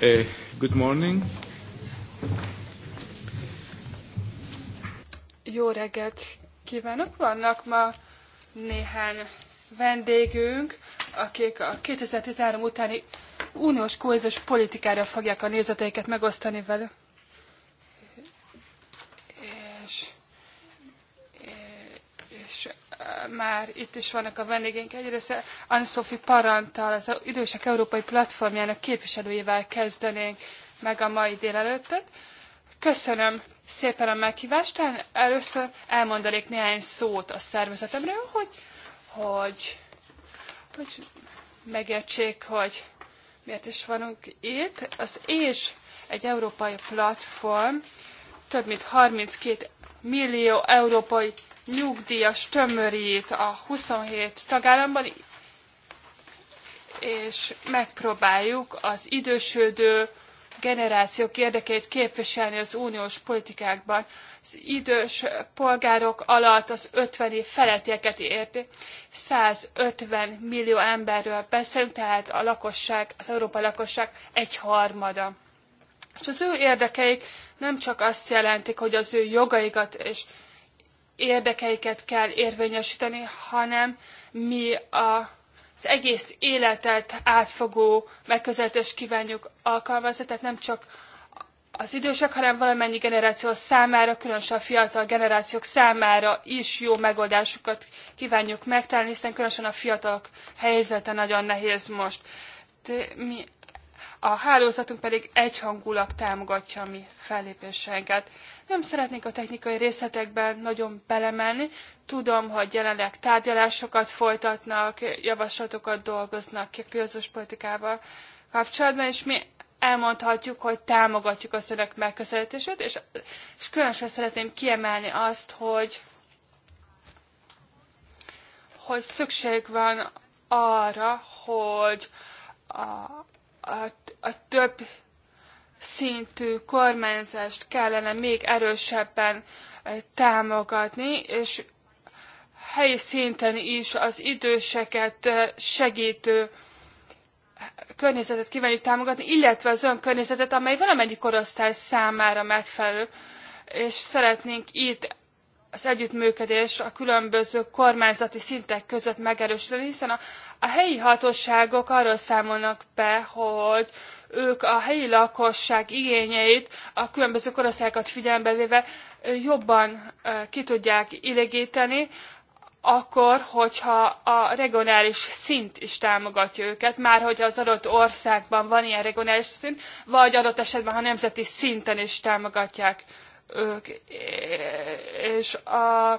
Eh, good morning. Jó reggelt kívánok! Vannak ma néhány vendégünk, akik a 2013 utáni uniós kohéziós politikára fogják a nézeteiket megosztani velünk. már itt is vannak a vendégeink. Egyrészt Anne-Sophie Parantal, az Idősek Európai Platformjának képviselőjével kezdenénk meg a mai délelőttet. Köszönöm szépen a meghívást. Először elmondanék néhány szót a szervezetemről, hogy, hogy, hogy megértsék, hogy miért is vanunk itt. Az és egy európai platform több mint 32 millió európai nyugdíjas tömörít a 27 tagállamban, és megpróbáljuk az idősödő generációk érdekeit képviselni az uniós politikákban. Az idős polgárok alatt az 50 év felettieket érti. 150 millió emberről beszélünk, tehát a lakosság, az európai lakosság egy harmada. És az ő érdekeik nem csak azt jelentik, hogy az ő jogaikat és érdekeiket kell érvényesíteni, hanem mi a az egész életet átfogó megközelítést kívánjuk alkalmazni, tehát nem csak az idősek, hanem valamennyi generáció számára, különösen a fiatal generációk számára is jó megoldásokat kívánjuk megtalálni, hiszen különösen a fiatalok helyzete nagyon nehéz most. De mi a hálózatunk pedig egyhangulag támogatja a mi fellépéseinket. Nem szeretnék a technikai részletekben nagyon belemenni. Tudom, hogy jelenleg tárgyalásokat folytatnak, javaslatokat dolgoznak ki a közös politikával kapcsolatban, és mi elmondhatjuk, hogy támogatjuk a szöveg megközelítését, és, és különösen szeretném kiemelni azt, hogy, hogy szükség van arra, hogy a, a, a több szintű kormányzást kellene még erősebben támogatni, és helyi szinten is az időseket segítő környezetet kívánjuk támogatni, illetve az olyan környezetet, amely valamennyi korosztály számára megfelelő, és szeretnénk itt az együttműködés a különböző kormányzati szintek között megerősödni, hiszen a, a helyi hatóságok arról számolnak be, hogy ők a helyi lakosság igényeit, a különböző korosztályokat figyelembe véve jobban ki tudják illégíteni, akkor, hogyha a regionális szint is támogatja őket, már hogyha az adott országban van ilyen regionális szint, vagy adott esetben, ha nemzeti szinten is támogatják ők, és a,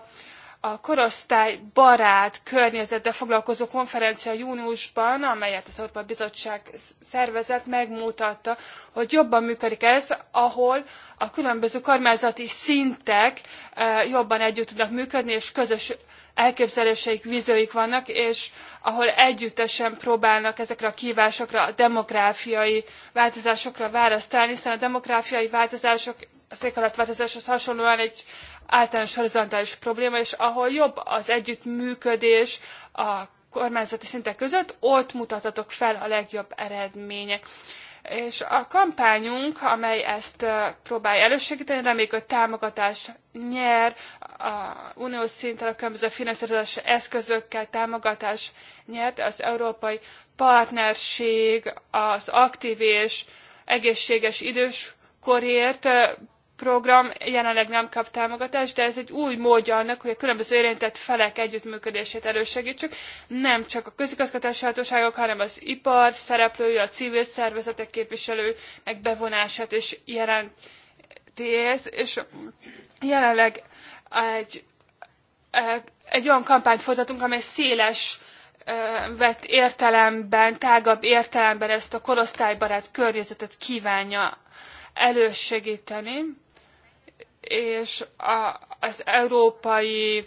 a korosztály barát környezettel foglalkozó konferencia júniusban, amelyet az Európai Bizottság szervezett, megmutatta, hogy jobban működik ez, ahol a különböző kormányzati szintek eh, jobban együtt tudnak működni, és közös elképzeléseik, vízőik vannak, és ahol együttesen próbálnak ezekre a kívásokra, a demográfiai változásokra választ találni, hiszen a demográfiai változások az éghajlatváltozáshoz hasonlóan egy általános horizontális probléma, és ahol jobb az együttműködés a kormányzati szintek között, ott mutathatok fel a legjobb eredmények. És a kampányunk, amely ezt próbálja elősegíteni, reméljük, hogy támogatás nyer, a uniós szinten a különböző finanszírozási eszközökkel támogatás nyer, az európai partnerség, az aktív és egészséges időskorért program jelenleg nem kap támogatást, de ez egy új módja annak, hogy a különböző érintett felek együttműködését elősegítsük. Nem csak a közigazgatási hatóságok, hanem az ipar szereplői, a civil szervezetek képviselőinek bevonását is jelenti ez, és jelenleg egy, egy olyan kampányt folytatunk, amely széles vett értelemben, tágabb értelemben ezt a korosztálybarát környezetet kívánja elősegíteni és a, az európai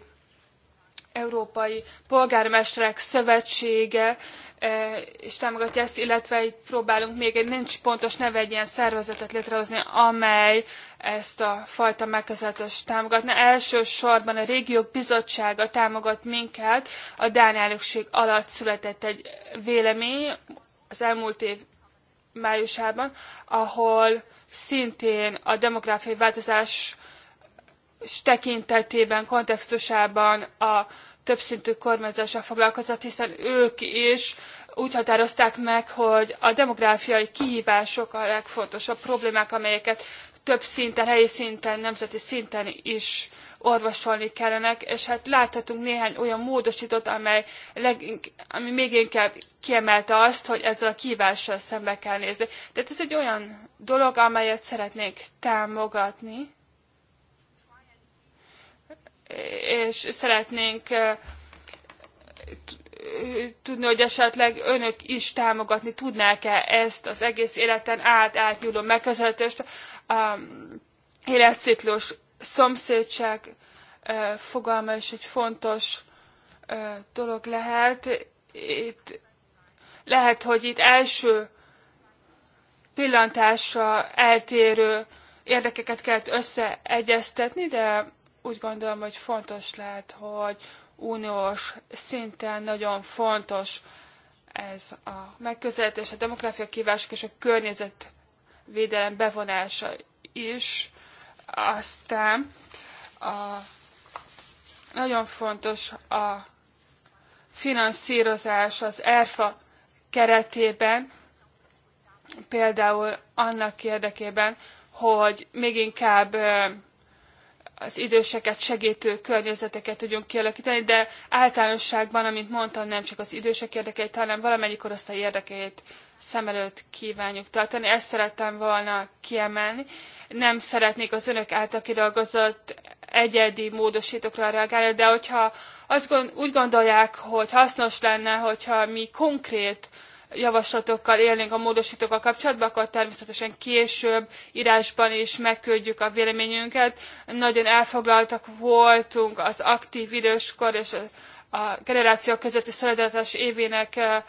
Európai Polgármesterek Szövetsége és e, támogatja ezt, illetve itt próbálunk még egy nincs pontos neve egy ilyen szervezetet létrehozni, amely ezt a fajta megközelítést támogatna. Elsősorban a régiók bizottsága támogat minket, a Dán elnökség alatt született egy vélemény az elmúlt év májusában, ahol szintén a demográfiai változás tekintetében, kontextusában a többszintű kormányzással foglalkozott, hiszen ők is úgy határozták meg, hogy a demográfiai kihívások a legfontosabb problémák, amelyeket több szinten, helyi szinten, nemzeti szinten is orvosolni kellenek, és hát láthatunk néhány olyan módosítót, amely ami még inkább kiemelte azt, hogy ezzel a kívással szembe kell nézni. Tehát ez egy olyan dolog, amelyet szeretnék támogatni, és szeretnénk eh, tudni, hogy esetleg önök is támogatni tudnák-e ezt az egész életen át átnyúló megközelítést a életciklus szomszédság fogalma is egy fontos dolog lehet. Itt, lehet, hogy itt első pillantásra eltérő érdekeket kellett összeegyeztetni, de úgy gondolom, hogy fontos lehet, hogy uniós szinten nagyon fontos ez a megközelítés, a demográfia kívások és a környezetvédelem bevonása is aztán a, nagyon fontos a finanszírozás az ERFA keretében, például annak érdekében, hogy még inkább az időseket segítő környezeteket tudjunk kialakítani, de általánosságban, amint mondtam, nem csak az idősek érdekeit, hanem valamennyi korosztály érdekeit szem előtt kívánjuk tartani. Ezt szerettem volna kiemelni. Nem szeretnék az önök által kidolgozott egyedi módosítókra reagálni, de hogyha azt gond, úgy gondolják, hogy hasznos lenne, hogyha mi konkrét javaslatokkal élnénk a módosítókkal kapcsolatban, akkor természetesen később írásban is megküldjük a véleményünket. Nagyon elfoglaltak voltunk az aktív időskor és a generációk közötti szolidaritás évének eh,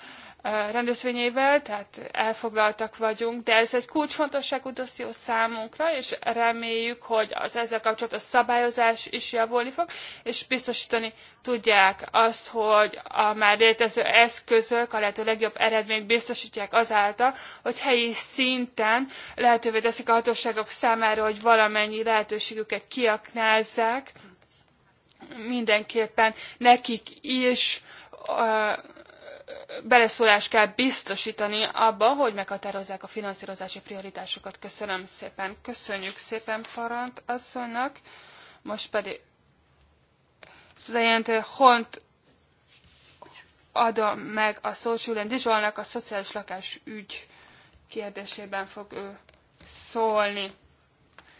rendezvényével, tehát elfoglaltak vagyunk, de ez egy kulcsfontosságú dosszió számunkra, és reméljük, hogy az ezzel kapcsolatos szabályozás is javulni fog, és biztosítani tudják azt, hogy a már létező eszközök a lehető legjobb eredményt biztosítják azáltal, hogy helyi szinten lehetővé teszik a hatóságok számára, hogy valamennyi lehetőségüket kiaknázzák, mindenképpen nekik is beleszólást kell biztosítani abba, hogy meghatározzák a finanszírozási prioritásokat. Köszönöm szépen. Köszönjük szépen Parant asszonynak. Most pedig Zajentő Hont adom meg a szót Julian Dizsolnak a szociális lakás ügy kérdésében fog ő szólni.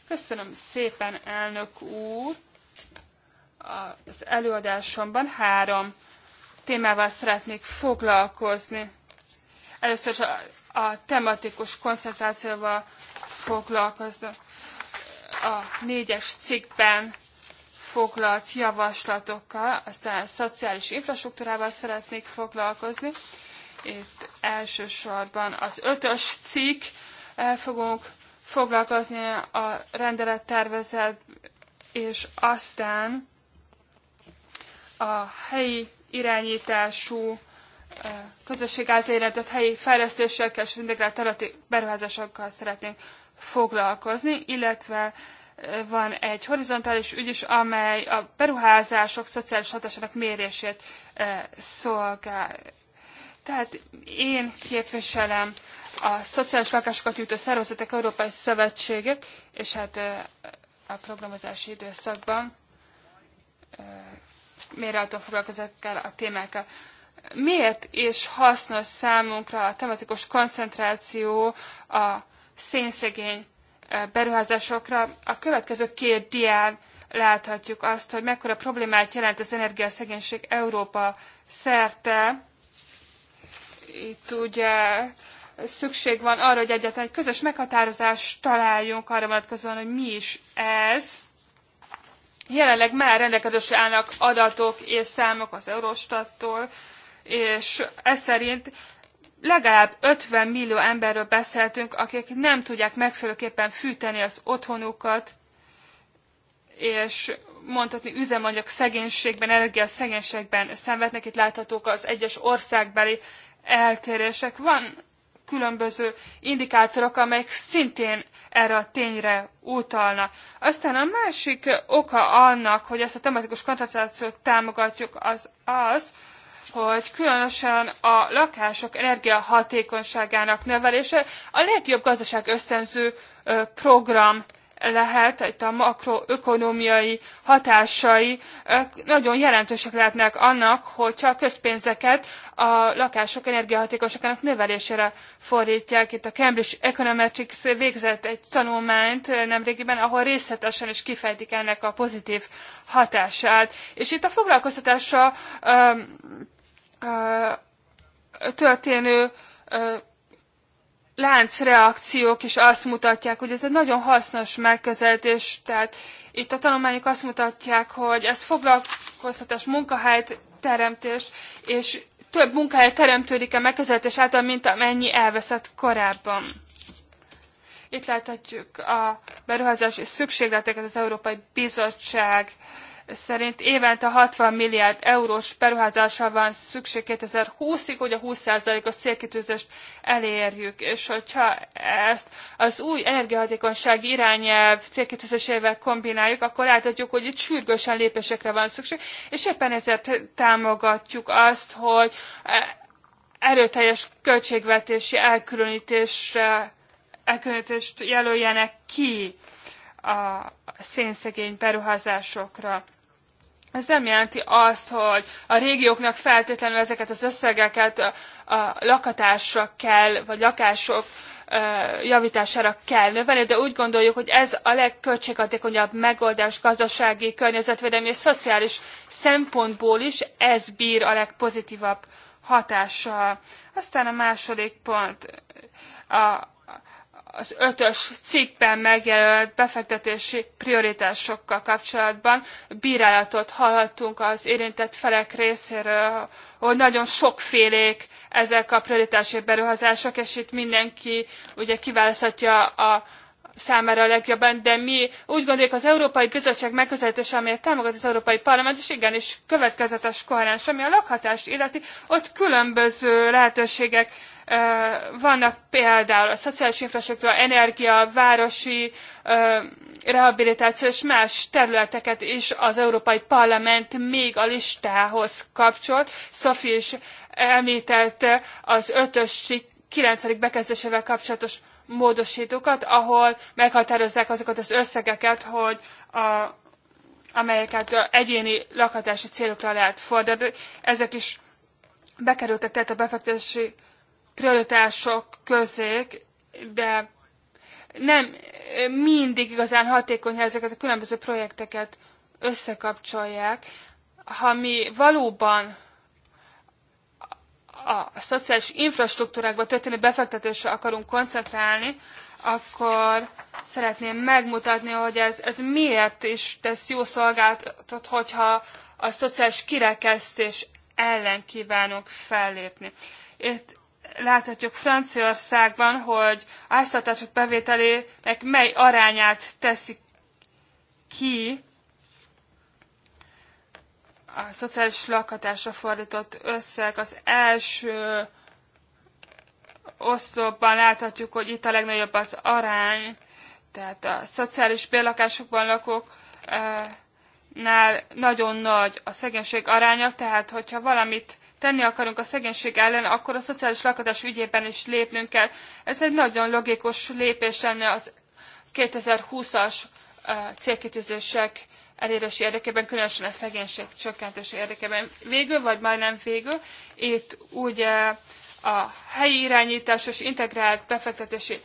Köszönöm szépen, elnök úr! Az előadásomban három témával szeretnék foglalkozni. Először is a, a tematikus koncentrációval foglalkozni. A négyes cikkben foglalt javaslatokkal, aztán a szociális infrastruktúrával szeretnék foglalkozni. Itt elsősorban az ötös cikk, el eh, fogunk foglalkozni a rendelettervezet, és aztán a helyi irányítású közösség által irányított helyi fejlesztésekkel és az integrált területi beruházásokkal szeretnénk foglalkozni, illetve van egy horizontális ügy is, amely a beruházások szociális hatásának mérését szolgál. Tehát én képviselem a Szociális Lakásokat Jutó Szervezetek Európai Szövetségét, és hát a programozási időszakban mérehatóan foglalkozik ezekkel a témákkal. Miért is hasznos számunkra a tematikus koncentráció a szénszegény beruházásokra? A következő két dián láthatjuk azt, hogy mekkora problémát jelent az energiaszegénység Európa szerte. Itt ugye szükség van arra, hogy egyetlen egy közös meghatározást találjunk arra vonatkozóan, hogy mi is ez, Jelenleg már rendelkezésre állnak adatok és számok az Eurostattól, és ez szerint legalább 50 millió emberről beszéltünk, akik nem tudják megfelelőképpen fűteni az otthonukat, és mondhatni üzemanyag szegénységben, energia szegénységben szenvednek. Itt láthatók az egyes országbeli eltérések. Van különböző indikátorok, amelyek szintén erre a tényre utalna. Aztán a másik oka annak, hogy ezt a tematikus kontracepciót támogatjuk, az az, hogy különösen a lakások energiahatékonyságának növelése a legjobb gazdaság ösztönző program lehet, itt a makroökonomiai hatásai nagyon jelentősek lehetnek annak, hogyha a közpénzeket a lakások energiahatékosságának növelésére fordítják. Itt a Cambridge Econometrics végzett egy tanulmányt nemrégiben, ahol részletesen is kifejtik ennek a pozitív hatását. És itt a foglalkoztatásra történő láncreakciók is azt mutatják, hogy ez egy nagyon hasznos megközelítés, tehát itt a tanulmányok azt mutatják, hogy ez foglalkoztatás, munkahelyt teremtés, és több munkahely teremtődik a megközelítés által, mint amennyi elveszett korábban. Itt láthatjuk a beruházási szükségleteket az Európai Bizottság uh, szerint évente 60 milliárd eurós beruházásra van szükség 2020-ig, hogy a 20%-os célkitűzést elérjük. És hogyha ezt az új energiahatékonysági irányelv célkitűzésével kombináljuk, akkor láthatjuk, hogy itt sürgősen lépésekre van szükség, és éppen ezért támogatjuk azt, hogy erőteljes költségvetési elkülönítésre, elkülönítést jelöljenek ki a szénszegény beruházásokra. Ez nem jelenti azt, hogy a régióknak feltétlenül ezeket az összegeket a, lakatásra kell, vagy lakások javítására kell növelni, de úgy gondoljuk, hogy ez a legköltséghatékonyabb megoldás gazdasági, környezetvédelmi és szociális szempontból is, ez bír a legpozitívabb hatással. Aztán a második pont, a, az ötös cikkben megjelölt befektetési prioritásokkal kapcsolatban bírálatot hallhattunk az érintett felek részéről, hogy nagyon sokfélék ezek a prioritási beruházások, és itt mindenki ugye kiválaszthatja a számára a legjobban, de mi úgy gondoljuk az Európai Bizottság megközelítése, amelyet támogat az Európai Parlament, és igenis következetes koherens, ami a lakhatást illeti, ott különböző lehetőségek vannak például a szociális infrastruktúra, energia, városi rehabilitáció és más területeket is az Európai Parlament még a listához kapcsolt. Szofi is említette az ötös kilencedik bekezdésével kapcsolatos módosítókat, ahol meghatározzák azokat az összegeket, hogy a, amelyeket egyéni lakhatási célokra lehet fordítani. Ezek is bekerültek tehát a befektetési prioritások közé, de nem mindig igazán hatékony, ha ezeket a különböző projekteket összekapcsolják. Ha mi valóban a szociális infrastruktúrákba történő befektetésre akarunk koncentrálni, akkor szeretném megmutatni, hogy ez, ez miért is tesz jó szolgáltatot, hogyha a szociális kirekesztés ellen kívánunk fellépni. Itt láthatjuk Franciaországban, hogy a háztartások bevételének mely arányát teszik ki a szociális lakhatásra fordított összeg. Az első oszlopban láthatjuk, hogy itt a legnagyobb az arány, tehát a szociális bérlakásokban lakók eh, nál nagyon nagy a szegénység aránya, tehát hogyha valamit tenni akarunk a szegénység ellen, akkor a szociális lakadás ügyében is lépnünk kell. Ez egy nagyon logikus lépés lenne az 2020-as célkitűzések elérési érdekében, különösen a szegénység csökkentése érdekében. Végül, vagy már nem végül, itt ugye a helyi irányításos integrált befektetési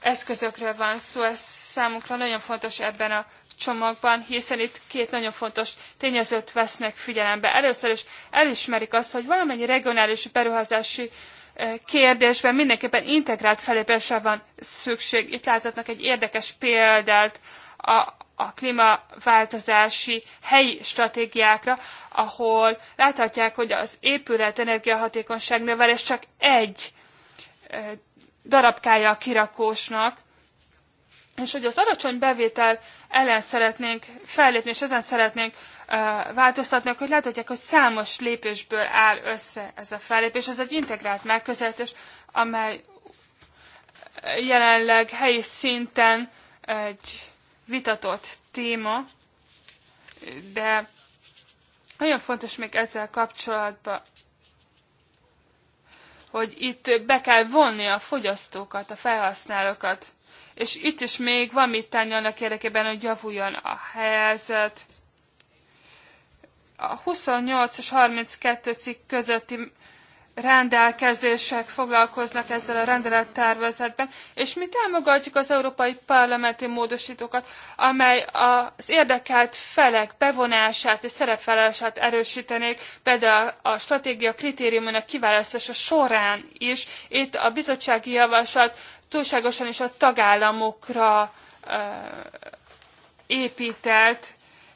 eszközökről van szó, ez számunkra nagyon fontos ebben a csomagban, hiszen itt két nagyon fontos tényezőt vesznek figyelembe. Először is elismerik azt, hogy valamennyi regionális beruházási kérdésben mindenképpen integrált felépésre van szükség. Itt láthatnak egy érdekes példát a, a klímaváltozási helyi stratégiákra, ahol láthatják, hogy az épület energiahatékonyság növelés csak egy darabkája a kirakósnak, és hogy az alacsony bevétel ellen szeretnénk fellépni, és ezen szeretnénk változtatni, hogy láthatják, hogy számos lépésből áll össze ez a fellépés. Ez egy integrált megközelítés, amely jelenleg helyi szinten egy vitatott téma, de nagyon fontos még ezzel kapcsolatban, hogy itt be kell vonni a fogyasztókat, a felhasználókat, és itt is még van mit tenni annak érdekében, hogy javuljon a helyzet. A 28 és 32 cikk közötti rendelkezések foglalkoznak ezzel a rendelettervezetben, és mi támogatjuk az európai parlamenti módosítókat, amely az érdekelt felek bevonását és szerepfelelását erősítenék, például a stratégia kritériumának kiválasztása során is. Itt a bizottsági javaslat túlságosan is a tagállamokra épített,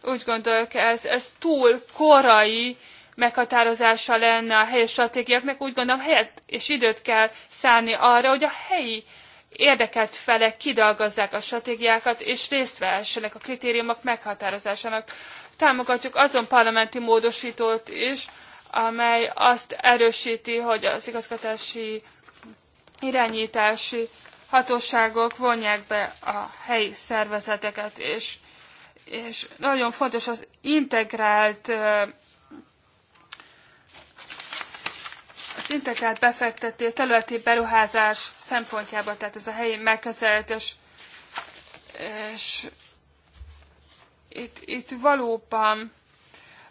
úgy gondolok, ez, ez túl korai meghatározása lenne a helyi stratégiáknak, úgy gondolom helyet és időt kell szállni arra, hogy a helyi érdekelt felek kidolgozzák a stratégiákat, és részt vehessenek a kritériumok meghatározásának. Támogatjuk azon parlamenti módosítót is, amely azt erősíti, hogy az igazgatási irányítási hatóságok vonják be a helyi szervezeteket, és, és nagyon fontos az integrált az integrált befektetés, területi beruházás szempontjából, tehát ez a helyi megközelítés, és itt, itt valóban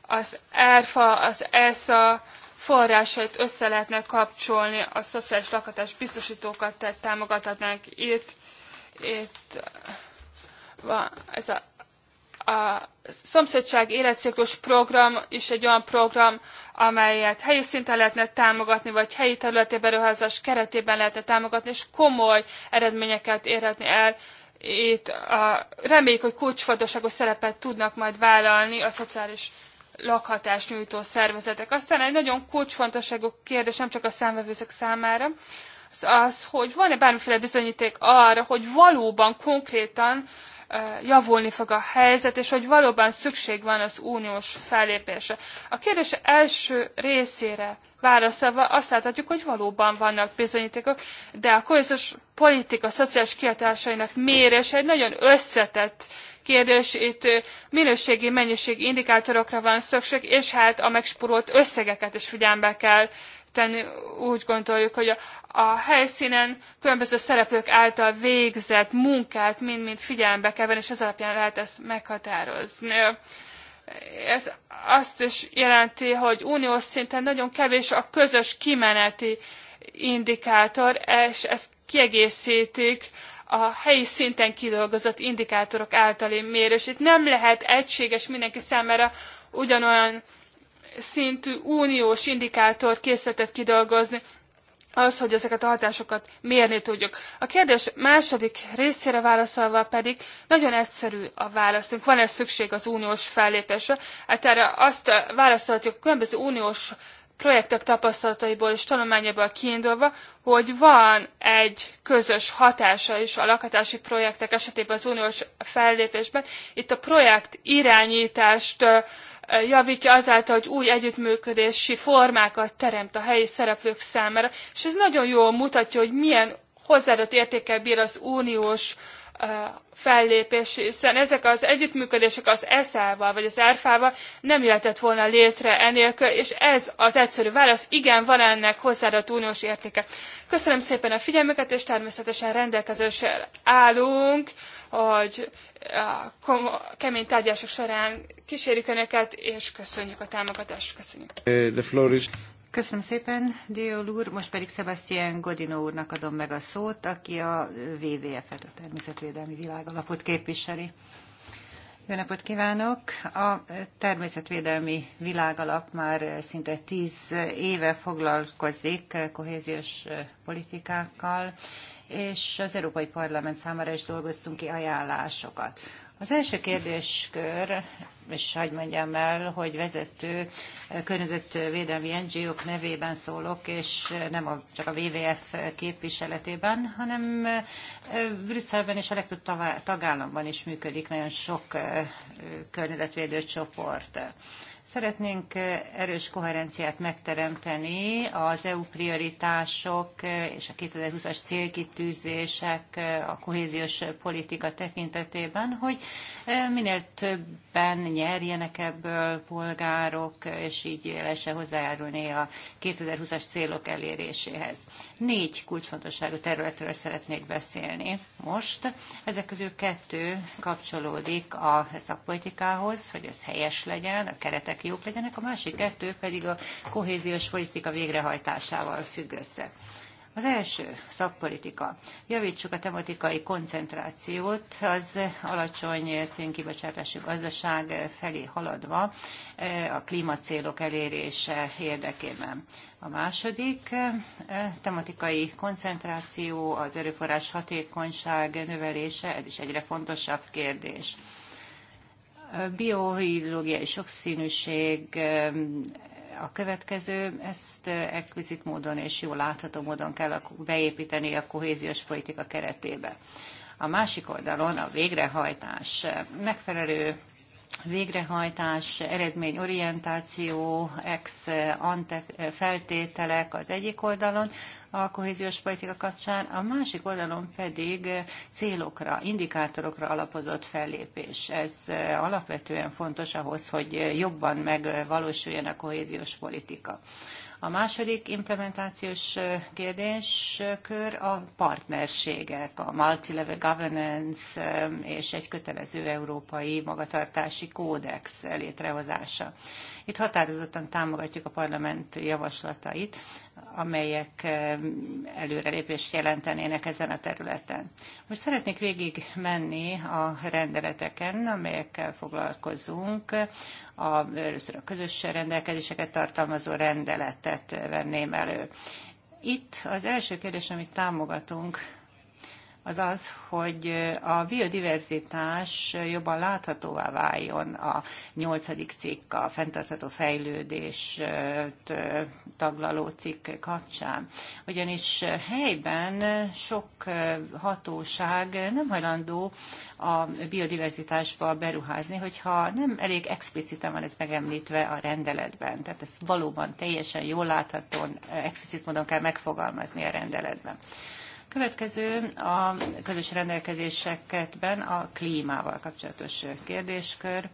az ERFA, az ESA, forrásait össze lehetne kapcsolni, a szociális lakhatás biztosítókat tehát támogathatnánk itt. Itt van ez a, a szomszédság életciklus program is egy olyan program, amelyet helyi szinten lehetne támogatni, vagy helyi területi beruházás keretében lehetne támogatni, és komoly eredményeket érhetni el. Itt a, reméljük, hogy kulcsfontosságú szerepet tudnak majd vállalni a szociális lakhatást nyújtó szervezetek. Aztán egy nagyon kulcsfontosságú kérdés, nem csak a számvevőzők számára, az, az hogy van-e bármiféle bizonyíték arra, hogy valóban konkrétan javulni fog a helyzet, és hogy valóban szükség van az uniós fellépésre. A kérdés első részére válaszolva azt láthatjuk, hogy valóban vannak bizonyítékok, de a kohéziós politika szociális kiadásainak mérése egy nagyon összetett kérdés, itt minőségi, mennyiségi indikátorokra van szükség, és hát a megspórolt összegeket is figyelembe kell tenni. Úgy gondoljuk, hogy a, a helyszínen különböző szereplők által végzett munkát mind-mind figyelembe kell venni, és ez alapján lehet ezt meghatározni ez azt is jelenti, hogy uniós szinten nagyon kevés a közös kimeneti indikátor, és ezt kiegészítik a helyi szinten kidolgozott indikátorok általi mérés. Itt nem lehet egységes mindenki számára ugyanolyan szintű uniós indikátor készletet kidolgozni, az, hogy ezeket a hatásokat mérni tudjuk. A kérdés második részére válaszolva pedig nagyon egyszerű a válaszunk. Van-e szükség az uniós fellépésre? Hát erre azt eh, válaszolhatjuk, hogy különböző uniós projektek tapasztalataiból és tanulmányából kiindulva, hogy van egy közös hatása is a lakhatási projektek esetében az uniós fellépésben. Itt a projekt irányítást javítja azáltal, hogy új együttműködési formákat teremt a helyi szereplők számára, és ez nagyon jól mutatja, hogy milyen hozzáadott értékkel bír az uniós fellépés, hiszen ezek az együttműködések az ESZ-val vagy az ERFA-val nem jöhetett volna létre enélkül, és ez az egyszerű válasz, igen, van ennek hozzáadott uniós értéke. Köszönöm szépen a figyelmüket, és természetesen rendelkezésre állunk, hogy a kemény tárgyások során kísérjük Önöket, és köszönjük a támogatást. Köszönjük. Eh, the floor is... Köszönöm szépen, Diol úr. Most pedig Sebastian Godino úrnak adom meg a szót, aki a WWF-et, a Természetvédelmi Világalapot képviseli. Jó napot kívánok! A Természetvédelmi Világalap már szinte tíz éve foglalkozik kohéziós politikákkal, és az Európai Parlament számára is dolgoztunk ki ajánlásokat. Az első kérdéskör, és hagyd mondjam el, hogy vezető eh, környezetvédelmi NGO-k nevében szólok, és nem a, csak a WWF képviseletében, hanem eh, Brüsszelben és a legtöbb tagállamban is működik nagyon sok eh, környezetvédő csoport. Szeretnénk erős koherenciát megteremteni az EU prioritások és a 2020-as célkitűzések a kohéziós politika tekintetében, hogy minél többen nyerjenek ebből polgárok, és így lehessen hozzájárulni a 2020-as célok eléréséhez. Négy kulcsfontosságú területről szeretnék beszélni most. Ezek közül kettő kapcsolódik a szakpolitikához, hogy ez helyes legyen, a keretek jók legyenek, a másik kettő pedig a kohéziós politika végrehajtásával függ össze. Az első szakpolitika. Javítsuk a tematikai koncentrációt az alacsony szénkibocsátású gazdaság felé haladva e, a klímacélok elérése érdekében. A második e, tematikai koncentráció, az erőforrás hatékonyság növelése, ez is egyre fontosabb kérdés biológiai sokszínűség, e, a következő, ezt ekvizit módon és jól látható módon kell beépíteni a kohéziós politika keretébe. A másik oldalon a végrehajtás megfelelő végrehajtás, eredményorientáció, ex ante feltételek az egyik oldalon, a kohéziós politika kapcsán, a másik oldalon pedig célokra, indikátorokra alapozott fellépés. Ez alapvetően fontos ahhoz, hogy jobban megvalósuljon a kohéziós politika. A második implementációs kérdéskör a partnerségek, a multilevel governance és egy kötelező európai magatartási kódex létrehozása. Itt határozottan támogatjuk a parlament javaslatait, amelyek előrelépést jelentenének ezen a területen. Most szeretnék végig menni a rendeleteken, amelyekkel foglalkozunk. A, először a közös rendelkezéseket tartalmazó rendeletet venném elő. Itt az első kérdés, amit támogatunk, az az, hogy a biodiverzitás jobban láthatóvá váljon a nyolcadik cikk, a fenntartható fejlődést taglaló cikk kapcsán. Ugyanis helyben sok hatóság nem hajlandó a biodiverzitásba beruházni, hogyha nem elég expliciten van ez megemlítve a rendeletben. Tehát ezt valóban teljesen jól láthatóan, explicit módon kell megfogalmazni a rendeletben. Következő a közös rendelkezésekben a klímával kapcsolatos kérdéskör.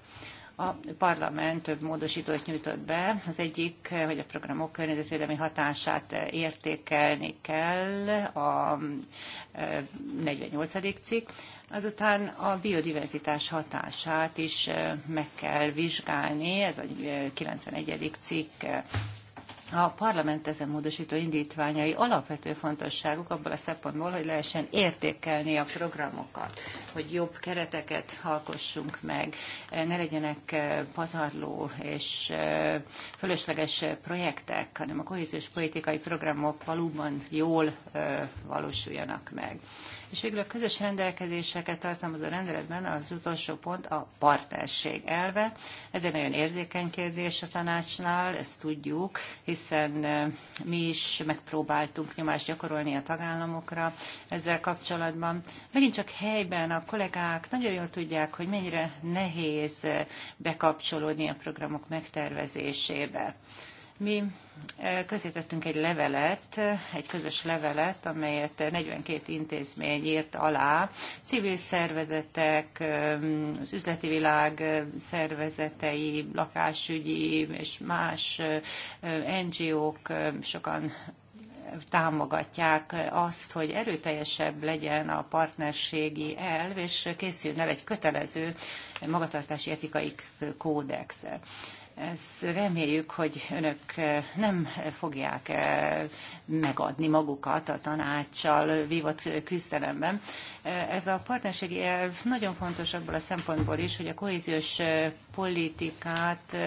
A parlament több módosítót nyújtott be. Az egyik, hogy a programok környezetvédelmi hatását értékelni kell, a 48. E, cikk. Azután a biodiverzitás hatását is e, meg kell vizsgálni, ez a 91. E, cikk a parlament ezen módosító indítványai alapvető fontosságuk abban a szempontból, hogy lehessen értékelni a programokat, hogy jobb kereteket alkossunk meg, ne legyenek eh, pazarló és eh, fölösleges projektek, hanem a kohéziós politikai programok valóban jól eh, valósuljanak meg. És végül a közös rendelkezéseket tartalmazó rendeletben az utolsó pont a partnerség elve. Ez egy nagyon érzékeny kérdés a tanácsnál, ezt tudjuk, hiszen mi is megpróbáltunk nyomást gyakorolni a tagállamokra ezzel kapcsolatban. Megint csak helyben a kollégák nagyon jól tudják, hogy mennyire nehéz bekapcsolódni a programok megtervezésébe. Mi eh, közítettünk egy levelet, egy közös levelet, amelyet 42 intézmény írt alá, civil szervezetek, az üzleti világ eh, szervezetei, lakásügyi és más eh, NGO-k, sokan támogatják azt, hogy erőteljesebb legyen a partnerségi elv, és készüljön el egy kötelező magatartási etikai kódex. Ez reméljük, hogy önök eh, nem fogják eh, megadni magukat a tanácssal vívott küzdelemben. Eh, ez a partnerségi elv nagyon fontos abból a szempontból is, hogy a kohéziós politikát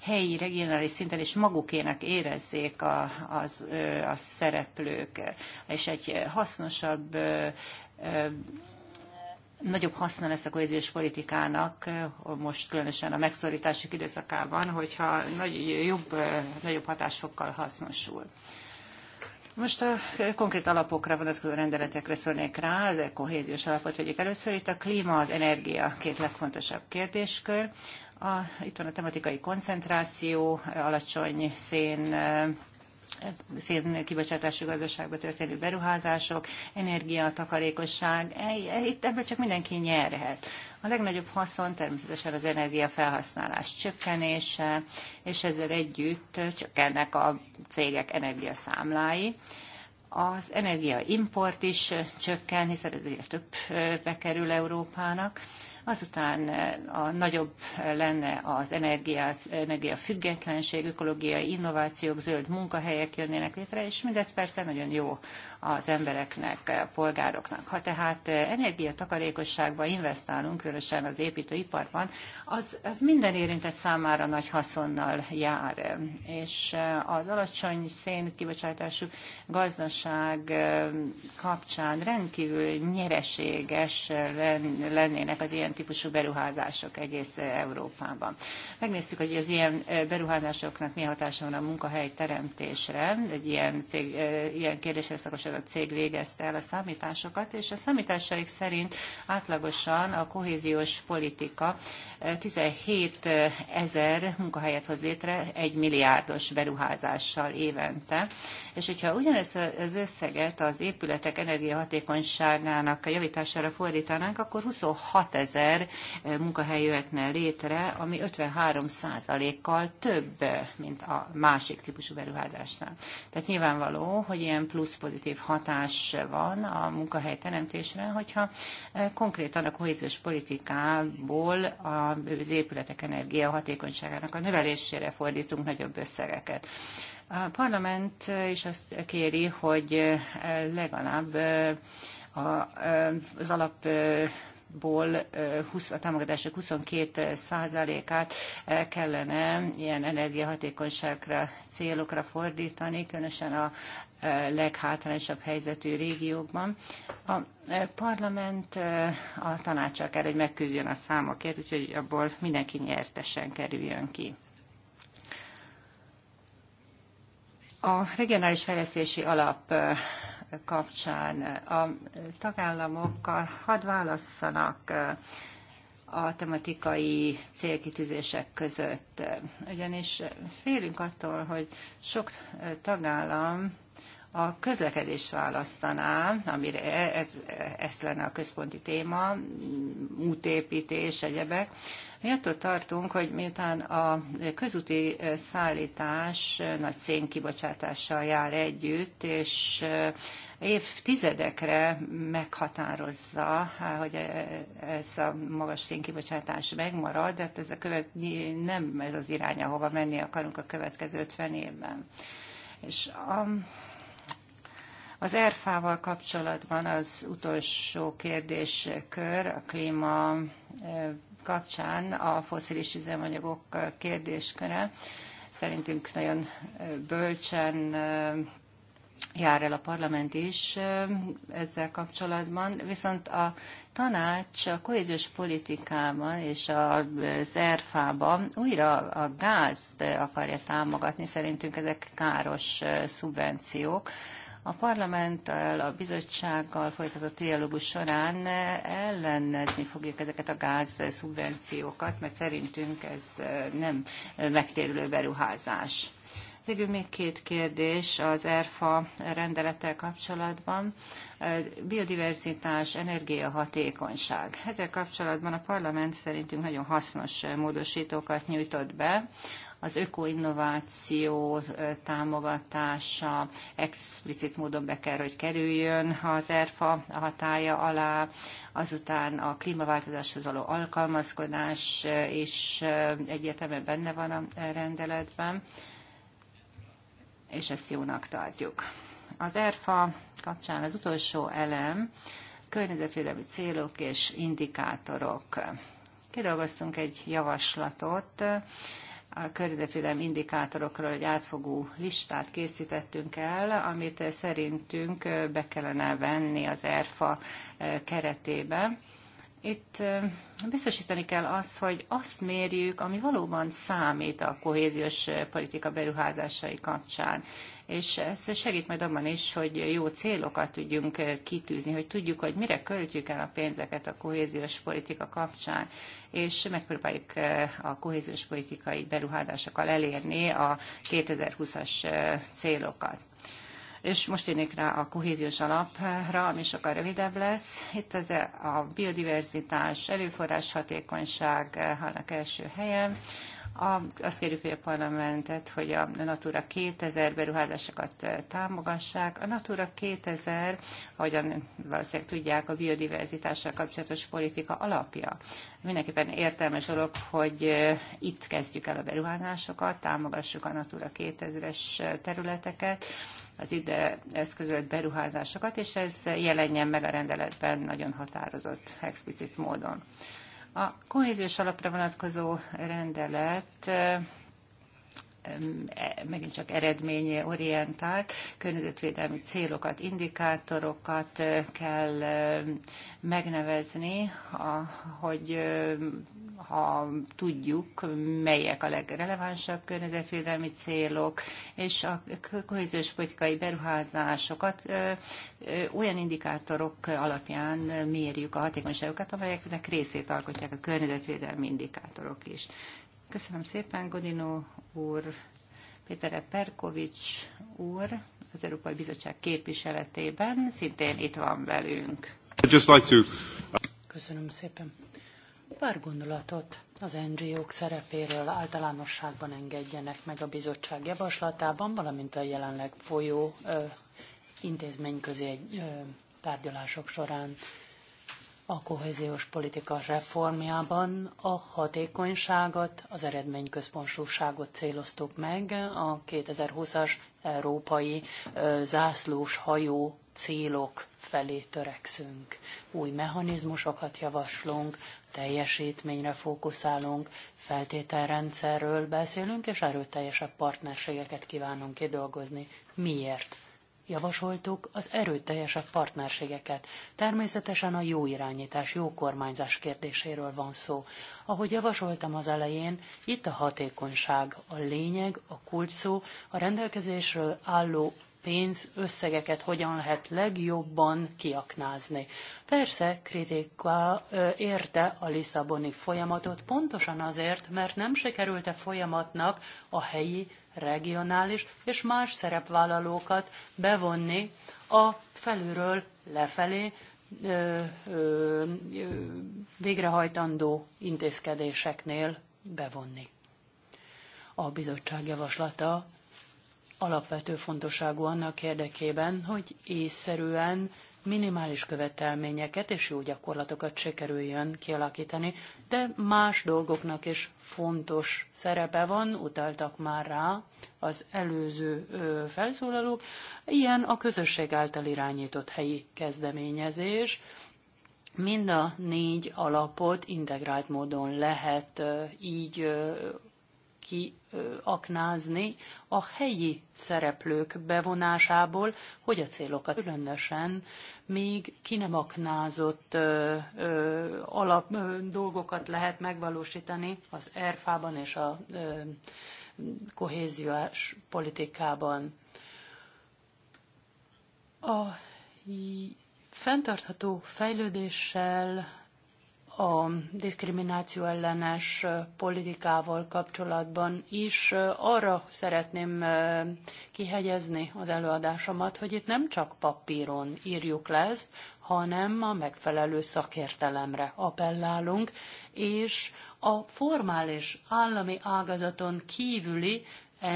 helyi, regionális szinten is magukének érezzék a, az, a szereplők, és egy hasznosabb nagyobb haszna lesz a kohéziós politikának eh, most különösen a megszorítások időszakában, hogyha nagy, jobb, eh, nagyobb hatásokkal hasznosul. Most a eh, konkrét alapokra vonatkozó rendeletekre szólnék rá, az kohéziós alapot vegyük először. Itt a klíma, az energia két legfontosabb kérdéskör. A, itt van a tematikai koncentráció, alacsony szén szénkibocsátású gazdaságba történő beruházások, takarékosság, e, e, itt ebből csak mindenki nyerhet. A legnagyobb haszon természetesen az energiafelhasználás csökkenése, és ezzel együtt csökkennek a cégek energiaszámlái. számlái az energiaimport is csökken, hiszen ez egyre több bekerül Európának. Azután a nagyobb lenne az energia energiafüggetlenség, ökológiai innovációk, zöld munkahelyek jönnének létre, és mindez persze nagyon jó az embereknek, a polgároknak. Ha tehát energiatakarékosságba investálunk, különösen az építőiparban, az, az minden érintett számára nagy haszonnal jár. És eh, az alacsony szén kibocsátású gazdaság eh, kapcsán rendkívül nyereséges lennének az ilyen típusú beruházások egész Európában. Megnéztük, hogy az ilyen eh, beruházásoknak mi hatása van a munkahely teremtésre. Egy ilyen, cég, ilyen kérdésre szakos a cég végezte el a számításokat, és a számításaik szerint átlagosan a kohéziós politika 17 eh, eh, ezer munkahelyet hoz létre egy milliárdos beruházással évente. És hogyha ugyanezt az összeget az épületek energiahatékonyságának a javítására fordítanánk, akkor 26 ezer eh, munkahely jöhetne létre, ami 53 százalékkal több, mint a másik típusú beruházásnál. Tehát nyilvánvaló, hogy ilyen plusz pozitív hatás van a teremtésre, hogyha eh, konkrétan a kohéziós politikából az épületek hatékonyságának a növelésére fordítunk nagyobb összegeket. A parlament eh, is azt kéri, hogy eh, legalább az alap ból a támogatások 22 százalékát kellene ilyen energiahatékonyságra, célokra fordítani, különösen a leghátrányosabb helyzetű régiókban. A e, parlament e, a tanácsal kell, hogy megküzdjön a számokért, úgyhogy abból mindenki nyertesen kerüljön ki. A regionális fejlesztési alap e, kapcsán a tagállamok hadd válasszanak a tematikai célkitűzések között. Ugyanis félünk attól, hogy sok tagállam a közlekedés választanám, amire e, ez, ez lenne a központi téma, útépítés, egyebek. Mi attól tartunk, hogy miután a közúti e, szállítás nagy szénkibocsátással jár együtt, és e, évtizedekre meghatározza, hogy ez a magas szénkibocsátás megmarad, de hát ez, a követ, nem ez az irány, ahova menni akarunk a következő 50 évben. És a, az ERFA-val kapcsolatban az utolsó kérdéskör a klíma kapcsán a foszilis üzemanyagok kérdésköre. Szerintünk nagyon bölcsen jár el a parlament is ezzel kapcsolatban, viszont a tanács a kohéziós politikában és az ERFA-ban újra a gázt akarja támogatni, szerintünk ezek káros szubvenciók, a parlamenttel, a bizottsággal folytatott dialógus során ellenezni fogjuk ezeket a gáz szubvenciókat, mert szerintünk ez nem megtérülő beruházás. Végül még két kérdés az ERFA rendelettel kapcsolatban. Biodiverzitás, energiahatékonyság. Ezzel kapcsolatban a parlament szerintünk nagyon hasznos módosítókat nyújtott be az ökoinnováció támogatása explicit módon be kell, hogy kerüljön az ERFA hatája alá, azután a klímaváltozáshoz való alkalmazkodás is egyértelműen benne van a rendeletben, és ezt jónak tartjuk. Az ERFA kapcsán az utolsó elem, környezetvédelmi célok és indikátorok. Kidolgoztunk egy javaslatot, a környezetvédelem indikátorokról egy átfogó listát készítettünk el, amit szerintünk be kellene venni az ERFA e, keretébe. Itt e, biztosítani kell azt, hogy azt mérjük, ami valóban számít a kohéziós politika beruházásai kapcsán és ez segít majd abban is, hogy jó célokat tudjunk eh, kitűzni, hogy tudjuk, hogy mire költjük el a pénzeket a kohéziós politika kapcsán, és megpróbáljuk eh, a kohéziós politikai beruházásokkal elérni a 2020-as eh, célokat és most érnék rá a kohéziós alapra, ami sokkal rövidebb lesz. Itt az e- a biodiverzitás, előforrás hatékonyság halnak első helyen, a, azt kérjük, hogy a parlamentet, hogy a Natura 2000 beruházásokat támogassák. A Natura 2000, ahogyan valószínűleg tudják, a biodiverzitással kapcsolatos politika alapja. Mindenképpen értelmes dolog, hogy itt kezdjük el a beruházásokat, támogassuk a Natura 2000-es területeket, az ide eszközölt beruházásokat, és ez jelenjen meg a rendeletben nagyon határozott, explicit módon. A kohéziós alapra vonatkozó rendelet E, megint csak orientált környezetvédelmi célokat, indikátorokat kell megnevezni, hogy ha tudjuk, melyek a legrelevánsabb környezetvédelmi célok, és a kohéziós politikai beruházásokat olyan indikátorok alapján mérjük a hatékonyságokat, amelyeknek részét alkotják a környezetvédelmi indikátorok is. Köszönöm szépen, Godino úr, Péter Perkovics úr, az Európai Bizottság képviseletében, szintén itt van velünk. Köszönöm szépen. Pár gondolatot az NGO-k szerepéről általánosságban engedjenek meg a bizottság javaslatában, valamint a jelenleg folyó ö, intézményközi ö, tárgyalások során a kohéziós politika reformjában a hatékonyságot, az eredményközpontúságot céloztuk meg a 2020-as európai zászlós hajó célok felé törekszünk. Új mechanizmusokat javaslunk, teljesítményre fókuszálunk, feltételrendszerről beszélünk, és erőteljesebb partnerségeket kívánunk kidolgozni. Miért? javasoltuk az erőteljesebb partnerségeket. Természetesen a jó irányítás, jó kormányzás kérdéséről van szó. Ahogy javasoltam az elején, itt a hatékonyság, a lényeg, a kulcs szó, a rendelkezésről álló pénzösszegeket hogyan lehet legjobban kiaknázni. Persze kritika érte a Lisszaboni folyamatot pontosan azért, mert nem sikerült a folyamatnak a helyi, regionális és más szerepvállalókat bevonni a felülről lefelé ö, ö, végrehajtandó intézkedéseknél bevonni. A bizottság javaslata alapvető fontosságú annak érdekében, hogy észszerűen minimális követelményeket és jó gyakorlatokat sikerüljön kialakítani, de más dolgoknak is fontos szerepe van, utaltak már rá az előző felszólalók. Ilyen a közösség által irányított helyi kezdeményezés, mind a négy alapot integrált módon lehet így kiaknázni a helyi szereplők bevonásából, hogy a célokat különösen még ki nem aknázott ö, ö, alap ö, dolgokat lehet megvalósítani az ERFA-ban és a ö, kohéziós politikában. A fenntartható fejlődéssel a diszkrimináció ellenes politikával kapcsolatban is arra szeretném kihegyezni az előadásomat, hogy itt nem csak papíron írjuk le ezt, hanem a megfelelő szakértelemre appellálunk, és a formális állami ágazaton kívüli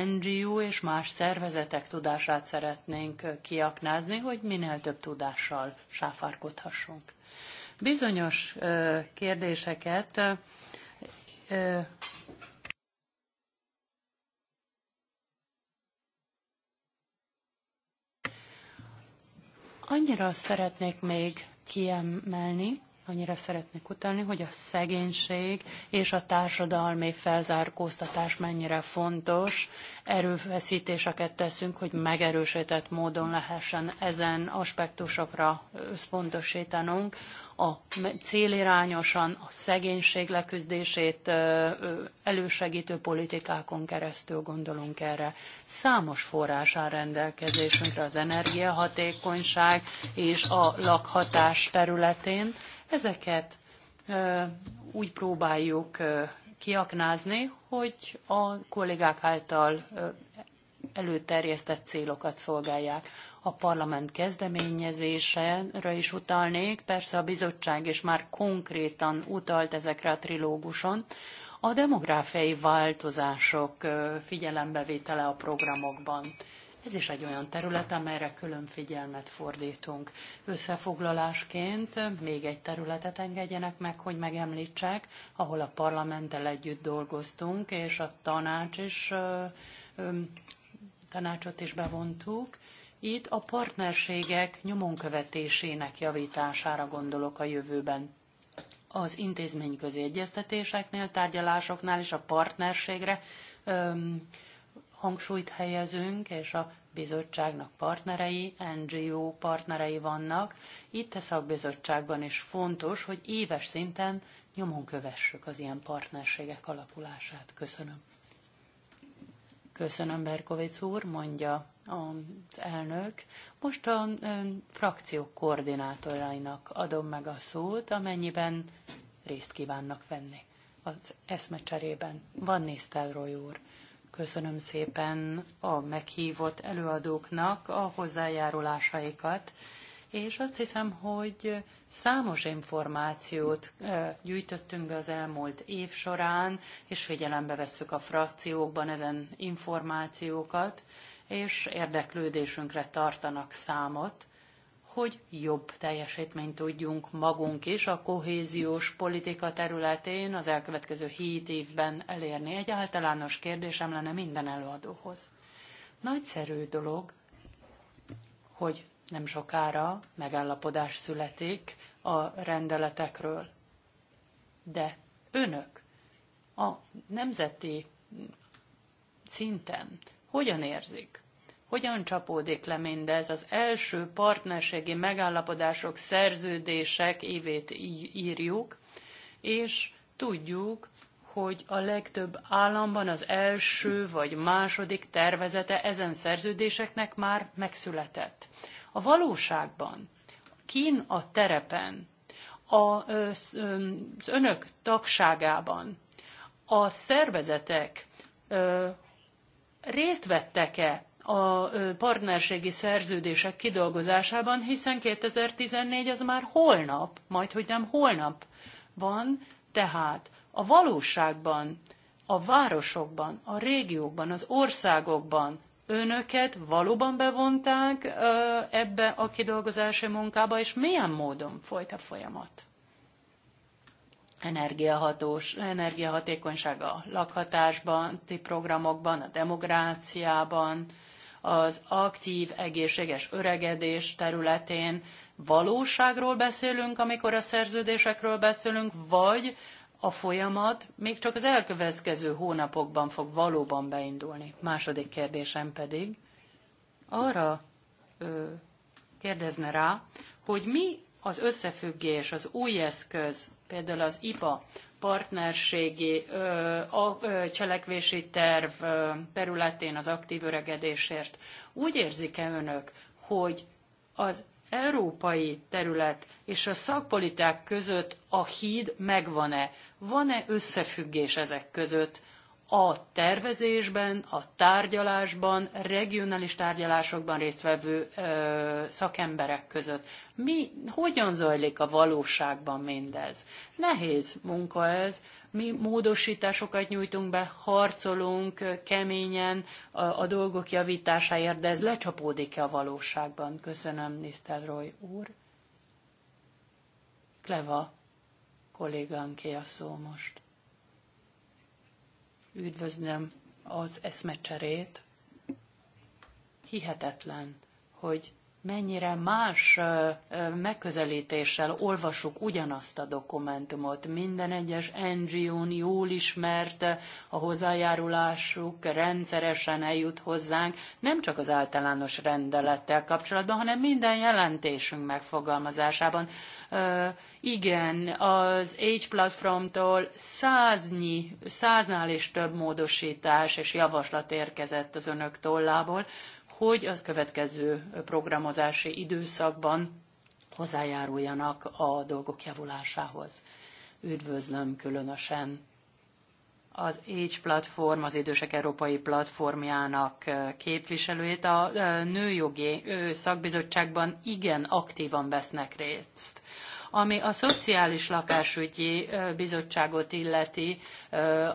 NGO és más szervezetek tudását szeretnénk kiaknázni, hogy minél több tudással sáfárkodhassunk. Bizonyos kérdéseket annyira szeretnék még kiemelni, annyira szeretnék utalni, hogy a szegénység és a társadalmi felzárkóztatás mennyire fontos. Erőfeszítéseket teszünk, hogy megerősített módon lehessen ezen aspektusokra összpontosítanunk. A célirányosan a szegénység leküzdését elősegítő politikákon keresztül gondolunk erre. Számos forrás áll rendelkezésünkre az energiahatékonyság és a lakhatás területén Ezeket úgy próbáljuk kiaknázni, hogy a kollégák által előterjesztett célokat szolgálják. A parlament kezdeményezésre is utalnék, persze a bizottság is már konkrétan utalt ezekre a trilóguson, a demográfiai változások figyelembevétele a programokban. Ez is egy olyan terület, amelyre külön figyelmet fordítunk. Összefoglalásként még egy területet engedjenek meg, hogy megemlítsek, ahol a parlamenttel együtt dolgoztunk, és a tanács is, tanácsot is bevontuk. Itt a partnerségek nyomonkövetésének javítására gondolok a jövőben az intézményközi egyeztetéseknél, tárgyalásoknál és a partnerségre öm, hangsúlyt helyezünk, és a bizottságnak partnerei, NGO partnerei vannak. Itt a szakbizottságban is fontos, hogy éves szinten nyomon kövessük az ilyen partnerségek alakulását. Köszönöm. Köszönöm, Berkovic úr, mondja az elnök. Most a frakciók koordinátorainak adom meg a szót, amennyiben részt kívánnak venni az eszmecserében. Van Nisztelrooy úr. Köszönöm szépen a meghívott előadóknak a hozzájárulásaikat, és azt hiszem, hogy számos információt gyűjtöttünk be az elmúlt év során, és figyelembe vesszük a frakciókban ezen információkat, és érdeklődésünkre tartanak számot hogy jobb teljesítményt tudjunk magunk is a kohéziós politika területén az elkövetkező hét évben elérni. Egy általános kérdésem lenne minden előadóhoz. Nagyszerű dolog, hogy nem sokára megállapodás születik a rendeletekről. De önök a nemzeti szinten hogyan érzik hogyan csapódik le mindez az első partnerségi megállapodások, szerződések évét írjuk, és tudjuk, hogy a legtöbb államban az első vagy második tervezete ezen szerződéseknek már megszületett. A valóságban, kín a terepen, az önök tagságában a szervezetek részt vettek-e a partnerségi szerződések kidolgozásában, hiszen 2014 az már holnap, majd hogy nem holnap van, tehát a valóságban, a városokban, a régiókban, az országokban önöket valóban bevonták ebbe a kidolgozási munkába, és milyen módon folyt a folyamat? energiahatós, energiahatékonysága, a lakhatásban, programokban, a demokráciában, az aktív, egészséges öregedés területén valóságról beszélünk, amikor a szerződésekről beszélünk, vagy a folyamat még csak az elkövetkező hónapokban fog valóban beindulni. Második kérdésem pedig arra ö, kérdezne rá, hogy mi az összefüggés, az új eszköz, például az IPA, partnerségi a cselekvési terv területén az aktív öregedésért. Úgy érzik-e önök, hogy az európai terület és a szakpoliták között a híd megvan-e? Van-e összefüggés ezek között? a tervezésben, a tárgyalásban, regionális tárgyalásokban résztvevő ö, szakemberek között. Mi, hogyan zajlik a valóságban mindez? Nehéz munka ez. Mi módosításokat nyújtunk be, harcolunk keményen a, a dolgok javításáért, de ez lecsapódik-e a valóságban? Köszönöm, Nisztelroy úr. Kleva kollégánké a szó most üdvözlöm az eszmecserét. Hihetetlen, hogy mennyire más megközelítéssel olvasuk ugyanazt a dokumentumot. Minden egyes NGO-n jól ismert a hozzájárulásuk rendszeresen eljut hozzánk, nem csak az általános rendelettel kapcsolatban, hanem minden jelentésünk megfogalmazásában. Igen, az Age platformtól száznyi, száznál is több módosítás és javaslat érkezett az önök tollából, hogy az következő programozási időszakban hozzájáruljanak a dolgok javulásához. Üdvözlöm különösen az Age Platform, az Idősek Európai Platformjának képviselőjét. A nőjogi szakbizottságban igen aktívan vesznek részt. Ami a Szociális Lakásügyi Bizottságot illeti,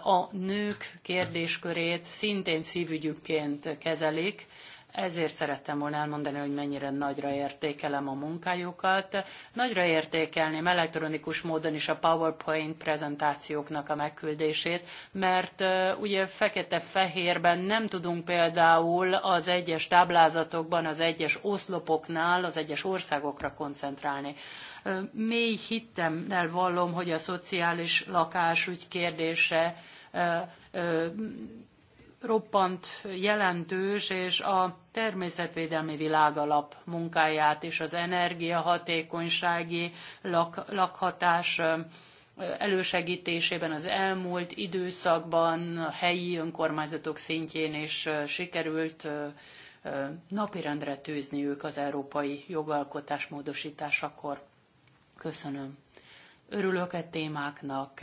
a nők kérdéskörét szintén szívügyükként kezelik ezért szerettem volna elmondani, hogy mennyire nagyra értékelem a munkájukat. Nagyra értékelném elektronikus módon is a PowerPoint prezentációknak a megküldését, mert ugye fekete-fehérben nem tudunk például az egyes táblázatokban, az egyes oszlopoknál, az egyes országokra koncentrálni mély hittemnel vallom, hogy a szociális lakásügy kérdése roppant jelentős, és a természetvédelmi világalap munkáját és az energiahatékonysági lak, lakhatás elősegítésében az elmúlt időszakban a helyi önkormányzatok szintjén is sikerült napirendre tűzni ők az európai jogalkotás módosításakor. Köszönöm. Örülök a e témáknak,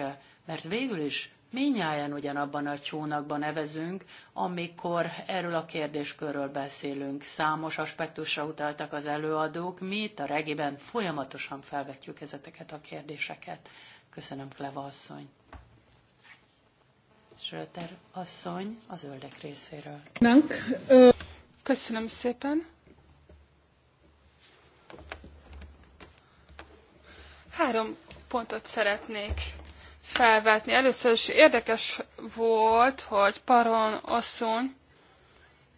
mert végül is Minnyáján ugyanabban a csónakban nevezünk, amikor erről a kérdéskörről beszélünk. Számos aspektusra utaltak az előadók, mi itt a regiben folyamatosan felvetjük ezeket a kérdéseket. Köszönöm, Kleva asszony. Schröter asszony a zöldek részéről. Köszönöm szépen. Három pontot szeretnék felvetni. Először is érdekes volt, hogy Paron asszony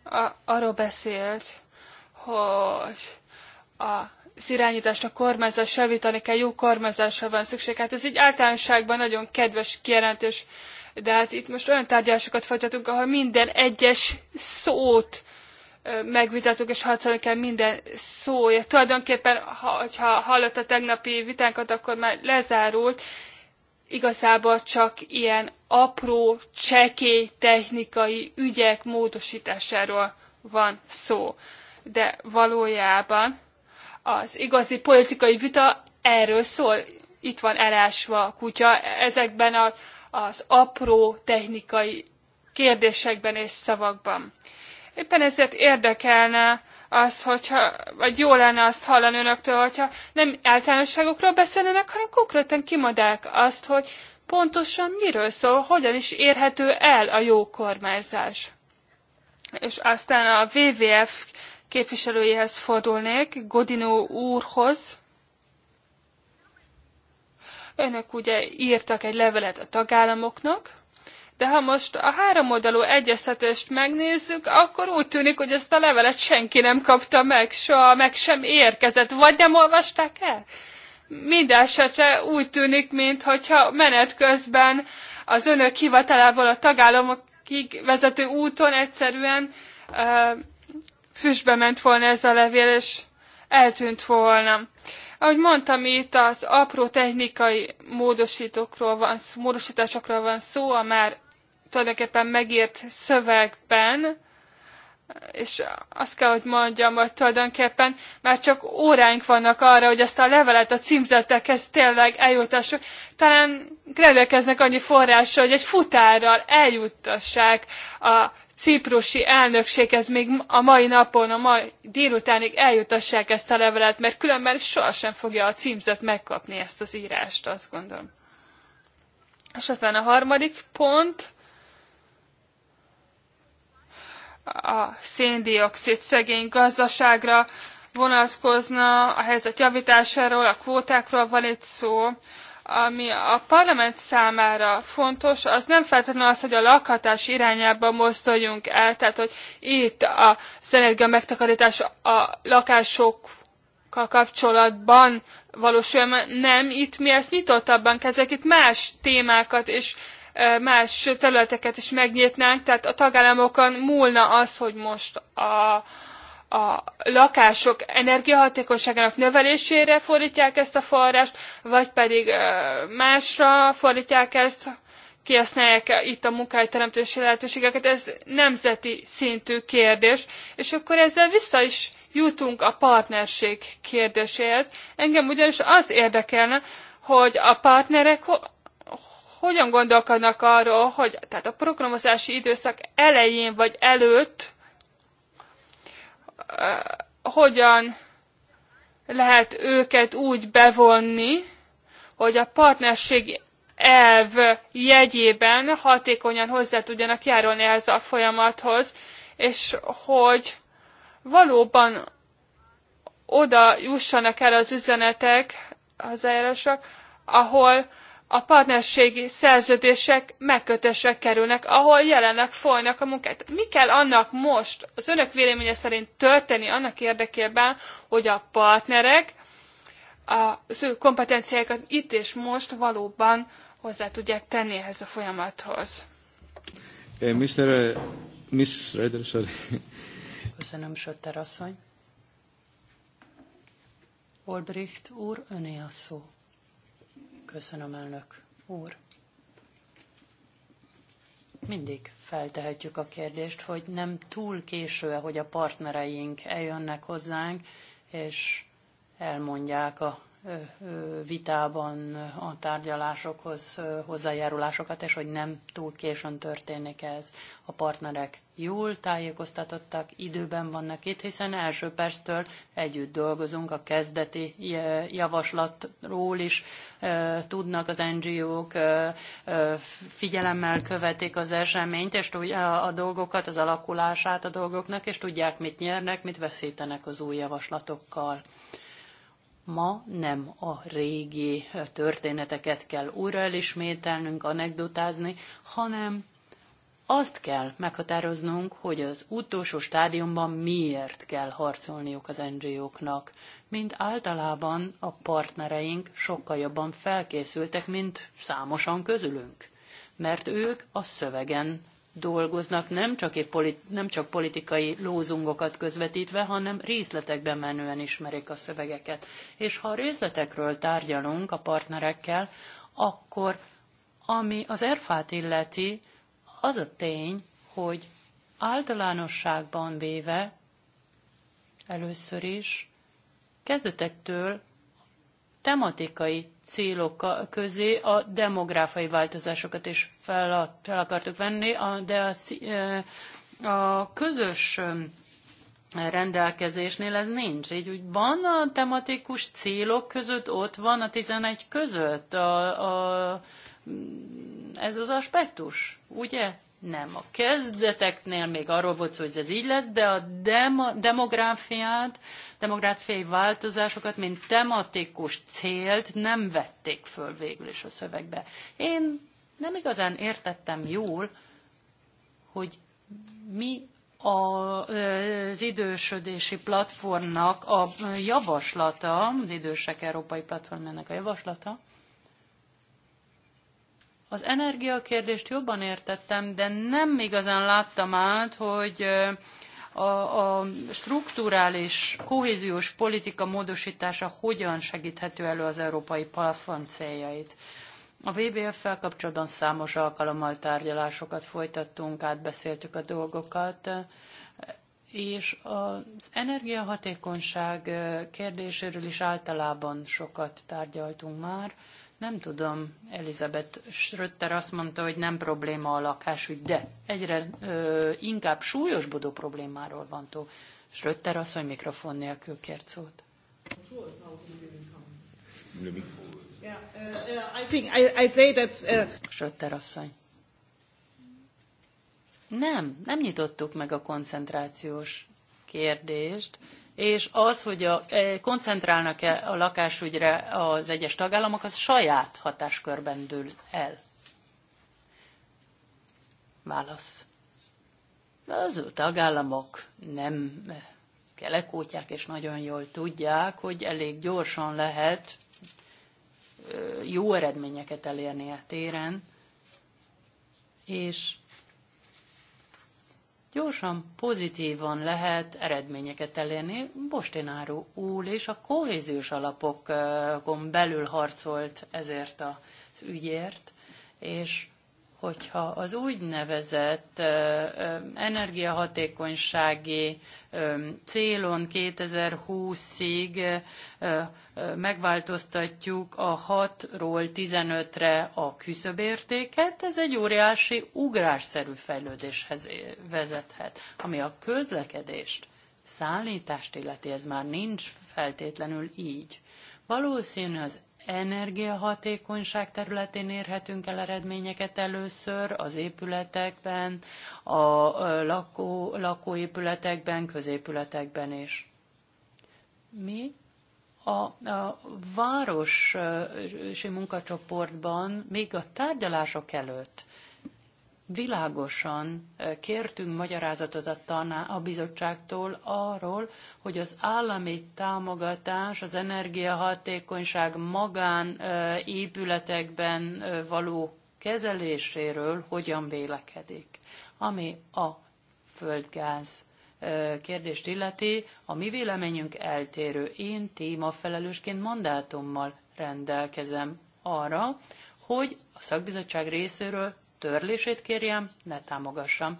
a, arról beszélt, hogy a az irányítást, a kormányzás javítani kell, jó kormányzásra van szükség. Hát ez így általánosságban nagyon kedves kijelentés, de hát itt most olyan tárgyalásokat folytatunk, ahol minden egyes szót megvitatunk, és harcolni kell minden szója. Tulajdonképpen, ha, hallotta hallott a tegnapi vitánkat, akkor már lezárult, igazából csak ilyen apró, csekély technikai ügyek módosításáról van szó. De valójában az igazi politikai vita erről szól. Itt van elásva a kutya ezekben a, az apró technikai kérdésekben és szavakban. Éppen ezért érdekelne azt, hogyha, vagy jó lenne azt hallani önöktől, hogyha nem általánosságokról beszélnek, hanem konkrétan kimondák azt, hogy pontosan miről szól, hogyan is érhető el a jó kormányzás. És aztán a WWF képviselőjéhez fordulnék, Godinó úrhoz. Önök ugye írtak egy levelet a tagállamoknak, de ha most a háromoldalú egyeztetést megnézzük, akkor úgy tűnik, hogy ezt a levelet senki nem kapta meg, soha meg sem érkezett, vagy nem olvasták el? Mindenesetre úgy tűnik, mintha menet közben az önök hivatalából a tagállamokig vezető úton egyszerűen ö, füstbe ment volna ez a levél, és eltűnt volna. Ahogy mondtam, itt az apró technikai módosítókról van, módosításokról van szó, a már tulajdonképpen megírt szövegben, és azt kell, hogy mondjam, hogy tulajdonképpen már csak óráink vannak arra, hogy ezt a levelet a címzetekhez tényleg eljutassuk. Talán rendelkeznek annyi forrásra, hogy egy futárral eljutassák a ciprusi elnökséghez még a mai napon, a mai délutánig eljutassák ezt a levelet, mert különben sohasem fogja a címzet megkapni ezt az írást, azt gondolom. És aztán a harmadik pont, a széndiokszid szegény gazdaságra vonatkozna, a helyzet javításáról, a kvótákról van itt szó, ami a parlament számára fontos, az nem feltétlenül az, hogy a lakhatás irányába mozduljunk el, tehát hogy itt az energia megtakarítás a lakásokkal kapcsolatban valósuljon, nem, itt mi ezt nyitottabban kezdek, itt más témákat és más területeket is megnyitnánk, tehát a tagállamokon múlna az, hogy most a, a lakások energiahatékonyságának növelésére fordítják ezt a forrást, vagy pedig másra fordítják ezt, kihasználják itt a munkahelyteremtési lehetőségeket. Ez nemzeti szintű kérdés, és akkor ezzel vissza is jutunk a partnerség kérdéséhez. Engem ugyanis az érdekelne, hogy a partnerek hogyan gondolkodnak arról, hogy tehát a programozási időszak elején vagy előtt eh, hogyan lehet őket úgy bevonni, hogy a partnerség elv jegyében hatékonyan hozzá tudjanak járulni ehhez a folyamathoz, és hogy valóban oda jussanak el az üzenetek, hazájárosok, ahol a partnerségi szerződések megkötésre kerülnek, ahol jelenleg folynak a munkát. Mi kell annak most, az önök véleménye szerint történni annak érdekében, hogy a partnerek az ő kompetenciáikat itt és most valóban hozzá tudják tenni ehhez a folyamathoz? Hey, eh, Mr. Eh, miss Schrader, sorry. Köszönöm, Sötter asszony. Olbricht úr, öné a szó. Köszönöm, elnök úr. Mindig feltehetjük a kérdést, hogy nem túl késő -e, hogy a partnereink eljönnek hozzánk, és elmondják a vitában a tárgyalásokhoz hozzájárulásokat, és hogy nem túl későn történik ez. A partnerek jól tájékoztatottak, időben vannak itt, hiszen első perctől együtt dolgozunk, a kezdeti javaslatról is tudnak az NGO-k, figyelemmel követik az eseményt, és a dolgokat, az alakulását a dolgoknak, és tudják, mit nyernek, mit veszítenek az új javaslatokkal. Ma nem a régi eh, történeteket kell újra elismételnünk, anekdotázni, hanem azt kell meghatároznunk, hogy az utolsó stádiumban miért kell harcolniuk az NGO-knak. Mint általában a partnereink sokkal jobban felkészültek, mint számosan közülünk, mert ők a szövegen dolgoznak, nem csak, épp politi- nem csak politikai lózungokat közvetítve, hanem részletekben menően ismerik a szövegeket. És ha a részletekről tárgyalunk a partnerekkel, akkor ami az erfát illeti, az a tény, hogy általánosságban véve először is kezdetektől tematikai célok közé a demográfai változásokat is fel, fel akartuk venni, de a, a közös rendelkezésnél ez nincs. Így úgy van a tematikus célok között, ott van a 11 között a, a, ez az aspektus, ugye? nem. A kezdeteknél még arról volt szó, hogy ez így lesz, de a dem- demográfiát, demográfiai változásokat, mint tematikus célt nem vették föl végül is a szövegbe. Én nem igazán értettem jól, hogy mi a, az idősödési platformnak a javaslata, az idősek európai platformjának a javaslata, az energiakérdést jobban értettem, de nem igazán láttam át, hogy a, a strukturális, kohéziós politika módosítása hogyan segíthető elő az európai plafon céljait. A VBF-fel kapcsolatban számos alkalommal tárgyalásokat folytattunk, átbeszéltük a dolgokat, és az energiahatékonyság kérdéséről is általában sokat tárgyaltunk már. Nem tudom, Elizabeth Schröter azt mondta, hogy nem probléma a lakásügy, de egyre ö, inkább súlyosbodó problémáról van szó. Schröter asszony mikrofon nélkül kért szót. Uh, uh, Schröter asszony. Nem, nem nyitottuk meg a koncentrációs kérdést és az, hogy a, e, koncentrálnak-e a lakásügyre az egyes tagállamok, az saját hatáskörben dől el. Válasz. Az tagállamok nem kelekótyák, és nagyon jól tudják, hogy elég gyorsan lehet e, jó eredményeket elérni a téren, és gyorsan, pozitívan lehet eredményeket elérni. Bostináró úr és a kohéziós alapokon belül harcolt ezért az ügyért, és hogyha az úgynevezett energiahatékonysági célon 2020-ig megváltoztatjuk a 6-ról 15-re a küszöbértéket, ez egy óriási ugrásszerű fejlődéshez vezethet, ami a közlekedést, szállítást illeti, ez már nincs feltétlenül így. Valószínű az energiahatékonyság területén érhetünk el eredményeket először az épületekben, a lakó, lakóépületekben, középületekben is. Mi a, a városi munkacsoportban még a tárgyalások előtt világosan kértünk magyarázatot a, taná, a bizottságtól arról, hogy az állami támogatás, az energiahatékonyság magán épületekben való kezeléséről hogyan vélekedik. Ami a földgáz kérdést illeti, a mi véleményünk eltérő. Én témafelelősként mandátummal rendelkezem arra, hogy a szakbizottság részéről törlését kérjem, ne támogassam.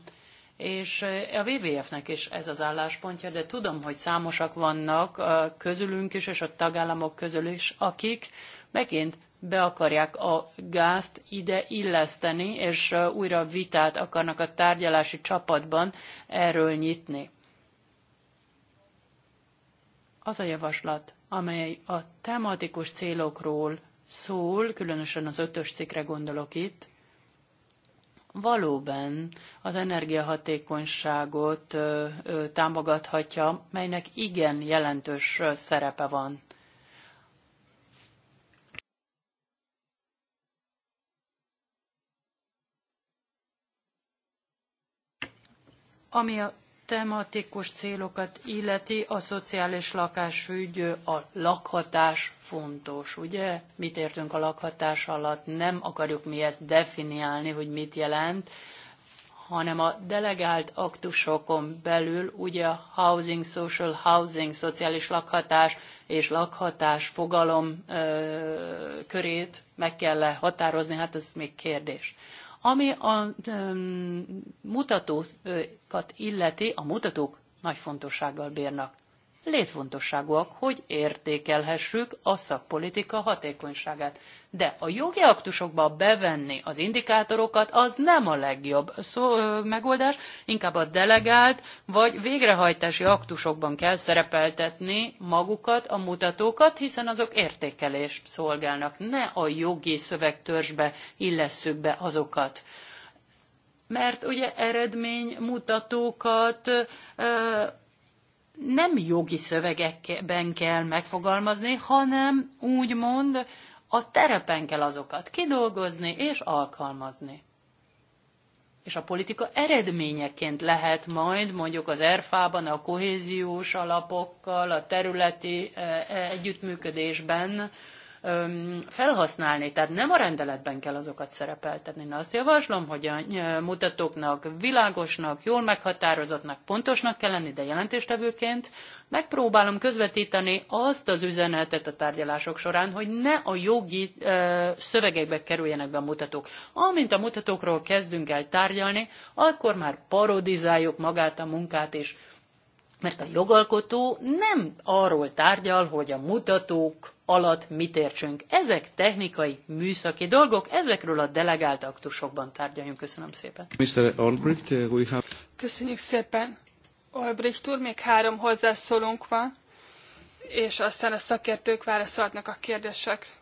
És a WWF-nek is ez az álláspontja, de tudom, hogy számosak vannak közülünk is, és a tagállamok közül is, akik megint be akarják a gázt ide illeszteni, és újra vitát akarnak a tárgyalási csapatban erről nyitni. Az a javaslat, amely a tematikus célokról szól, különösen az ötös cikre gondolok itt, valóban az energiahatékonyságot támogathatja, melynek igen jelentős szerepe van. Ami a tematikus célokat illeti, a szociális lakásügy, a lakhatás fontos, ugye? Mit értünk a lakhatás alatt? Nem akarjuk mi ezt definiálni, hogy mit jelent, hanem a delegált aktusokon belül ugye a housing, social housing, szociális lakhatás és lakhatás fogalom ö, körét meg kell -e határozni, hát ez még kérdés. Ami a mutatókat illeti, a mutatók nagy fontossággal bírnak létfontosságúak, hogy értékelhessük a szakpolitika hatékonyságát. De a jogi aktusokba bevenni az indikátorokat az nem a legjobb szó, ö, megoldás, inkább a delegált vagy végrehajtási aktusokban kell szerepeltetni magukat, a mutatókat, hiszen azok értékelést szolgálnak. Ne a jogi szövegtörzsbe illesszük be azokat mert ugye eredménymutatókat nem jogi szövegekben kell megfogalmazni, hanem úgymond a terepen kell azokat kidolgozni és alkalmazni. És a politika eredményeként lehet majd mondjuk az ERFA-ban, a kohéziós alapokkal, a területi eh, együttműködésben felhasználni, tehát nem a rendeletben kell azokat szerepeltetni. Na azt javaslom, hogy a mutatóknak világosnak, jól meghatározottnak, pontosnak kell lenni, de jelentéstevőként megpróbálom közvetíteni azt az üzenetet a tárgyalások során, hogy ne a jogi ö, szövegekbe kerüljenek be a mutatók. Amint a mutatókról kezdünk el tárgyalni, akkor már parodizáljuk magát a munkát, és mert a jogalkotó nem arról tárgyal, hogy a mutatók alatt mit értsünk. Ezek technikai, műszaki dolgok, ezekről a delegált aktusokban tárgyaljunk. Köszönöm szépen. Mr. Albrecht, uh, we have... Köszönjük szépen. Albrecht úr, még három hozzászólunk van, és aztán a szakértők válaszolhatnak a kérdések,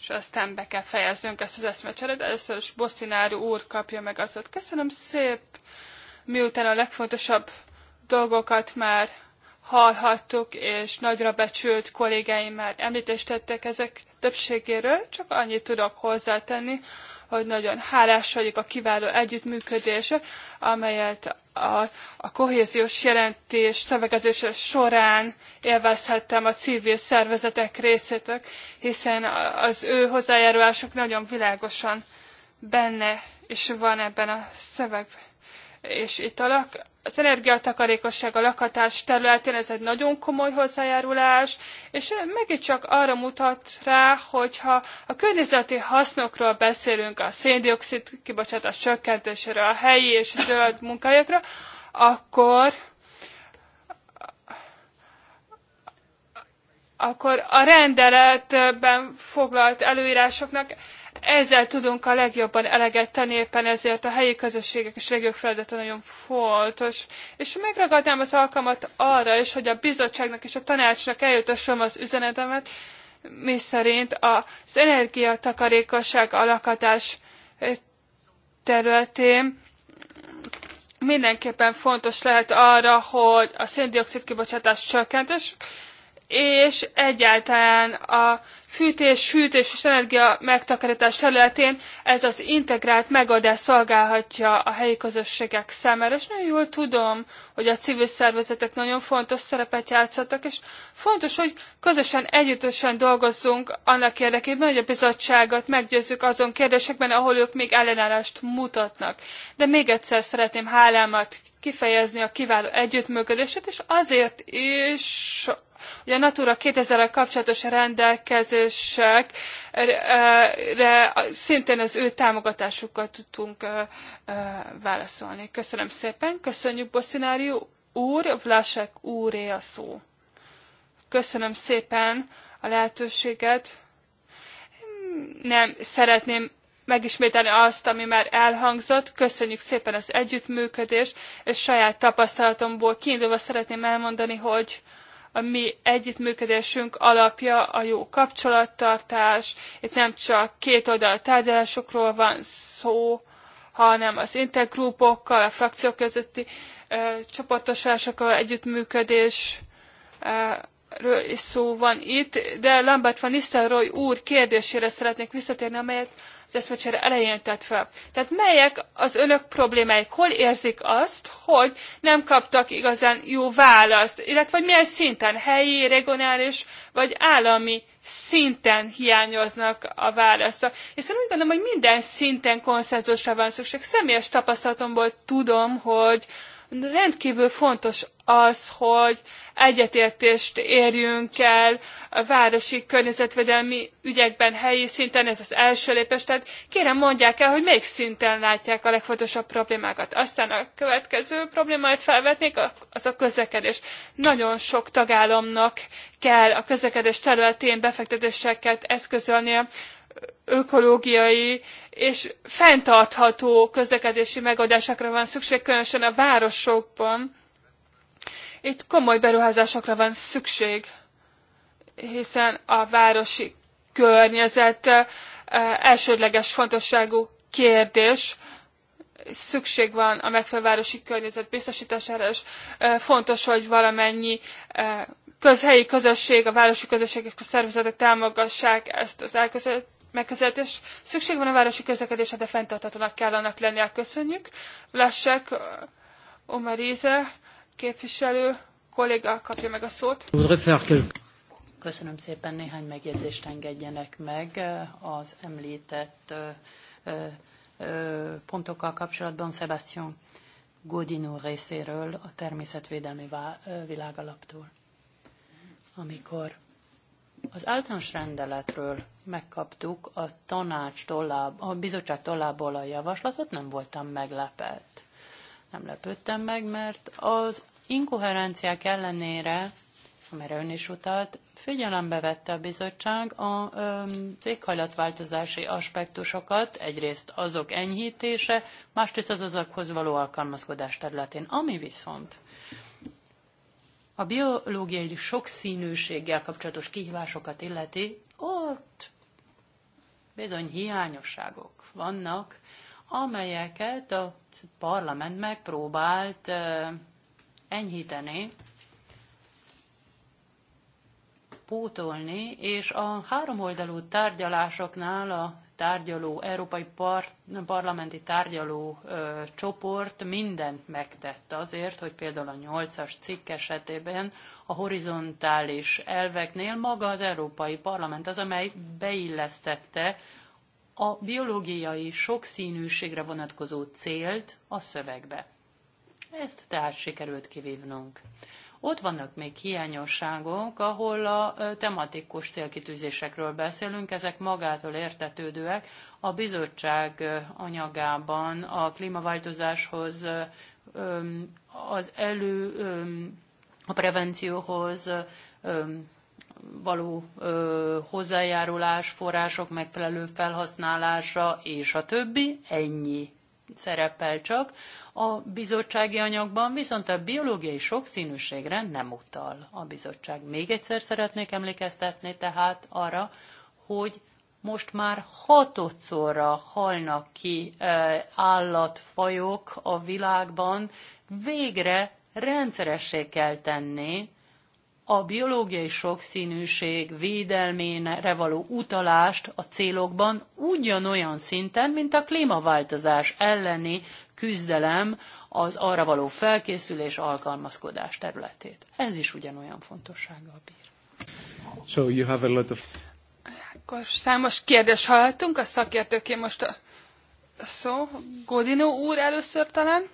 és aztán be kell fejeznünk ezt az eszmecseret. Először is Bosszinári úr kapja meg azt. Köszönöm szép, miután a legfontosabb dolgokat már hallhattuk, és nagyra becsült kollégáim már említést tettek ezek többségéről, csak annyit tudok hozzátenni, hogy nagyon hálás vagyok a kiváló együttműködésre, amelyet a, a kohéziós jelentés szövegezése során élvezhettem a civil szervezetek részétől, hiszen az ő hozzájárulásuk nagyon világosan benne és van ebben a szövegben és itt a lak, az energiatakarékosság a lakhatás területén ez egy nagyon komoly hozzájárulás, és megint csak arra mutat rá, hogyha a környezeti hasznokról beszélünk, a széndiokszid kibocsátás csökkentéséről, a helyi és zöld munkájakra, akkor akkor a rendeletben foglalt előírásoknak ezzel tudunk a legjobban eleget tenni, éppen ezért a helyi közösségek és régiók feladata nagyon fontos. És megragadnám az alkalmat arra is, hogy a bizottságnak és a tanácsnak eljutassam az üzenetemet, mi szerint az energiatakarékosság alakatás eh, területén mindenképpen fontos lehet arra, hogy a széndiokszid kibocsátás csökkentés, és egyáltalán a fűtés, hűtés és energia megtakarítás területén ez az integrált megoldás szolgálhatja a helyi közösségek számára. És nagyon jól tudom, hogy a civil szervezetek nagyon fontos szerepet játszottak, és fontos, hogy közösen, együttesen dolgozzunk annak érdekében, hogy a bizottságot meggyőzzük azon kérdésekben, ahol ők még ellenállást mutatnak. De még egyszer szeretném hálámat kifejezni a kiváló együttműködését, és azért is Ugye a Natura 2000-rel kapcsolatos rendelkezésekre eh, szintén az ő támogatásukkal tudtunk eh, eh, válaszolni. Köszönöm szépen, köszönjük Bosszinárió úr, Vlasek úré a szó. Köszönöm szépen a lehetőséget. Nem szeretném megismételni azt, ami már elhangzott. Köszönjük szépen az együttműködést, és saját tapasztalatomból kiindulva szeretném elmondani, hogy a mi együttműködésünk alapja a jó kapcsolattartás. Itt nem csak két oldal tárgyalásokról van szó, hanem az intergrupokkal, a frakciók közötti ö, csoportosulásokkal együttműködés, ö, ről is szó van itt, de Lambert van Nistelrooy úr kérdésére szeretnék visszatérni, amelyet az eszmecsere elején tett fel. Tehát melyek az önök problémáik? Hol érzik azt, hogy nem kaptak igazán jó választ? Illetve hogy milyen szinten? Helyi, regionális vagy állami szinten hiányoznak a válaszok. Hiszen úgy gondolom, hogy minden szinten konszenzusra van szükség. Személyes tapasztalatomból tudom, hogy rendkívül fontos az, hogy egyetértést érjünk el a városi környezetvédelmi ügyekben helyi szinten, ez az első lépés. Tehát kérem mondják el, hogy melyik szinten látják a legfontosabb problémákat. Aztán a következő problémát felvetnék, az a közlekedés. Nagyon sok tagállamnak kell a közlekedés területén befektetéseket eszközölnie ökológiai és fenntartható közlekedési megoldásokra van szükség, különösen a városokban. Itt komoly beruházásokra van szükség, hiszen a városi környezet eh, elsődleges fontosságú kérdés, szükség van a megfelelő városi környezet biztosítására, és eh, fontos, hogy valamennyi eh, közhelyi közösség, a városi közösségek, a szervezetek támogassák ezt az elközelítést megközelítés. Szükség van a városi közlekedésre, de fenntartatónak kell annak lennie. Köszönjük. Omar Omarize képviselő kolléga kapja meg a szót. Köszönöm szépen, néhány megjegyzést engedjenek meg az említett pontokkal kapcsolatban Sebastian Godinó részéről a természetvédelmi világalaptól. Amikor az általános rendeletről megkaptuk a tanács tolláb, a bizottság tollából a javaslatot, nem voltam meglepett. Nem lepődtem meg, mert az inkoherenciák ellenére, amire ön is utalt, figyelembe vette a bizottság a céghajlatváltozási aspektusokat, egyrészt azok enyhítése, másrészt az azokhoz való alkalmazkodás területén. Ami viszont a biológiai sokszínűséggel kapcsolatos kihívásokat illeti, ott bizony hiányosságok vannak, amelyeket a parlament megpróbált enyhíteni, pótolni, és a háromoldalú tárgyalásoknál a tárgyaló, európai par- parlamenti tárgyaló ö, csoport mindent megtett azért, hogy például a 8-as cikk esetében a horizontális elveknél maga az Európai Parlament az, amely beillesztette a biológiai sokszínűségre vonatkozó célt a szövegbe. Ezt tehát sikerült kivívnunk. Ott vannak még hiányosságok, ahol a tematikus célkitűzésekről beszélünk, ezek magától értetődőek. A bizottság anyagában a klímaváltozáshoz, az elő, a prevencióhoz való ö, hozzájárulás, források megfelelő felhasználása és a többi, ennyi szerepel csak a bizottsági anyagban, viszont a biológiai sokszínűségre nem utal a bizottság. Még egyszer szeretnék emlékeztetni tehát arra, hogy most már hatodszorra halnak ki állatfajok a világban, végre rendszeressé kell tenni a biológiai sokszínűség védelmére való utalást a célokban ugyanolyan szinten, mint a klímaváltozás elleni küzdelem az arra való felkészülés alkalmazkodás területét. Ez is ugyanolyan fontossággal bír. So you have a lot of... Akkor számos kérdés hallottunk, a szakértőké most a szó. Godino úr először talán.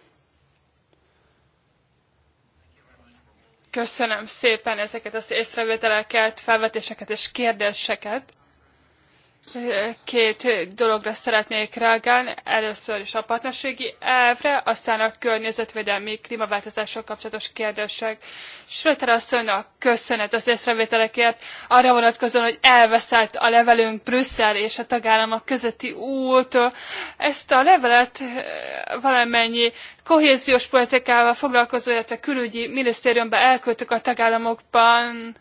Köszönöm szépen ezeket az észrevételeket, felvetéseket és kérdéseket. Két dologra szeretnék reagálni. Először is a partnerségi elvre, aztán a környezetvédelmi klímaváltozással kapcsolatos kérdések. Schröter asszonynak köszönet az észrevételekért arra vonatkozóan, hogy elveszett a levelünk Brüsszel és a tagállamok közötti út. Ezt a levelet eh, valamennyi kohéziós politikával foglalkozó, illetve külügyi minisztériumban elküldtük a tagállamokban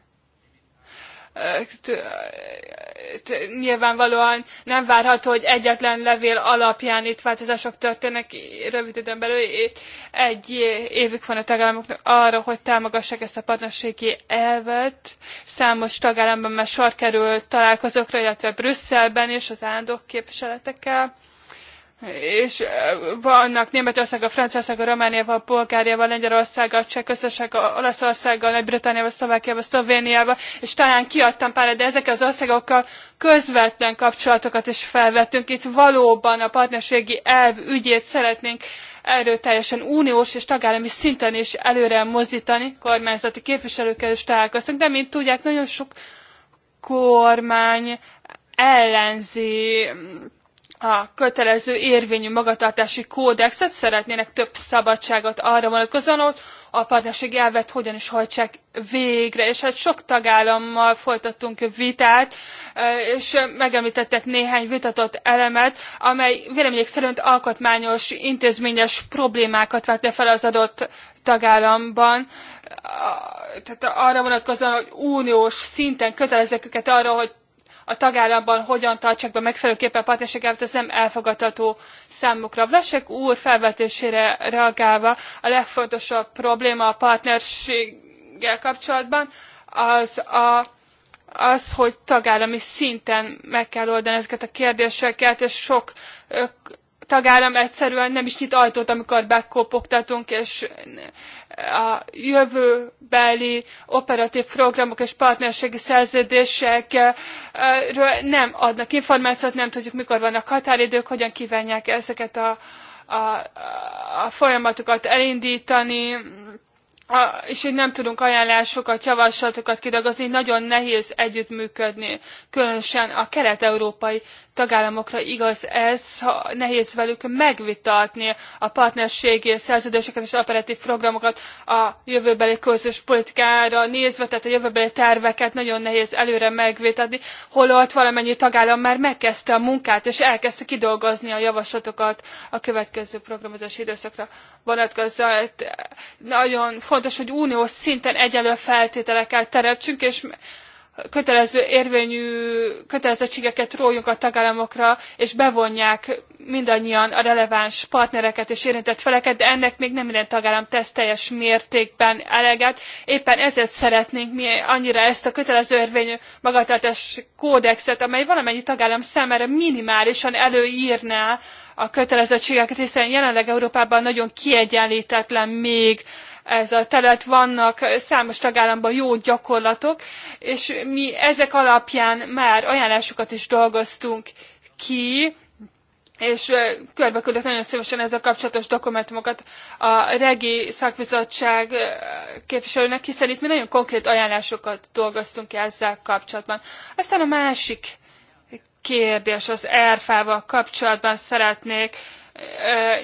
nyilvánvalóan nem várható, hogy egyetlen levél alapján itt változások történnek rövid időn belül. Itt egy évük van a tagállamoknak arra, hogy támogassák ezt a partnerségi elvet. Számos tagállamban már sor kerül találkozókra, illetve Brüsszelben is az állandó képviseletekkel és vannak Németország, a Franciaország, a Romániával, a Bulgáriával, Lengyelországgal, a Olaszországgal, Nagy-Britanniával, Szlovákiával, Szlovéniával, és talán kiadtam pár, de ezek az országokkal közvetlen kapcsolatokat is felvettünk. Itt valóban a partnerségi elv ügyét szeretnénk erőteljesen uniós és tagállami szinten is előre mozdítani, kormányzati képviselőkkel is találkoztunk, de mint tudják, nagyon sok kormány ellenzi a kötelező érvényű magatartási kódexet, szeretnének több szabadságot arra vonatkozóan, hogy a partnerség elvet hogyan is hajtsák végre. És hát sok tagállammal folytattunk vitát, és megemlítettek néhány vitatott elemet, amely vélemények szerint alkotmányos, intézményes problémákat vette fel az adott tagállamban tehát arra vonatkozóan, hogy uniós szinten kötelezzük őket arra, hogy a tagállamban hogyan tartsák be megfelelőképpen a partnerségeket, ez nem elfogadható számukra. Vlasek úr felvetésére reagálva a legfontosabb probléma a partnerséggel kapcsolatban az a az, hogy tagállami szinten meg kell oldani ezeket a kérdéseket, és sok tagállam egyszerűen nem is nyit ajtót, amikor bekopogtatunk, és eh, a jövőbeli operatív programok és partnerségi szerződésekről nem adnak információt, nem tudjuk, mikor vannak határidők, hogyan kívánják ezeket a, a, a folyamatokat elindítani a, és így nem tudunk ajánlásokat, javaslatokat kidagozni, nagyon nehéz együttműködni, különösen a kelet-európai tagállamokra igaz ez, ha nehéz velük megvitatni a partnerségi szerződéseket és operatív programokat a jövőbeli közös politikára nézve, tehát a jövőbeli terveket nagyon nehéz előre megvitatni, holott valamennyi tagállam már megkezdte a munkát, és elkezdte kidolgozni a javaslatokat a következő programozási időszakra vonatkozóan. Nagyon fontos fontos, hogy uniós szinten egyenlő feltételeket teremtsünk, és kötelező érvényű kötelezettségeket rójunk a tagállamokra, és bevonják mindannyian a releváns partnereket és érintett feleket, de ennek még nem minden tagállam tesz teljes mértékben eleget. Éppen ezért szeretnénk mi annyira ezt a kötelező érvényű magatartás kódexet, amely valamennyi tagállam számára minimálisan előírná a kötelezettségeket, hiszen jelenleg Európában nagyon kiegyenlítetlen még ez a terület. Vannak számos tagállamban jó gyakorlatok, és mi ezek alapján már ajánlásokat is dolgoztunk ki, és körbe küldött nagyon szívesen ezzel kapcsolatos dokumentumokat a regi szakbizottság képviselőnek, hiszen itt mi nagyon konkrét ajánlásokat dolgoztunk ki ezzel kapcsolatban. Aztán a másik kérdés az erfával kapcsolatban szeretnék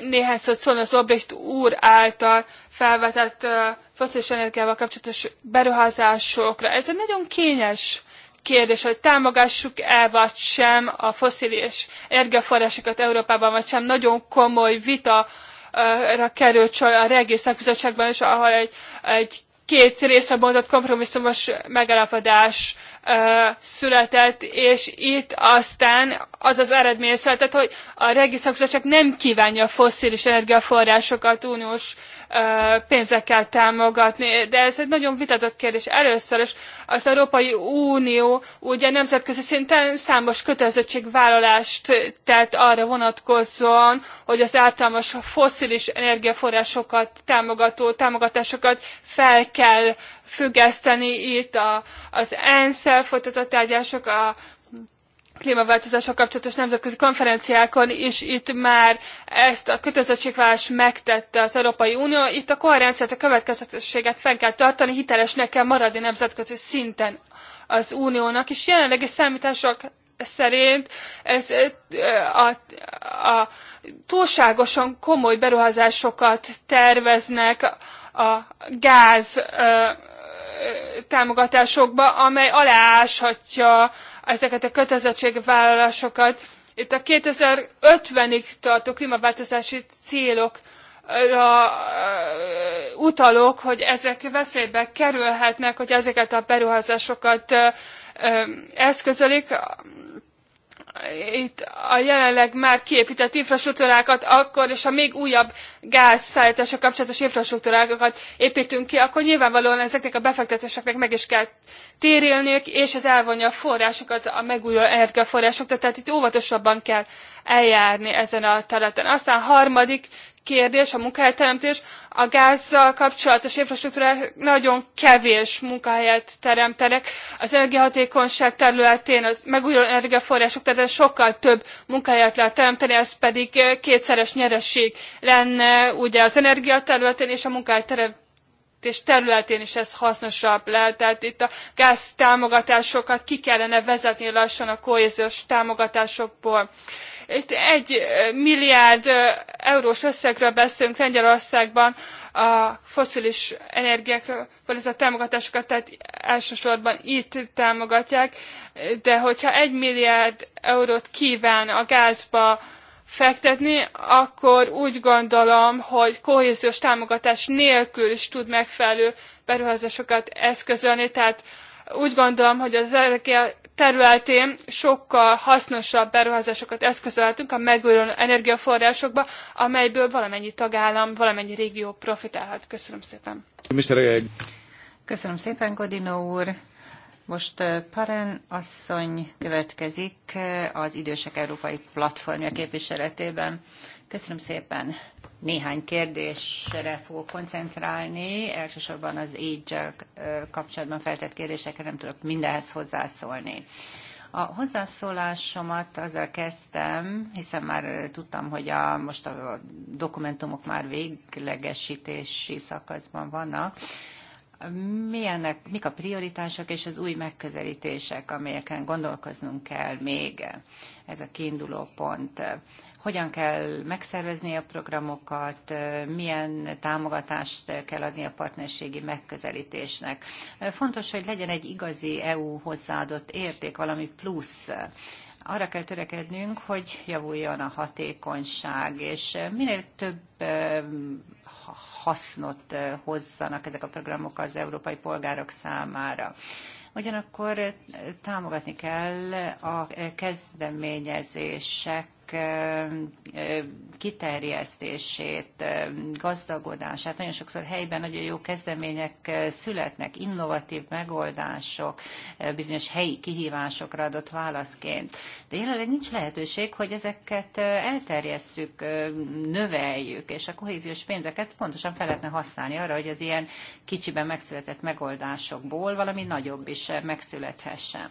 néhány szót szólni az Obrecht úr által felvetett foszilis energiával kapcsolatos beruházásokra. Ez egy nagyon kényes kérdés, hogy támogassuk el vagy sem a foszilis energiaforrásokat Európában, vagy sem. Nagyon komoly vita került sor a Regi Szakbizottságban is, ahol egy, egy két részre bontott kompromisszumos megállapodás született, és itt aztán az az eredmény született, hogy a régi csak nem kívánja a fosszilis energiaforrásokat uniós pénzekkel támogatni. De ez egy nagyon vitatott kérdés. Először is az Európai Unió ugye nemzetközi szinten számos kötelezettségvállalást tett arra vonatkozóan, hogy az általános fosszilis energiaforrásokat támogató támogatásokat fel kell függeszteni itt a, az ENSZ-el folytatott tárgyások, a klímaváltozással kapcsolatos nemzetközi konferenciákon is itt már ezt a kötelezettségvállalást megtette az Európai Unió. Itt a koherenciát, a következetességet fenn kell tartani, hitelesnek kell maradni nemzetközi szinten az uniónak, és jelenlegi számítások szerint ez a, a túlságosan komoly beruházásokat terveznek a gáz támogatásokba, amely alááshatja ezeket a kötelezettségvállalásokat. Itt a 2050-ig tartó klímaváltozási célokra utalok, hogy ezek veszélybe kerülhetnek, hogy ezeket a beruházásokat eszközölik itt a jelenleg már kiépített infrastruktúrákat, akkor és a még újabb gázszállítása kapcsolatos infrastruktúrákat építünk ki, akkor nyilvánvalóan ezeknek a befektetéseknek meg is kell térélniük, és ez elvonja a forrásokat, a megújuló energiaforrásokat, tehát itt óvatosabban kell eljárni ezen a területen. Aztán harmadik kérdés, a munkahelyteremtés. A gázzal kapcsolatos infrastruktúrák nagyon kevés munkahelyet teremtenek. Az energiahatékonyság területén, az megújuló energiaforrások területén sokkal több munkahelyet lehet teremteni, ez pedig eh, kétszeres nyereség lenne ugye az energiaterületén és a munkahelyteremtés és területén is ez hasznosabb lehet. Tehát itt a gáz támogatásokat ki kellene vezetni lassan a kohéziós támogatásokból. Itt egy milliárd eurós összegről beszélünk Lengyelországban a foszilis energiákról fordított támogatásokat, tehát elsősorban itt támogatják, de hogyha egy milliárd eurót kíván a gázba fektetni, akkor úgy gondolom, hogy kohéziós támogatás nélkül is tud megfelelő beruházásokat eszközölni, tehát úgy gondolom, hogy az energia területén sokkal hasznosabb beruházásokat eszközölhetünk a megújuló energiaforrásokba, amelyből valamennyi tagállam, valamennyi régió profitálhat. Köszönöm szépen. Köszönöm szépen, Godino úr. Most eh, Paren asszony következik eh, az Idősek Európai Platformja képviseletében. Köszönöm szépen. Néhány kérdésre fogok koncentrálni, elsősorban az age kapcsolatban feltett kérdésekre nem tudok mindenhez hozzászólni. A hozzászólásomat azzal kezdtem, hiszen már tudtam, hogy a, most a dokumentumok már véglegesítési szakaszban vannak, milyenek, mik a prioritások és az új megközelítések, amelyeken gondolkoznunk kell még. Ez a kiinduló pont hogyan kell megszervezni a programokat, milyen támogatást kell adni a partnerségi megközelítésnek. Fontos, hogy legyen egy igazi EU hozzáadott érték, valami plusz arra kell törekednünk, hogy javuljon a hatékonyság, és minél több hasznot hozzanak ezek a programok az európai polgárok számára. Ugyanakkor támogatni kell a kezdeményezések kiterjesztését, gazdagodását. Nagyon sokszor helyben nagyon jó kezdemények születnek, innovatív megoldások, bizonyos helyi kihívásokra adott válaszként. De jelenleg nincs lehetőség, hogy ezeket elterjesszük, növeljük, és a kohéziós pénzeket pontosan fel lehetne használni arra, hogy az ilyen kicsiben megszületett megoldásokból valami nagyobb is megszülethessen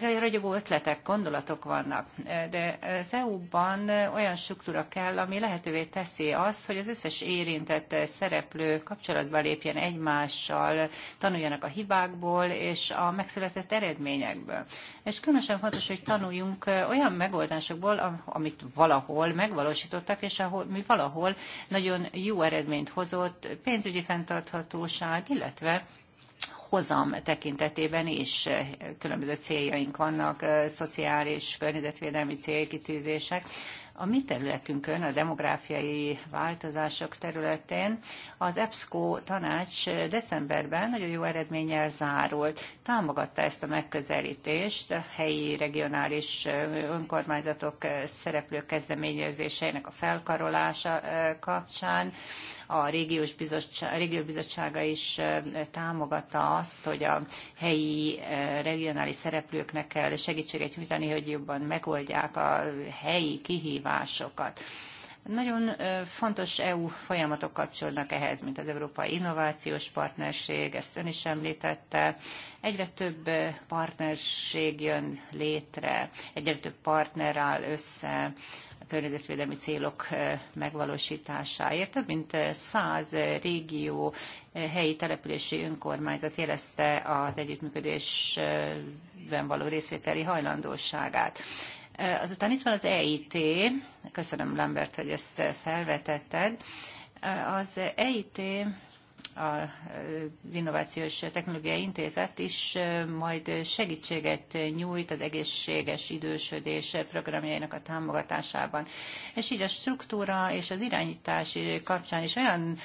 ragyogó ötletek, gondolatok vannak, de az EU-ban olyan struktúra kell, ami lehetővé teszi azt, hogy az összes érintett szereplő kapcsolatba lépjen egymással, tanuljanak a hibákból és a megszületett eredményekből. És különösen fontos, hogy tanuljunk olyan megoldásokból, amit valahol megvalósítottak, és ahol, mi valahol nagyon jó eredményt hozott pénzügyi fenntarthatóság, illetve hozam tekintetében is eh, különböző céljaink vannak, eh, szociális, környezetvédelmi célkitűzések. A mi területünkön, a demográfiai változások területén az EBSCO tanács eh, decemberben nagyon jó eredménnyel zárult. Támogatta ezt a megközelítést a helyi regionális önkormányzatok szereplő kezdeményezéseinek a felkarolása kapcsán a régiós bizottság, a régió bizottsága is támogatta azt, hogy a helyi regionális szereplőknek kell segítséget nyújtani, hogy jobban megoldják a helyi kihívásokat. Nagyon fontos EU folyamatok kapcsolnak ehhez, mint az Európai Innovációs Partnerség, ezt ön is említette. Egyre több partnerség jön létre, egyre több partner áll össze környezetvédelmi célok megvalósításáért. Több mint száz régió helyi települési önkormányzat jelezte az együttműködésben való részvételi hajlandóságát. Azután itt van az EIT, köszönöm Lambert, hogy ezt felvetetted. Az EIT az Innovációs Technológiai Intézet is majd segítséget nyújt az egészséges idősödés programjainak a támogatásában. És így a struktúra és az irányítás kapcsán is olyan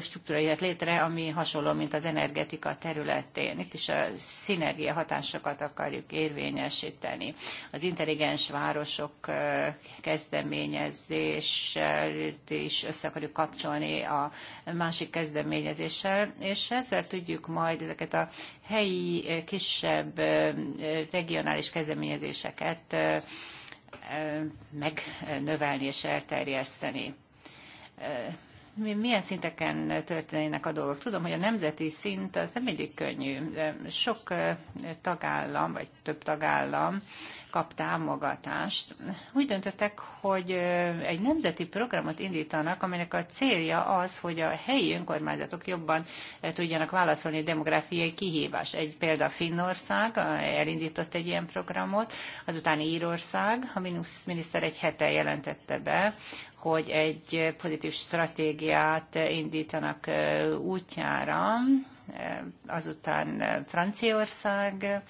struktúra jött létre, ami hasonló, mint az energetika területén. Itt is a szinergia hatásokat akarjuk érvényesíteni. Az intelligens városok kezdeményezés is össze akarjuk kapcsolni a másik kezdeményezés kezdeményezéssel, és ezzel tudjuk majd ezeket a helyi, eh, kisebb, eh, eh, regionális kezdeményezéseket megnövelni és elterjeszteni milyen szinteken történnek a dolgok. Tudom, hogy a nemzeti szint az nem mindig könnyű. Sok tagállam, vagy több tagállam kap támogatást. Úgy döntöttek, hogy egy nemzeti programot indítanak, aminek a célja az, hogy a helyi önkormányzatok jobban tudjanak válaszolni a demográfiai kihívás. Egy példa Finnország elindított egy ilyen programot, azután Írország, a miniszter egy hete jelentette be, hogy egy pozitív stratégiát indítanak útjára, azután Franciaország,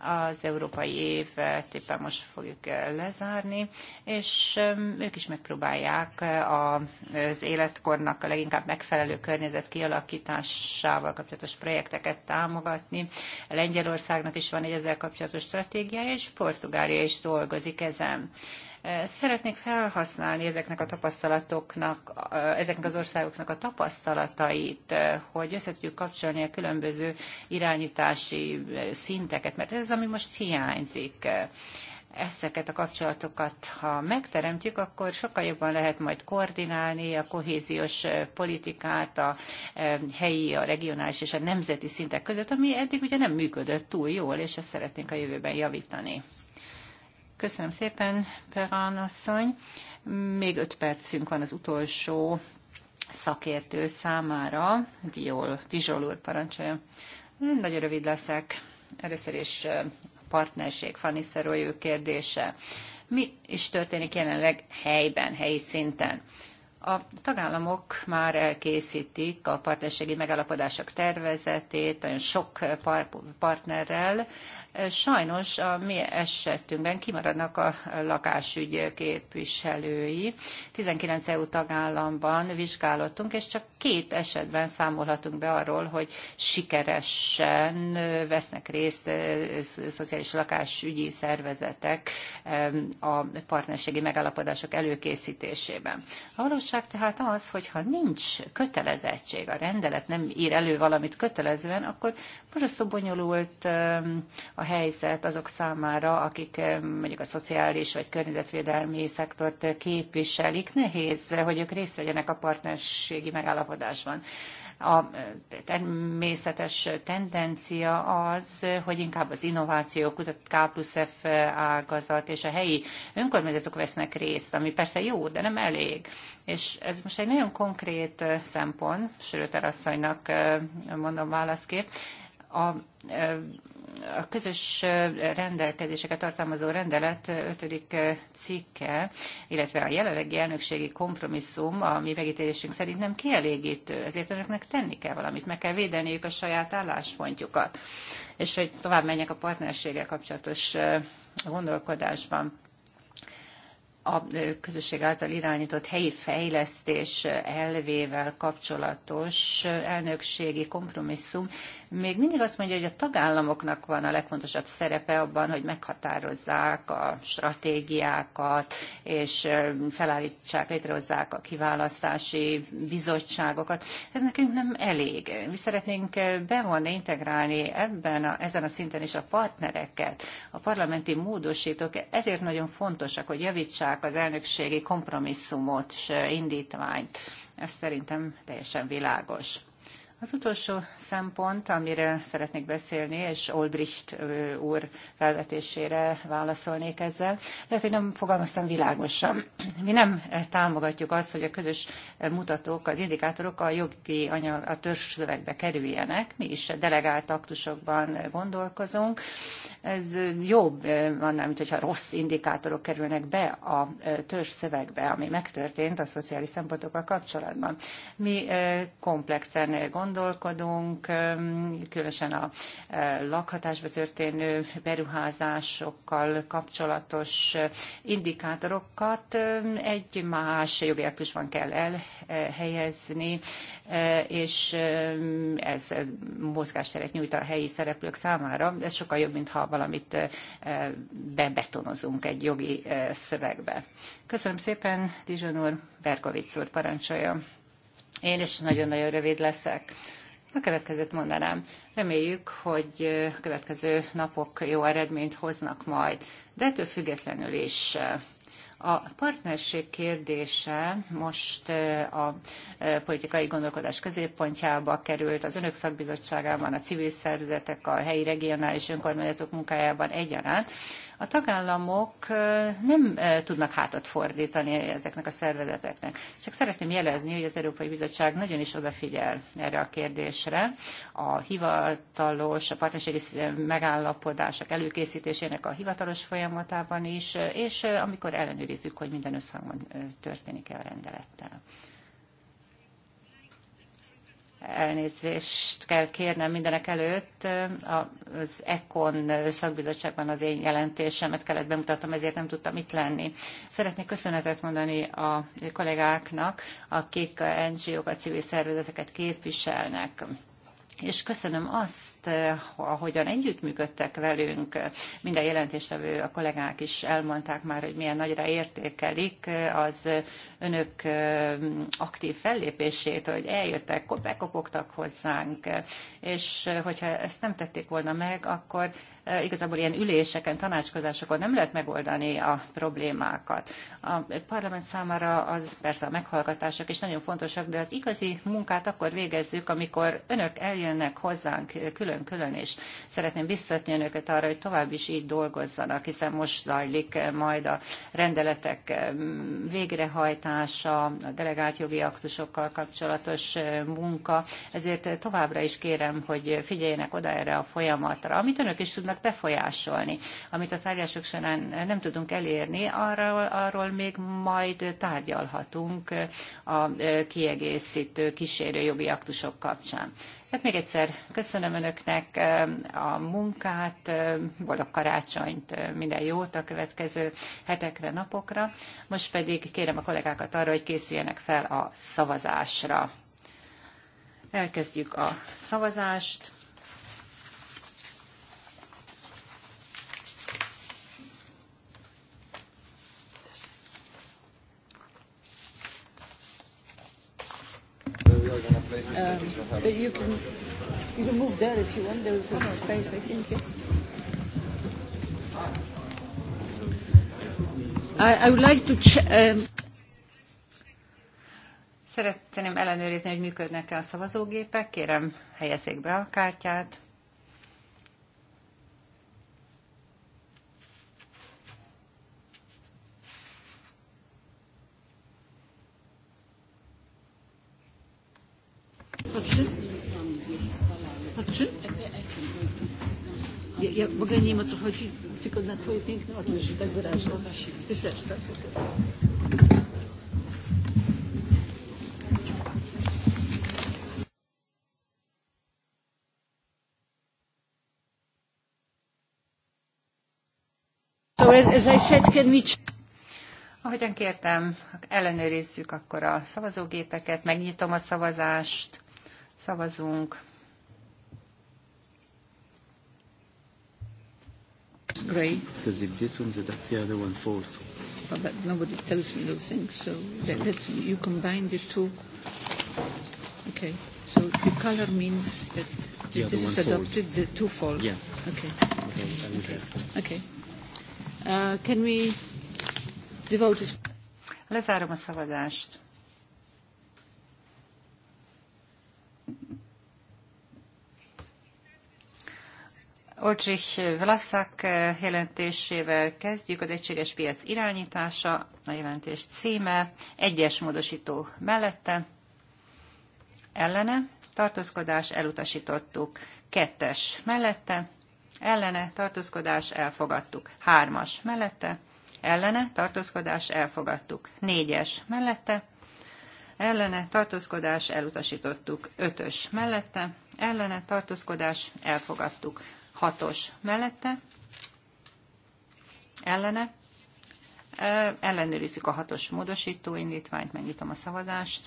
az európai évet éppen most fogjuk eh, lezárni, és ők is megpróbálják eh, az életkornak a leginkább megfelelő környezet kialakításával kapcsolatos projekteket támogatni. Lengyelországnak is van egy ezzel kapcsolatos stratégiája, és Portugália is dolgozik ezen. Szeretnék felhasználni ezeknek a tapasztalatoknak, ezeknek az országoknak a tapasztalatait, hogy össze tudjuk kapcsolni a különböző irányítási szinteket, mert ez az, ami most hiányzik ezeket a kapcsolatokat, ha megteremtjük, akkor sokkal jobban lehet majd koordinálni a kohéziós politikát a helyi, a regionális és a nemzeti szintek között, ami eddig ugye nem működött túl jól, és ezt szeretnénk a jövőben javítani. Köszönöm szépen, Perán asszony. Még öt percünk van az utolsó szakértő számára. Diol, Dizsol úr parancsolja. Nagyon rövid leszek. Először is partnerség, Fanny Szerolyő kérdése. Mi is történik jelenleg helyben, helyi szinten? A tagállamok már elkészítik a partnerségi megállapodások tervezetét, nagyon sok par- partnerrel, Sajnos a mi esetünkben kimaradnak a lakásügy képviselői. 19 EU tagállamban vizsgálottunk, és csak két esetben számolhatunk be arról, hogy sikeresen vesznek részt szociális lakásügyi szervezetek a partnerségi megállapodások előkészítésében. A valóság tehát az, hogy ha nincs kötelezettség, a rendelet nem ír elő valamit kötelezően, akkor borzasztó bonyolult a helyzet azok számára, akik eh, mondjuk a szociális vagy környezetvédelmi szektort képviselik? Nehéz, hogy ők részt vegyenek a partnerségi megállapodásban a eh, természetes tendencia az, hogy inkább az innováció, kutat K plusz F ágazat és a helyi önkormányzatok vesznek részt, ami persze jó, de nem elég. És ez most egy nagyon konkrét eh, szempont, Söröter asszonynak mondom válaszképp, a e, a közös e, rendelkezéseket tartalmazó rendelet ötödik e, cikke, illetve a jelenlegi elnökségi kompromisszum, ami megítélésünk szerint nem kielégítő, ezért önöknek tenni kell valamit, meg kell védeniük a saját álláspontjukat. És hogy tovább menjek a partnerséggel kapcsolatos gondolkodásban a közösség által irányított helyi fejlesztés elvével kapcsolatos elnökségi kompromisszum még mindig azt mondja, hogy a tagállamoknak van a legfontosabb szerepe abban, hogy meghatározzák a stratégiákat, és felállítsák, létrehozzák a kiválasztási bizottságokat. Ez nekünk nem elég. Mi szeretnénk bevonni, integrálni ebben a, ezen a szinten is a partnereket, a parlamenti módosítók. Ezért nagyon fontosak, hogy javítsák elfogadták az elnökségi kompromisszumot, indítványt. Ez szerintem teljesen világos. Az utolsó szempont, amire szeretnék beszélni, és Olbricht úr felvetésére válaszolnék ezzel, lehet, hogy nem fogalmaztam világosan. Mi nem támogatjuk azt, hogy a közös mutatók, az indikátorok a jogi anyag, a törzsszövegbe kerüljenek. Mi is delegált aktusokban gondolkozunk. Ez jobb annál, mint hogyha rossz indikátorok kerülnek be a törzsszövegbe, ami megtörtént a szociális szempontokkal kapcsolatban. Mi komplexen gondolkozunk, gondolkodunk, különösen a lakhatásba történő beruházásokkal kapcsolatos indikátorokat egy más jogi van kell elhelyezni, és ez mozgásteret nyújt a helyi szereplők számára. Ez sokkal jobb, mintha valamit bebetonozunk egy jogi szövegbe. Köszönöm szépen, Dizson úr, Berkovic úr parancsolja. Én is nagyon-nagyon rövid leszek. A következőt mondanám. Reméljük, hogy a következő napok jó eredményt hoznak majd, de ettől függetlenül is a partnerség kérdése most a politikai gondolkodás középpontjába került, az önök szakbizottságában, a civil szervezetek, a helyi regionális önkormányzatok munkájában egyaránt, a tagállamok nem tudnak hátat fordítani ezeknek a szervezeteknek. Csak szeretném jelezni, hogy az Európai Bizottság nagyon is odafigyel erre a kérdésre. A hivatalos, a partnerségi megállapodások előkészítésének a hivatalos folyamatában is, és amikor ellenőrizzük, hogy minden összhangban történik-e a rendelettel elnézést kell kérnem mindenek előtt. Az ECON szakbizottságban az én jelentésemet kellett bemutatnom, ezért nem tudtam itt lenni. Szeretnék köszönetet mondani a kollégáknak, akik NGO-kat, civil szervezeteket képviselnek. És köszönöm azt, Hát, eh, ahogyan együttműködtek velünk. Minden jelentéstevő, a kollégák is elmondták már, hogy milyen nagyra értékelik eh, az önök eh, aktív fellépését, hogy eljöttek, bekopogtak hozzánk, és hogyha ezt nem tették volna meg, akkor igazából ilyen üléseken, tanácskozásokon nem lehet megoldani a problémákat. A parlament számára az persze a meghallgatások is nagyon fontosak, de az igazi munkát akkor végezzük, amikor önök eljönnek hozzánk külön külön-külön, és szeretném biztatni önöket arra, hogy tovább is így dolgozzanak, hiszen most zajlik majd a rendeletek végrehajtása, a delegált jogi aktusokkal kapcsolatos munka, ezért továbbra is kérem, hogy figyeljenek oda erre a folyamatra, amit önök is tudnak befolyásolni, amit a tárgyások során nem tudunk elérni, arról, arról még majd tárgyalhatunk a kiegészítő kísérő jogi aktusok kapcsán. Hát még egyszer köszönöm Önöknek eh, a munkát, eh, boldog karácsonyt, eh, minden jót a következő hetekre, napokra. Most pedig kérem a kollégákat arra, hogy készüljenek fel a szavazásra. Elkezdjük a szavazást. But you can you can move there if you want. There is a space, I think. Yeah. I, I would like to ch- um, Szeretném ellenőrizni, hogy működnek-e a szavazógépek. Kérem, helyezzék be a kártyát. Tak Ja, ja w ogóle nie wiem o co chodzi, tylko na twoje piękne oczy, że tak wyrażę. Ty też, tak? Ahogyan kértem, ellenőrizzük akkor a szavazógépeket, megnyitom a szavazást. Szavazunk. Gray. Because if this one's adopted, the other one falls. But, but nobody tells me those things, so that, that's, you combine these two. Okay. So the color means that the this is adopted, falls. the two fall. Yeah. Okay. Okay. Okay. okay. Uh, can we... devote vote is... Lezárom a szavazást. Olcsich Vlaszak eh, jelentésével kezdjük, az egységes piac irányítása, a jelentés címe, egyes módosító mellette, ellene, tartózkodás, elutasítottuk, kettes mellette, ellene, tartózkodás, elfogadtuk, hármas mellette, ellene, tartózkodás, elfogadtuk, négyes mellette, ellene, tartózkodás, elutasítottuk, ötös mellette, ellene, tartózkodás, elfogadtuk, Hatos mellette, ellene, ellenőrizzük a hatos módosító indítványt, megnyitom a szavazást.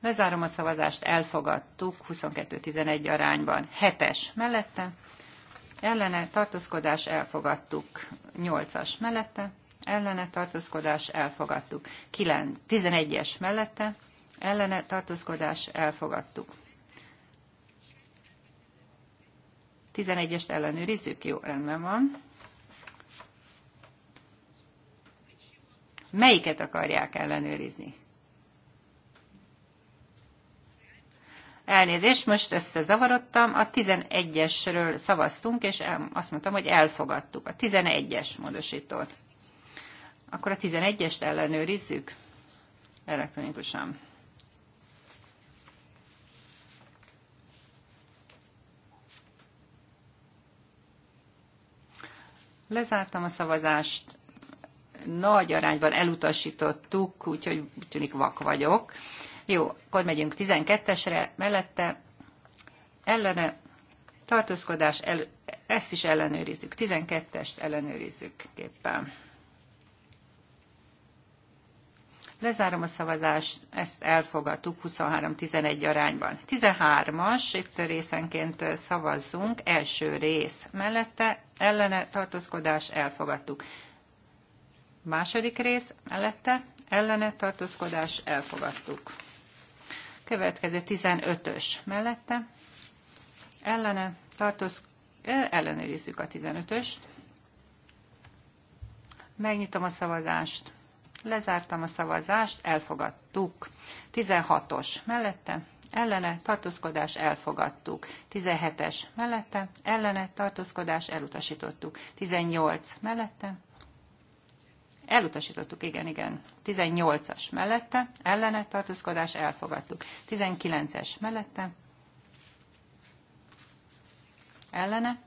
Lezárom a szavazást, elfogadtuk 22-11 arányban. Hetes mellette, ellene tartózkodás elfogadtuk 8-as mellette, ellene tartózkodás elfogadtuk 9, 11-es mellette, ellene tartózkodás elfogadtuk. 11-est ellenőrizzük, jó, rendben van. Melyiket akarják ellenőrizni? Elnézést, most összezavarodtam. A 11-esről szavaztunk, és azt mondtam, hogy elfogadtuk. A 11-es módosítót. Akkor a 11-est ellenőrizzük elektronikusan. Lezártam a szavazást, nagy arányban elutasítottuk, úgyhogy úgy tűnik vak vagyok. Jó, akkor megyünk 12-esre, mellette ellene tartózkodás, el, ezt is ellenőrizzük, 12-est ellenőrizzük képpen. Lezárom a szavazást, ezt elfogadtuk 23-11 arányban. 13-as, itt részenként szavazzunk, első rész mellette, ellene tartózkodás, elfogadtuk. Második rész mellette, ellene tartózkodás, elfogadtuk. Következő 15-ös mellette, ellene tartózkodás, ellenőrizzük a 15-öst. Megnyitom a szavazást lezártam a szavazást, elfogadtuk. 16-os mellette, ellene, tartózkodás, elfogadtuk. 17-es mellette, ellene, tartózkodás, elutasítottuk. 18 mellette, Elutasítottuk, igen, igen. 18-as mellette, ellene tartózkodás, elfogadtuk. 19-es mellette, ellene,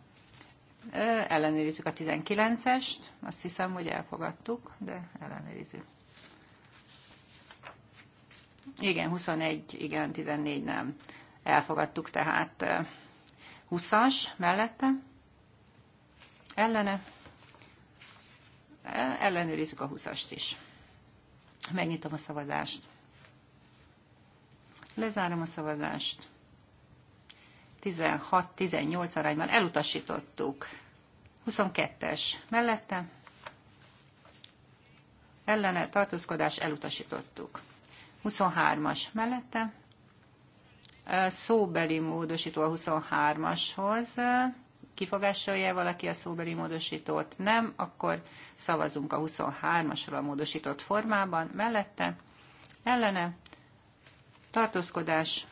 Ellenőrizzük a 19-est, azt hiszem, hogy elfogadtuk, de ellenőrizzük. Igen, 21, igen, 14 nem. Elfogadtuk tehát 20-as mellette. Ellene. Ellenőrizzük a 20-ast is. Megnyitom a szavazást. Lezárom a szavazást. 16-18 arányban elutasítottuk. 22-es mellette ellene tartózkodás elutasítottuk. 23-as mellette szóbeli módosító a 23-ashoz. Kifogásolja valaki a szóbeli módosítót? Nem, akkor szavazunk a 23 asra a módosított formában. Mellette ellene tartózkodás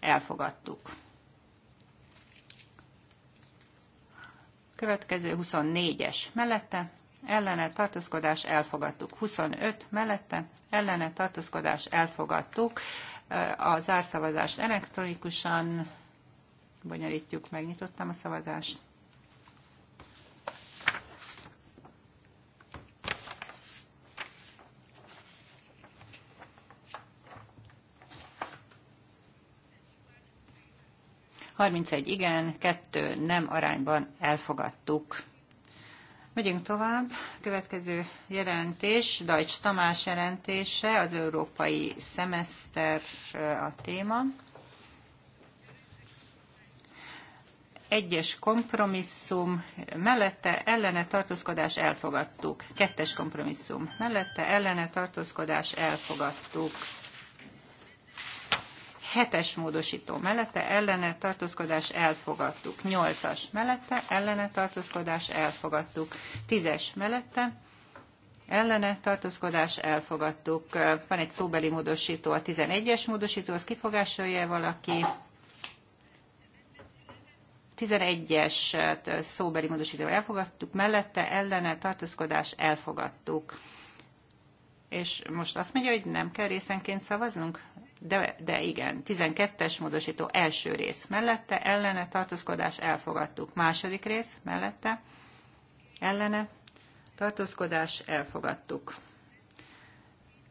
elfogadtuk. Következő 24-es mellette, ellene tartózkodás elfogadtuk. 25 mellette, ellene tartózkodás elfogadtuk. A zárszavazást elektronikusan bonyolítjuk, megnyitottam a szavazást. 31 igen, 2 nem arányban elfogadtuk. Megyünk tovább. Következő jelentés, Dajcs Tamás jelentése, az európai szemeszter a téma. Egyes kompromisszum, mellette ellene tartózkodás elfogadtuk. Kettes kompromisszum, mellette ellene tartózkodás elfogadtuk. Hetes módosító mellette ellene tartózkodás elfogadtuk. Nyolcas mellette ellene tartózkodás elfogadtuk. Tízes mellette ellene tartózkodás elfogadtuk. Van egy szóbeli módosító, a 11-es módosító, az kifogásolja valaki. 11-es szóbeli módosítóval elfogadtuk, mellette ellene tartózkodás elfogadtuk. És most azt mondja, hogy nem kell részenként szavaznunk? de, de igen, 12-es módosító első rész mellette, ellene tartózkodás elfogadtuk. Második rész mellette, ellene tartózkodás elfogadtuk.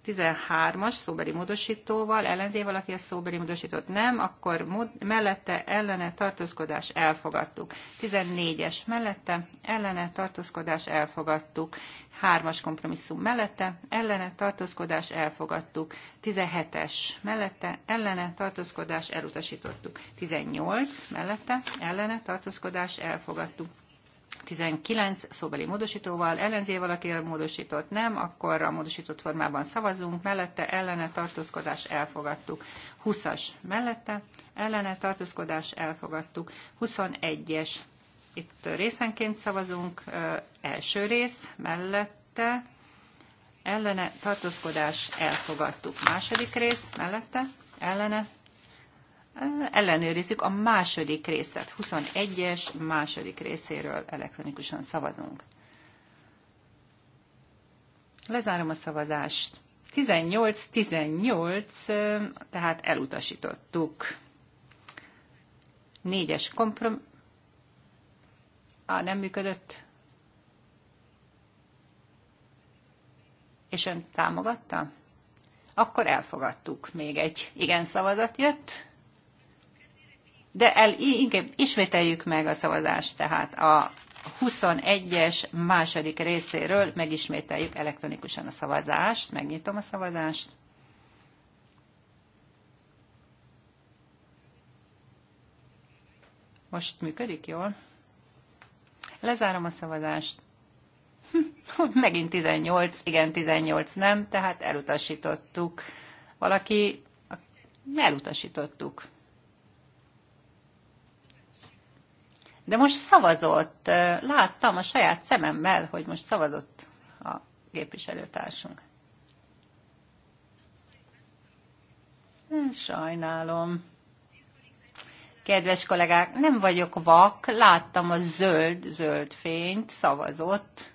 13-as szóbeli módosítóval, ellenzé valaki a szóbeli módosítót nem, akkor mód, mellette ellene tartózkodás elfogadtuk. 14-es mellette ellene tartózkodás elfogadtuk. 3-as kompromisszum mellette ellene tartózkodás elfogadtuk. 17-es mellette ellene tartózkodás elutasítottuk. 18 mellette ellene tartózkodás elfogadtuk. 19 szóbeli módosítóval, ellenzi valaki a módosítót nem, akkor a módosított formában szavazunk, mellette ellene tartózkodás elfogadtuk. 20-as mellette ellene tartózkodás elfogadtuk. 21-es itt részenként szavazunk, első rész mellette ellene tartózkodás elfogadtuk. Második rész mellette ellene ellenőrizzük a második részt, 21-es második részéről elektronikusan szavazunk. Lezárom a szavazást. 18-18, tehát elutasítottuk. Négyes komprom... Ah, nem működött. És ön támogatta? Akkor elfogadtuk. Még egy igen szavazat jött. De el, inkább ismételjük meg a szavazást, tehát a 21-es második részéről megismételjük elektronikusan a szavazást. Megnyitom a szavazást. Most működik jól? Lezárom a szavazást. Megint 18, igen, 18 nem, tehát elutasítottuk. Valaki, elutasítottuk. De most szavazott, láttam a saját szememmel, hogy most szavazott a képviselőtársunk. Sajnálom. Kedves kollégák, nem vagyok vak, láttam a zöld, zöld fényt, szavazott.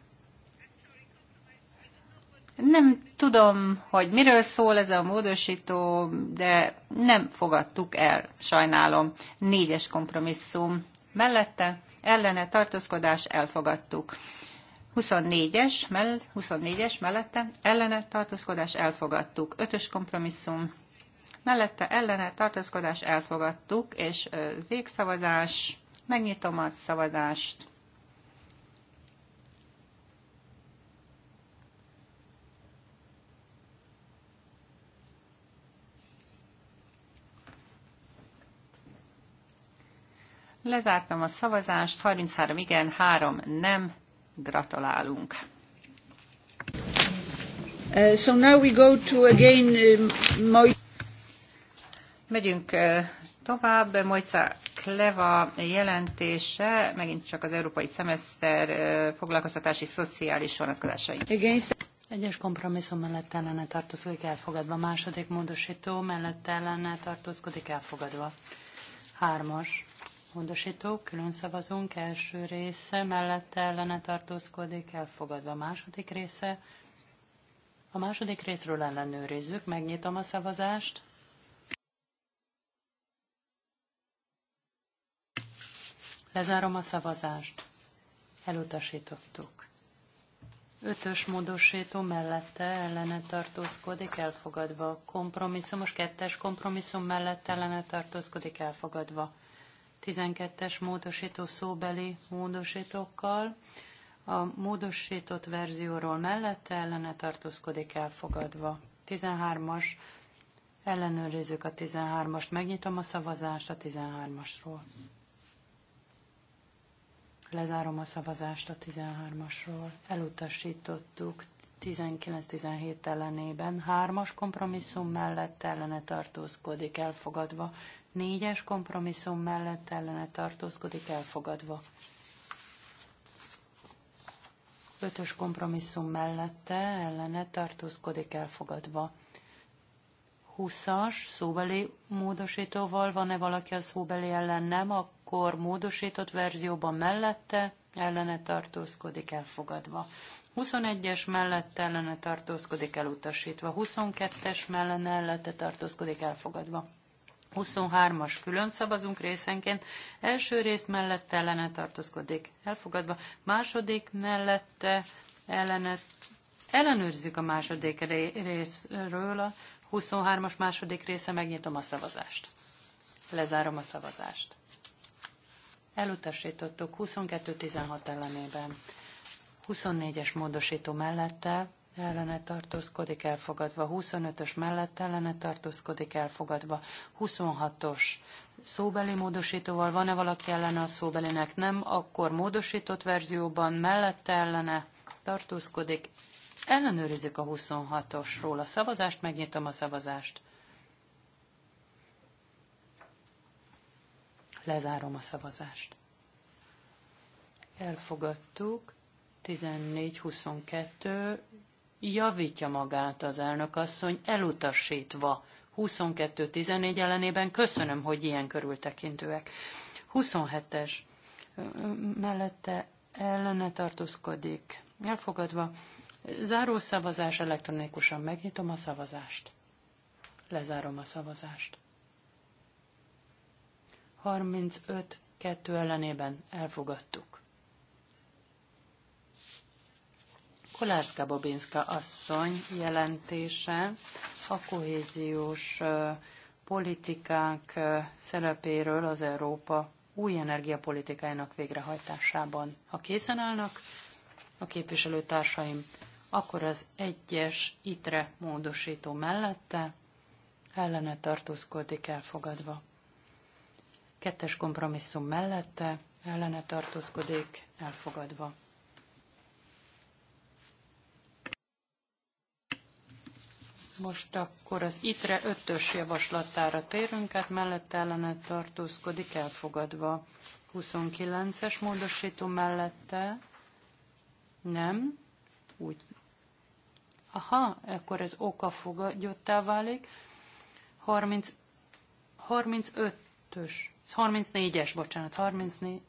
Nem tudom, hogy miről szól ez a módosító, de nem fogadtuk el, sajnálom. Négyes kompromisszum mellette, ellene tartózkodás elfogadtuk. 24-es, mell 24-es mellette, ellene tartózkodás elfogadtuk. 5-ös kompromisszum mellette, ellene tartózkodás elfogadtuk, és végszavazás, megnyitom a szavazást. Lezártam a szavazást, 33 igen, 3 nem. Gratulálunk. Uh, so now we go to again uh, Megyünk uh, tovább. Mojca Kleva jelentése, megint csak az európai szemeszter uh, foglalkoztatási szociális vonatkozásai. egyes kompromisszum mellett ellene tartozkodik elfogadva, második módosító mellett ellene tartozkodik elfogadva. Hármas Módosító, külön szavazunk, első része, mellette ellene tartózkodik, elfogadva a második része. A második részről ellenőrizzük, megnyitom a szavazást. Lezárom a szavazást. Elutasítottuk. Ötös módosító mellette ellene tartózkodik, elfogadva. Kompromisszumos kettes kompromisszum mellette ellene tartózkodik, elfogadva. 12-es módosító szóbeli módosítókkal. A módosított verzióról mellette ellene tartózkodik elfogadva. 13-as, ellenőrizzük a 13-ast, megnyitom a szavazást a 13-asról. Lezárom a szavazást a 13-asról. Elutasítottuk 19-17 ellenében. 3-as kompromisszum mellett ellene tartózkodik elfogadva. Négyes kompromisszum mellett ellene tartózkodik elfogadva. Ötös kompromisszum mellette ellene tartózkodik elfogadva. 20-as szóbeli módosítóval van-e valaki a szóbeli ellen nem, akkor módosított verzióban mellette ellene tartózkodik elfogadva. 21-es mellett ellene tartózkodik elutasítva, 22-es mellene ellette tartózkodik elfogadva, 23-as külön szavazunk részenként. Első részt mellette ellene tartózkodik. Elfogadva. Második mellette ellene ellenőrzik a második részről a 23-as második része, megnyitom a szavazást. Lezárom a szavazást. Elutasítottuk 22-16 ellenében. 24-es módosító mellette ellene tartózkodik elfogadva, 25-ös mellett ellene tartózkodik elfogadva, 26-os szóbeli módosítóval van-e valaki ellene a szóbelinek? Nem, akkor módosított verzióban mellette ellene tartózkodik. Ellenőrizzük a 26-osról a szavazást, megnyitom a szavazást. Lezárom a szavazást. Elfogadtuk. 14-22 javítja magát az elnök asszony elutasítva 22-14 ellenében. Köszönöm, hogy ilyen körültekintőek. 27-es mellette ellene tartózkodik. Elfogadva. Záró szavazás elektronikusan. Megnyitom a szavazást. Lezárom a szavazást. 35-2 ellenében elfogadtuk. Kolárszka Bobinska asszony jelentése a kohéziós politikák szerepéről az Európa új energiapolitikájának végrehajtásában. Ha készen állnak a képviselőtársaim, akkor az egyes itre módosító mellette ellene tartózkodik elfogadva. Kettes kompromisszum mellette ellene tartózkodik elfogadva. Most akkor az ITRE ötös javaslatára térünk hát mellette ellene tartózkodik elfogadva. 29-es módosító mellette nem, úgy. Aha, akkor ez okafogagyottá válik. 30, 35-ös, 34-es, bocsánat, 34,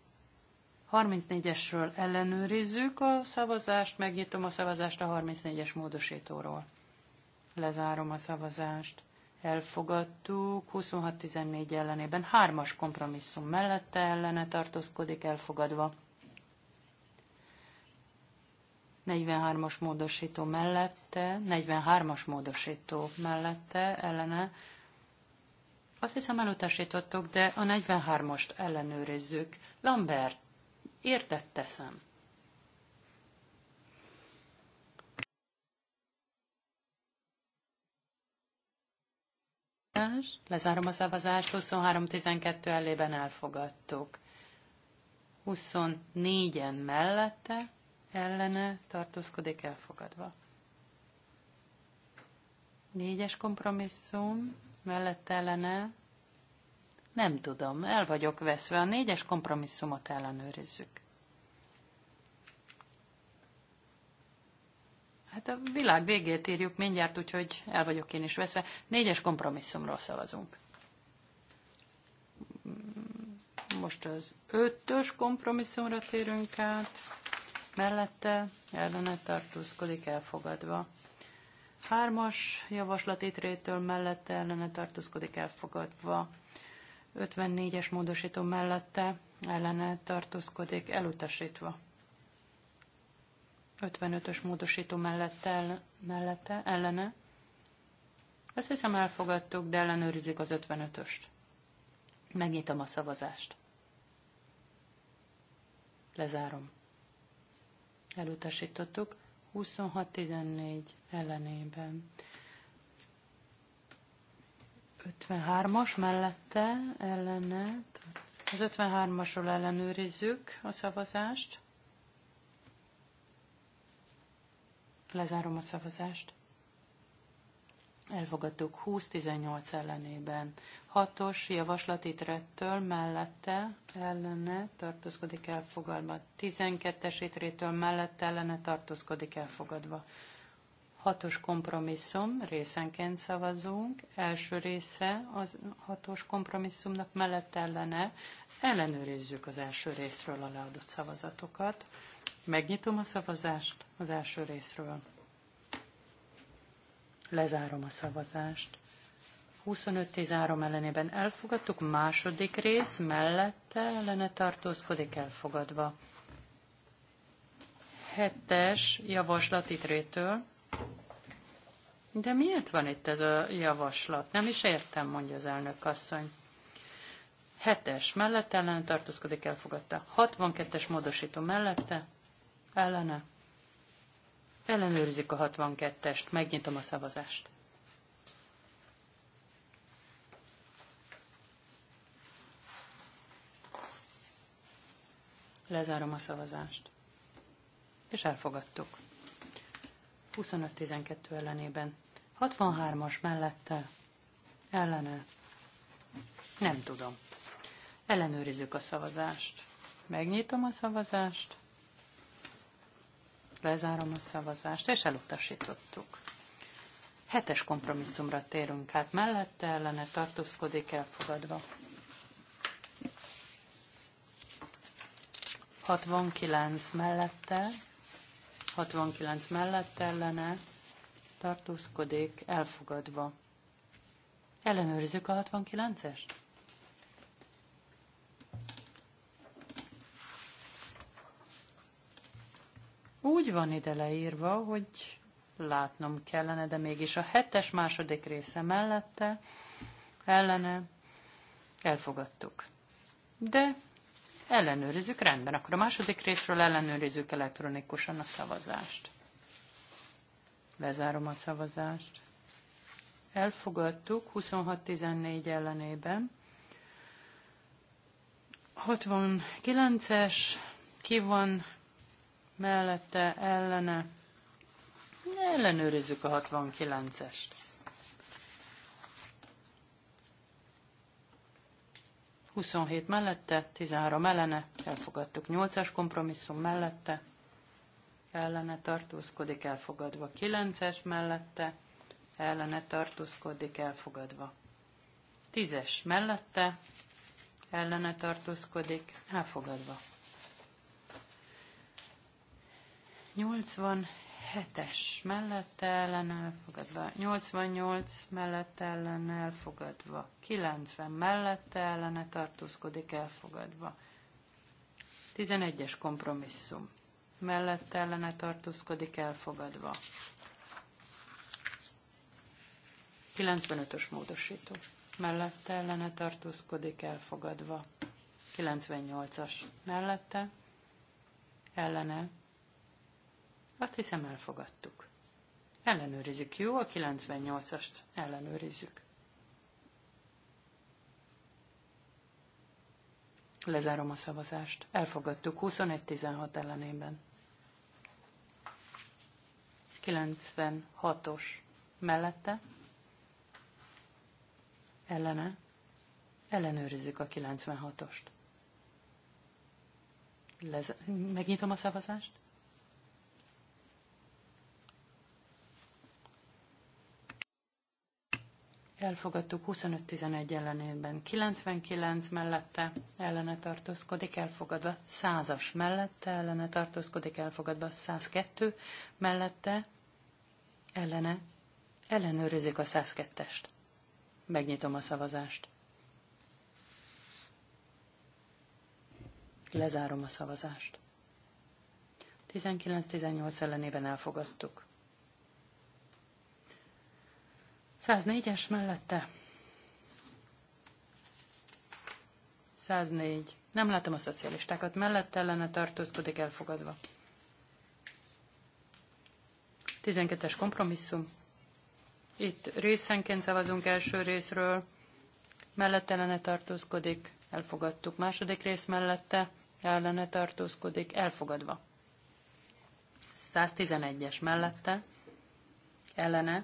34-esről ellenőrizzük a szavazást, megnyitom a szavazást a 34-es módosítóról. Lezárom a szavazást. Elfogadtuk. 26-14 ellenében. Hármas kompromisszum mellette ellene tartózkodik. Elfogadva. 43-as módosító mellette, 43-as módosító mellette ellene. Azt hiszem elutasítottuk, de a 43-ast ellenőrizzük. Lambert, értett teszem. Lezárom a szavazást. 23-12 ellében elfogadtuk. 24-en mellette ellene tartózkodik elfogadva. Négyes kompromisszum mellette ellene. Nem tudom, el vagyok veszve. A négyes kompromisszumot ellenőrizzük. Hát a világ végét írjuk mindjárt, úgyhogy el vagyok én is veszve. Négyes kompromisszumról szavazunk. Most az ötös kompromisszumra térünk át. Mellette ellene tartózkodik elfogadva. Hármas javaslat itrétől mellette ellene tartózkodik elfogadva. 54-es módosító mellette ellene tartózkodik elutasítva. 55-ös módosító mellette, el, mellette, ellene. Azt hiszem elfogadtuk, de ellenőrizik az 55-öst. Megnyitom a szavazást. Lezárom. Elutasítottuk. 26-14 ellenében. 53-as mellette ellene. Az 53-asról ellenőrizzük a szavazást. Lezárom a szavazást. Elfogadtuk 20-18 ellenében. 6-os javaslati trettől mellette ellene tartózkodik elfogadva. 12-es étrétől mellette ellene tartózkodik elfogadva. 6-os kompromisszum, részenként szavazunk. Első része az 6-os kompromisszumnak mellette, ellene ellenőrizzük az első részről a leadott szavazatokat. Megnyitom a szavazást az első részről. Lezárom a szavazást. 25-13 ellenében elfogadtuk, második rész mellette ellene tartózkodik elfogadva. Hettes javaslat itt rétől. De miért van itt ez a javaslat? Nem is értem, mondja az elnök asszony. Hetes mellette ellen tartózkodik, elfogadta. 62-es módosító mellette Ellene. Ellenőrzik a 62-est. Megnyitom a szavazást. Lezárom a szavazást. És elfogadtuk. 25-12 ellenében. 63-as mellette. Ellene. Nem tudom. Ellenőrizzük a szavazást. Megnyitom a szavazást. Lezárom a szavazást, és elutasítottuk. Hetes kompromisszumra térünk át. Mellette ellene tartózkodik elfogadva. 69 mellette, 69 mellette ellene tartózkodik elfogadva. Ellenőrizzük a 69-est? Úgy van ide leírva, hogy látnom kellene, de mégis a hetes második része mellette, ellene elfogadtuk. De ellenőrizzük, rendben, akkor a második részről ellenőrizzük elektronikusan a szavazást. Lezárom a szavazást. Elfogadtuk 26-14 ellenében. 69-es, ki van mellette ellene. Ellenőrizzük a 69-est. Huszonhét mellette, 13 ellene, elfogadtuk 8-as kompromisszum mellette, ellene tartózkodik, elfogadva 9-es mellette, ellene tartózkodik, elfogadva. Tízes mellette, ellene tartózkodik, elfogadva. 87-es mellette ellen elfogadva, 88 mellette ellen elfogadva, 90 mellette ellene tartózkodik elfogadva. 11-es kompromisszum. Mellette ellene tartózkodik elfogadva. 95-ös módosító. Mellette ellene tartózkodik elfogadva. 98-as. Mellette ellene azt hiszem elfogadtuk. Ellenőrizzük, jó? A 98-ast ellenőrizzük. Lezárom a szavazást. Elfogadtuk 21-16 ellenében. 96-os mellette. Ellene. Ellenőrizzük a 96-ost. Lez- Megnyitom a szavazást. elfogadtuk 25-11 ellenében, 99 mellette ellene tartózkodik, elfogadva 100-as mellette ellene tartózkodik, elfogadva 102 mellette ellene ellenőrizik a 102-est. Megnyitom a szavazást. Lezárom a szavazást. 19-18 ellenében elfogadtuk. 104-es mellette. 104. Nem látom a szocialistákat. Mellette ellene tartózkodik elfogadva. 12-es kompromisszum. Itt részenként szavazunk első részről. Mellette ellene tartózkodik. Elfogadtuk. Második rész mellette ellene tartózkodik. Elfogadva. 111-es mellette ellene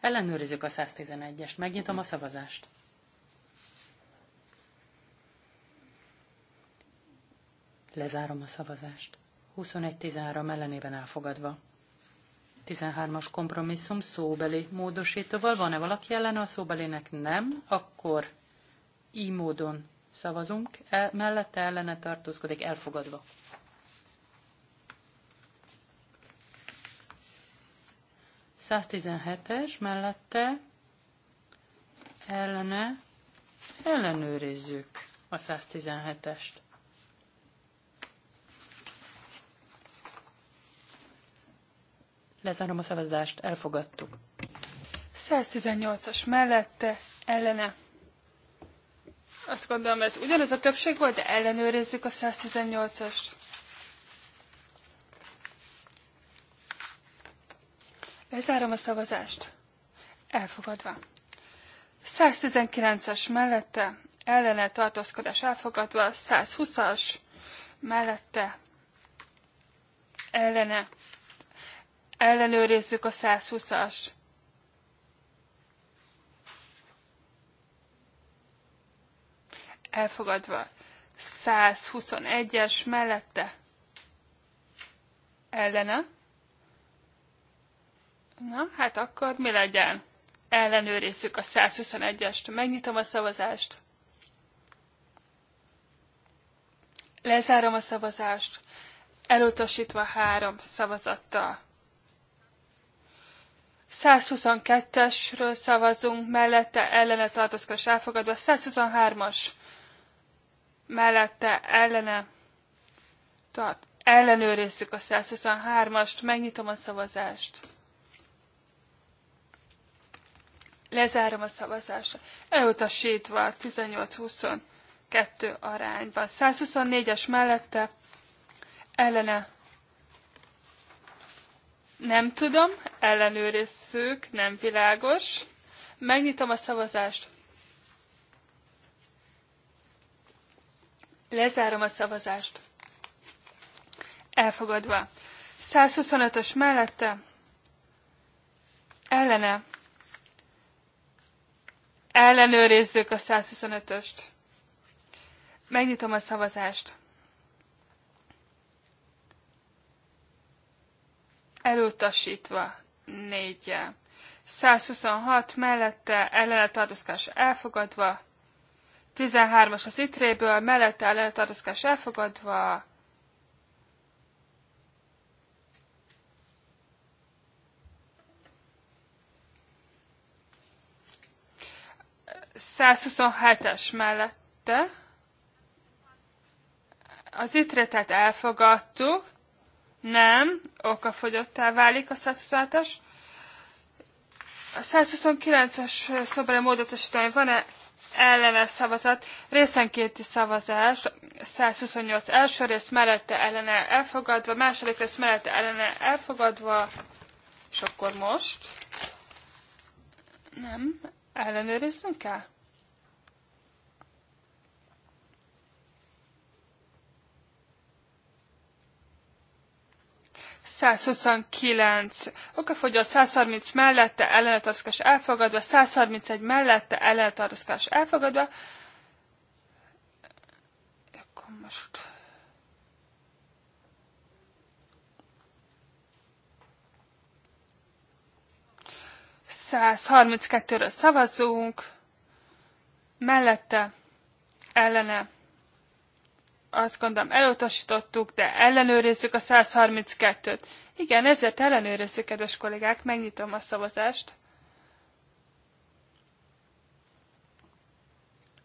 Ellenőrizzük a 111-est. Megnyitom a szavazást. Lezárom a szavazást. 21-13 ellenében elfogadva. 13-as kompromisszum szóbeli módosítóval. Van-e valaki ellen a szóbelinek? Nem. Akkor így módon szavazunk. E, mellette ellene tartózkodik elfogadva. 117-es mellette ellene ellenőrizzük a 117-est. Lezárom a szavazást, elfogadtuk. 118-as mellette ellene. Azt gondolom, ez ugyanaz a többség volt, de ellenőrizzük a 118-ast. Lezárom a szavazást. Elfogadva. 119-es mellette ellene tartózkodás elfogadva, 120-as mellette ellene ellenőrizzük a 120-as. Elfogadva. 121-es mellette ellene Na, hát akkor mi legyen? Ellenőrizzük a 121-est. Megnyitom a szavazást. Lezárom a szavazást, elutasítva három szavazattal. 122-esről szavazunk, mellette ellene tartozkodás elfogadva, 123-as mellette ellene tart. Ellenőrizzük a 123-ast, megnyitom a szavazást. Lezárom a szavazást. Elutasítva 18-22 arányban. 124-es mellette ellene nem tudom, ellenőrizzük, nem világos. Megnyitom a szavazást. Lezárom a szavazást. Elfogadva. 125-ös mellette. Ellene ellenőrizzük a 125-öst. Megnyitom a szavazást. Elutasítva négyel. 126 mellette ellene tartózkodás elfogadva. 13-as az itréből mellette ellene tartózkodás elfogadva. 127-es mellette. Az ütretet elfogadtuk. Nem, okafogyottá válik a 127-es. A 129-es szobra módotosítani van-e ellenes szavazat, részenkénti szavazás, 128 első rész mellette ellene elfogadva, második rész mellette ellene elfogadva, és akkor most nem, ellenőriznünk kell? 129 okafogyott, 130 mellette ellenetartozás elfogadva, 131 mellette ellenetartozás elfogadva. Akkor most... ről szavazunk, mellette, ellene, azt gondolom elutasítottuk, de ellenőrizzük a 132-t. Igen, ezért ellenőrizzük, kedves kollégák, megnyitom a szavazást.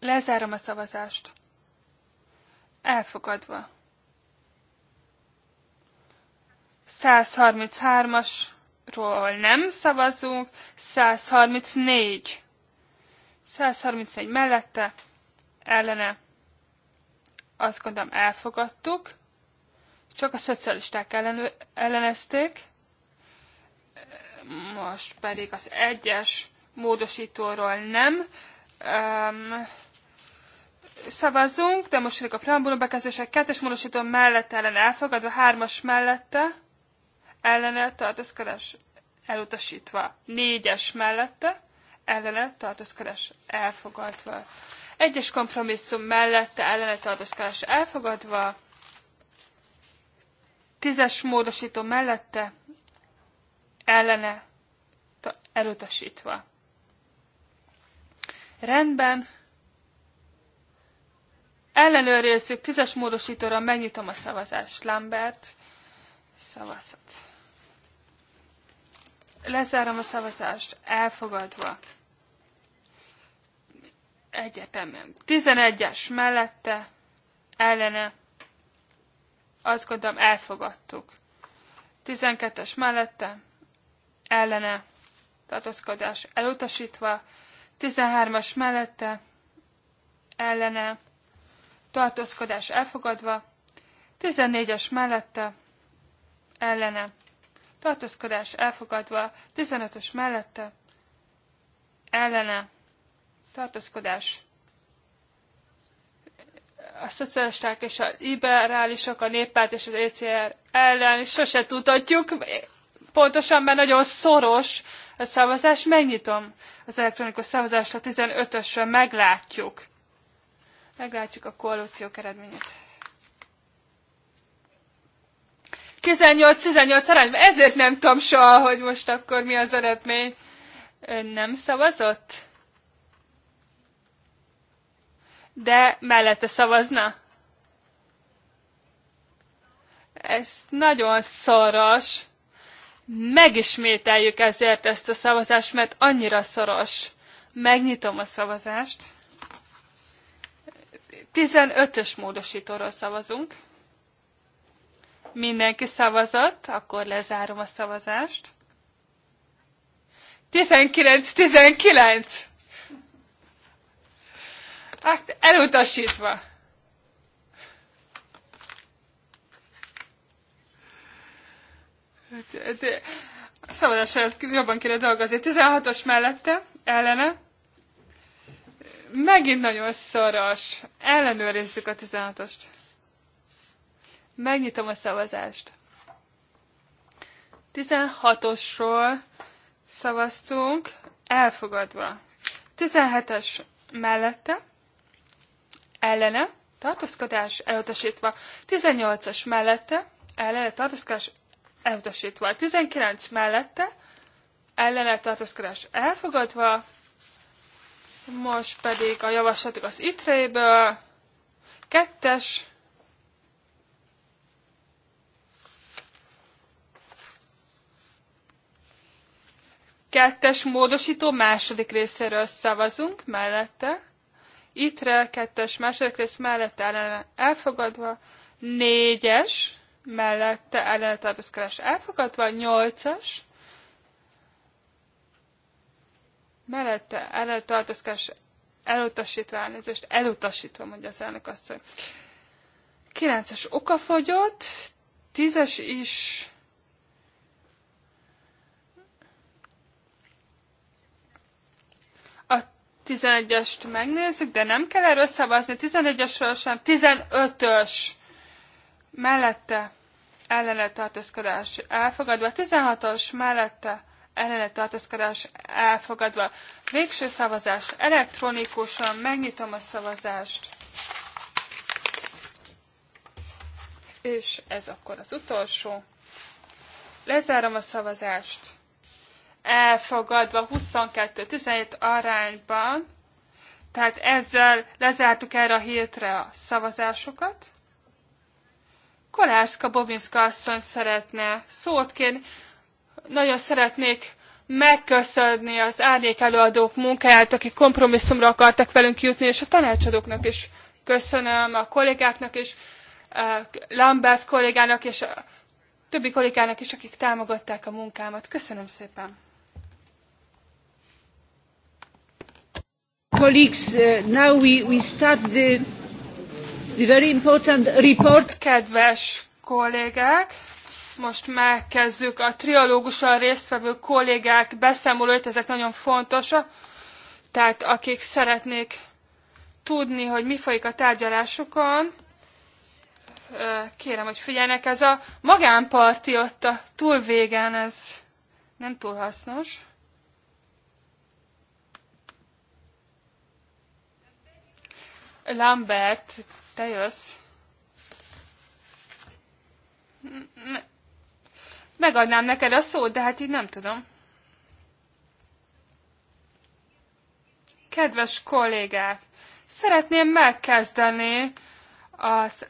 Lezárom a szavazást. Elfogadva. 133-asról nem szavazunk, 134. 134 mellette, ellene azt gondolom elfogadtuk, csak a szocialisták ellen, ellenezték, most pedig az egyes módosítóról nem um, szavazunk, de most pedig a preambulum bekezdések, kettes módosító mellett ellen elfogadva, hármas mellette ellene tartózkodás elutasítva, négyes mellette ellene tartózkodás elfogadva. Egyes kompromisszum mellette ellene tartózkodás elfogadva. Tízes módosító mellette ellene elutasítva. Rendben. Ellenőrizzük, tízes módosítóra megnyitom a szavazást. Lambert szavazat. Lezárom a szavazást, elfogadva egyetemen. 11-es mellette, ellene, azt gondolom elfogadtuk. 12-es mellette, ellene, tartózkodás elutasítva, 13-as mellette, ellene, tartózkodás elfogadva, 14-es mellette, ellene, tartózkodás elfogadva, 15-ös mellette, ellene, tartózkodás. A szocialisták és a liberálisok, a néppárt és az ECR ellen sose tudhatjuk. Pontosan, mert nagyon szoros a szavazás. Megnyitom az elektronikus szavazást a 15 ösön meglátjuk. Meglátjuk a koalíciók eredményét. 18-18 arányban, ezért nem tudom soha, hogy most akkor mi az eredmény. Ön nem szavazott? de mellette szavazna. Ez nagyon szoros. Megismételjük ezért ezt a szavazást, mert annyira szoros. Megnyitom a szavazást. 15-ös módosítóról szavazunk. Mindenki szavazott, akkor lezárom a szavazást. 19-19! Hát elutasítva. A szabadásra jobban kéne dolgozni. 16-os mellette, ellene. Megint nagyon szoros. Ellenőrizzük a 16-ost. Megnyitom a szavazást. 16-osról szavaztunk, elfogadva. 17-es mellette, ellene, tartózkodás elutasítva, 18-as mellette, ellene, tartózkodás elutasítva, 19 mellette, ellene, tartózkodás elfogadva, most pedig a javaslatok az itréből, kettes, kettes módosító második részéről szavazunk mellette, ITRE 2 második rész mellette ellen elfogadva, 4-es mellette ellen tartózkodás elfogadva, 8-as mellette ellen tartózkodás elutasítva elnézést, elutasítva mondja az elnök asszony. 9-es okafogyott, 10-es is 11-est megnézzük, de nem kell erről szavazni, 11-esről sem, 15-ös mellette ellenet tartózkodás elfogadva, 16-os mellette ellenet tartózkodás elfogadva. Végső szavazás elektronikusan, megnyitom a szavazást. És ez akkor az utolsó. Lezárom a szavazást elfogadva 22-17 arányban. Tehát ezzel lezártuk erre a hétre a szavazásokat. Kolászka Bobinska asszony szeretne szót kérni. Nagyon szeretnék megköszönni az árnyék előadók munkáját, akik kompromisszumra akartak velünk jutni, és a tanácsadóknak is köszönöm, a kollégáknak is, Lambert kollégának és a többi kollégának is, akik támogatták a munkámat. Köszönöm szépen! Colleagues, uh, now we, we start the, the very important report. Kedves kollégák, most megkezdjük a trialógusan résztvevő kollégák beszámolóit, ezek nagyon fontosak. Tehát akik szeretnék tudni, hogy mi folyik a tárgyalásokon, kérem, hogy figyeljenek, ez a magánparti ott a túlvégen ez nem túl hasznos. Lambert, te jössz. Megadnám neked a szót, de hát így nem tudom. Kedves kollégák, szeretném megkezdeni az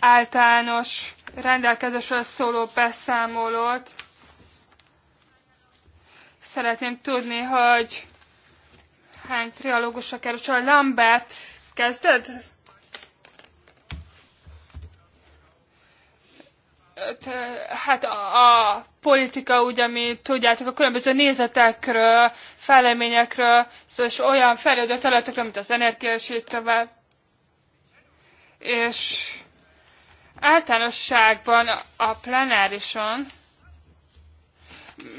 általános rendelkezésről szóló beszámolót. Szeretném tudni, hogy hány trialógusra kerül, a Lambert Kezdted? Hát, hát a, a politika, úgy, ami tudjátok, a különböző nézetekről, feleményekről, szóval és olyan fejlődő területekről, mint az energiasítővel. És általánosságban a plenárison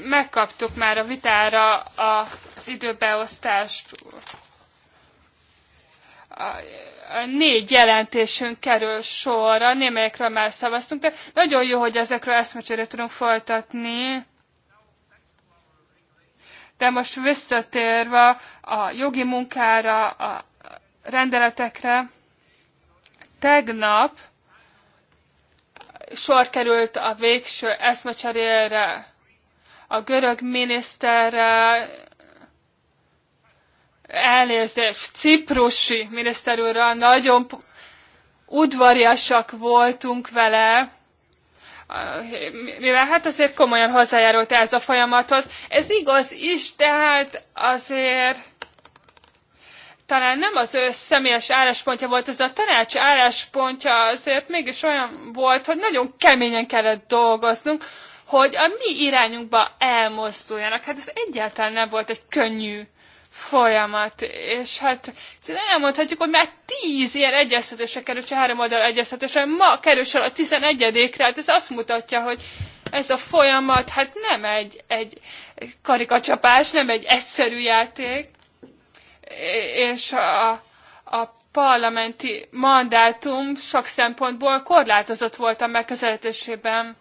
megkaptuk már a vitára az időbeosztást négy jelentésünk kerül sorra, némelyekről már szavaztunk, de nagyon jó, hogy ezekről eszmecsére tudunk folytatni. De most visszatérve a jogi munkára, a rendeletekre, tegnap sor került a végső eszmecserére a görög miniszterrel, elnézést, ciprusi miniszter úrral nagyon udvariasak voltunk vele, ah, mivel hát azért komolyan hozzájárult ez a folyamathoz. Ez igaz is, tehát azért talán nem az ő személyes álláspontja volt, ez a tanács álláspontja azért mégis olyan volt, hogy nagyon keményen kellett dolgoznunk, hogy a mi irányunkba elmozduljanak. Hát ez egyáltalán nem volt egy könnyű folyamat, és hát elmondhatjuk, hogy már tíz ilyen egyeztetésre került, három oldal egyeztetésre, ma kerül a tizenegyedikre, hát ez azt mutatja, hogy ez a folyamat, hát nem egy, egy karikacsapás, nem egy egyszerű játék, és a, a parlamenti mandátum sok szempontból korlátozott volt a megközelítésében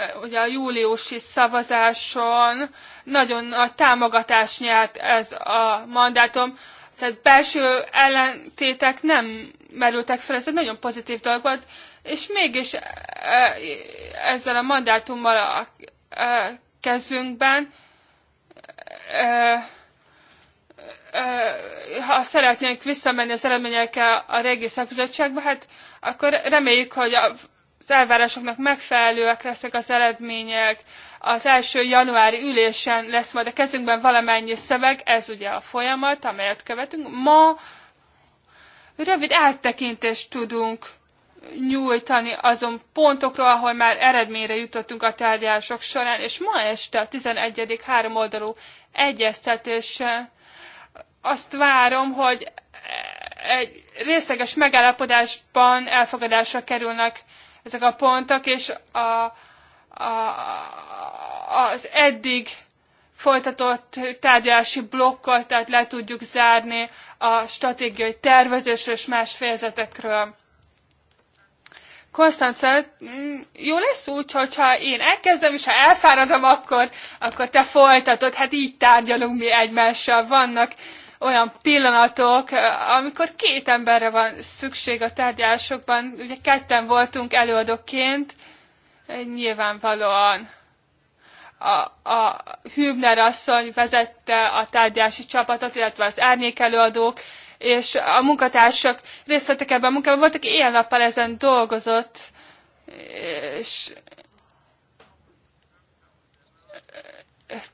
Eh, ugye a júliusi szavazáson nagyon nagy támogatást nyert ez a mandátum, tehát belső ellentétek nem merültek fel, ez egy nagyon pozitív dolog volt, és mégis eh, ezzel a mandátummal a eh, kezünkben, ha szeretnénk visszamenni az eredményekkel a régi szakbizottságba, hát akkor reméljük, hogy a elvárásoknak megfelelőek lesznek az eredmények. Az első januári ülésen lesz majd a kezünkben valamennyi szöveg, ez ugye a folyamat, amelyet követünk. Ma rövid áttekintést tudunk nyújtani azon pontokról, ahol már eredményre jutottunk a tárgyalások során, és ma este a 11. háromoldalú egyeztetés azt várom, hogy egy részleges megállapodásban elfogadásra kerülnek ezek a pontok, és a, a, az eddig folytatott tárgyalási blokkot, tehát le tudjuk zárni a stratégiai tervezésről és más fejezetekről. Konstanca, mm, jó lesz úgy, hogyha én elkezdem, és ha elfáradom, akkor, akkor te folytatod, hát így tárgyalunk mi egymással. Vannak olyan pillanatok, amikor két emberre van szükség a tárgyalásokban. Ugye ketten voltunk előadóként, nyilvánvalóan a, a Hübner asszony vezette a tárgyási csapatot, illetve az árnyékelőadók, és a munkatársak részt vettek ebben a munkában. voltak ilyen nappal ezen dolgozott, és,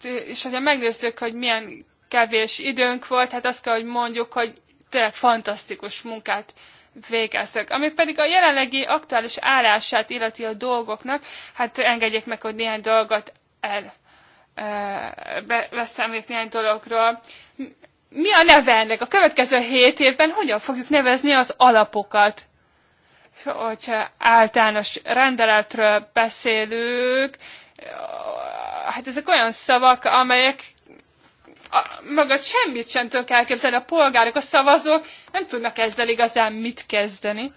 és hogyha megnézzük, hogy milyen kevés időnk volt, hát azt kell, hogy mondjuk, hogy tényleg fantasztikus munkát végeztek. Ami pedig a jelenlegi aktuális állását illeti a dolgoknak, hát engedjék meg, hogy néhány dolgot el veszem beszámoljuk néhány dologról. Mi a neve ennek? A következő hét évben hogyan fogjuk nevezni az alapokat? Hogyha általános rendeletről beszélünk, hát ezek olyan szavak, amelyek a, mögött semmit sem tudok elképzelni. A polgárok, a szavazók nem tudnak ezzel igazán mit kezdeni.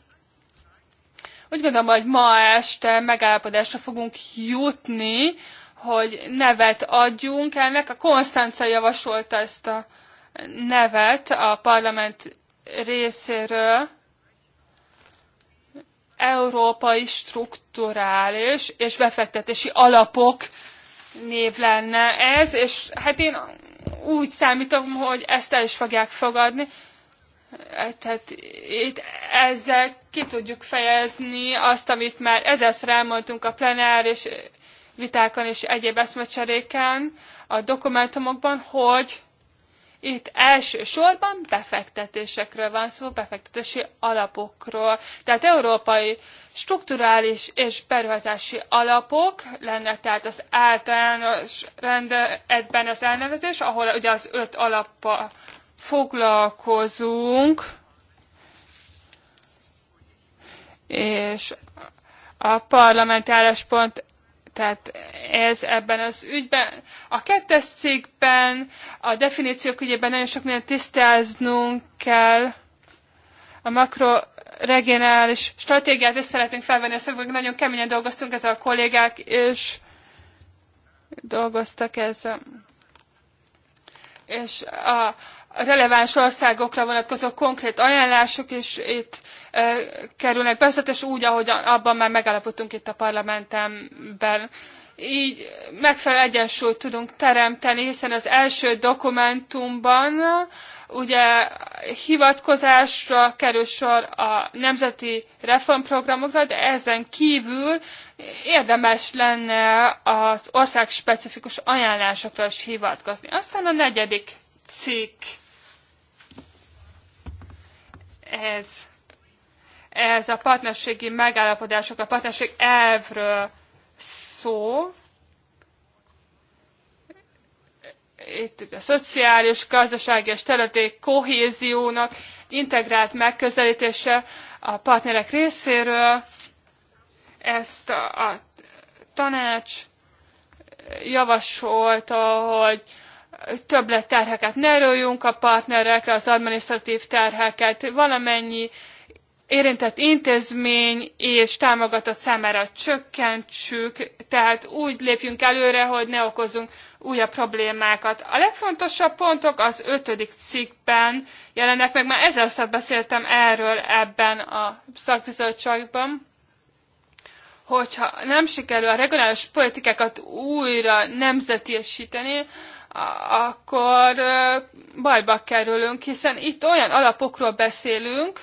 Úgy gondolom, hogy ma este megállapodásra fogunk jutni, hogy nevet adjunk ennek. A Konstanca javasolta ezt a nevet a parlament részéről. Európai strukturális és befektetési alapok név lenne ez, és hát én úgy számítom, hogy ezt el is fogják fogadni. E, tehát itt ezzel ki tudjuk fejezni azt, amit már ezerszer elmondtunk a plenáris vitákon és egyéb eszmecseréken, a dokumentumokban, hogy itt elsősorban befektetésekről van szó, befektetési alapokról. Tehát európai strukturális és beruházási alapok lenne tehát az általános rendeletben az elnevezés, ahol ugye az öt alappal foglalkozunk, és a parlament álláspont tehát ez ebben az ügyben, a kettes cikkben, a definíciók ügyében nagyon sok mindent tisztáznunk kell, a makroregionális stratégiát is szeretnénk felvenni a nagyon keményen dolgoztunk ezzel a kollégák, és dolgoztak ezzel. És a, a releváns országokra vonatkozó konkrét ajánlások is itt e, kerülnek beszélés úgy, ahogy abban már megállapodtunk itt a parlamentemben. Így megfelelő egyensúlyt tudunk teremteni, hiszen az első dokumentumban ugye hivatkozásra kerül sor a nemzeti reformprogramokra, de ezen kívül érdemes lenne az országspecifikus ajánlásokra is hivatkozni. Aztán a negyedik cikk ez, ez a partnerségi megállapodások, a partnerség elvről szó, itt a szociális, gazdasági és területi kohéziónak integrált megközelítése a partnerek részéről. Ezt a, a tanács javasolta, hogy többlet terheket ne rójunk a partnerekre, az administratív terheket, valamennyi érintett intézmény és támogatott számára csökkentsük, tehát úgy lépjünk előre, hogy ne okozunk újabb problémákat. A legfontosabb pontok az ötödik cikkben jelennek meg, már ezerszer beszéltem erről ebben a szakbizottságban, hogyha nem sikerül a regionális politikákat újra nemzetiesíteni, akkor bajba kerülünk, hiszen itt olyan alapokról beszélünk,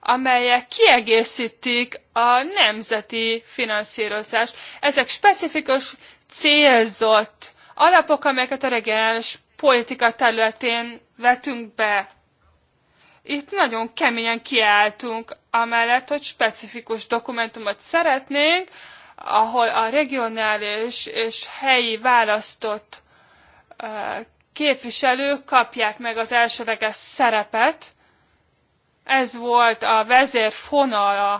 amelyek kiegészítik a nemzeti finanszírozást. Ezek specifikus, célzott alapok, amelyeket a regionális politika területén vetünk be. Itt nagyon keményen kiálltunk, amellett, hogy specifikus dokumentumot szeretnénk, ahol a regionális és helyi választott képviselők kapják meg az elsőleges szerepet. Ez volt a vezérfonala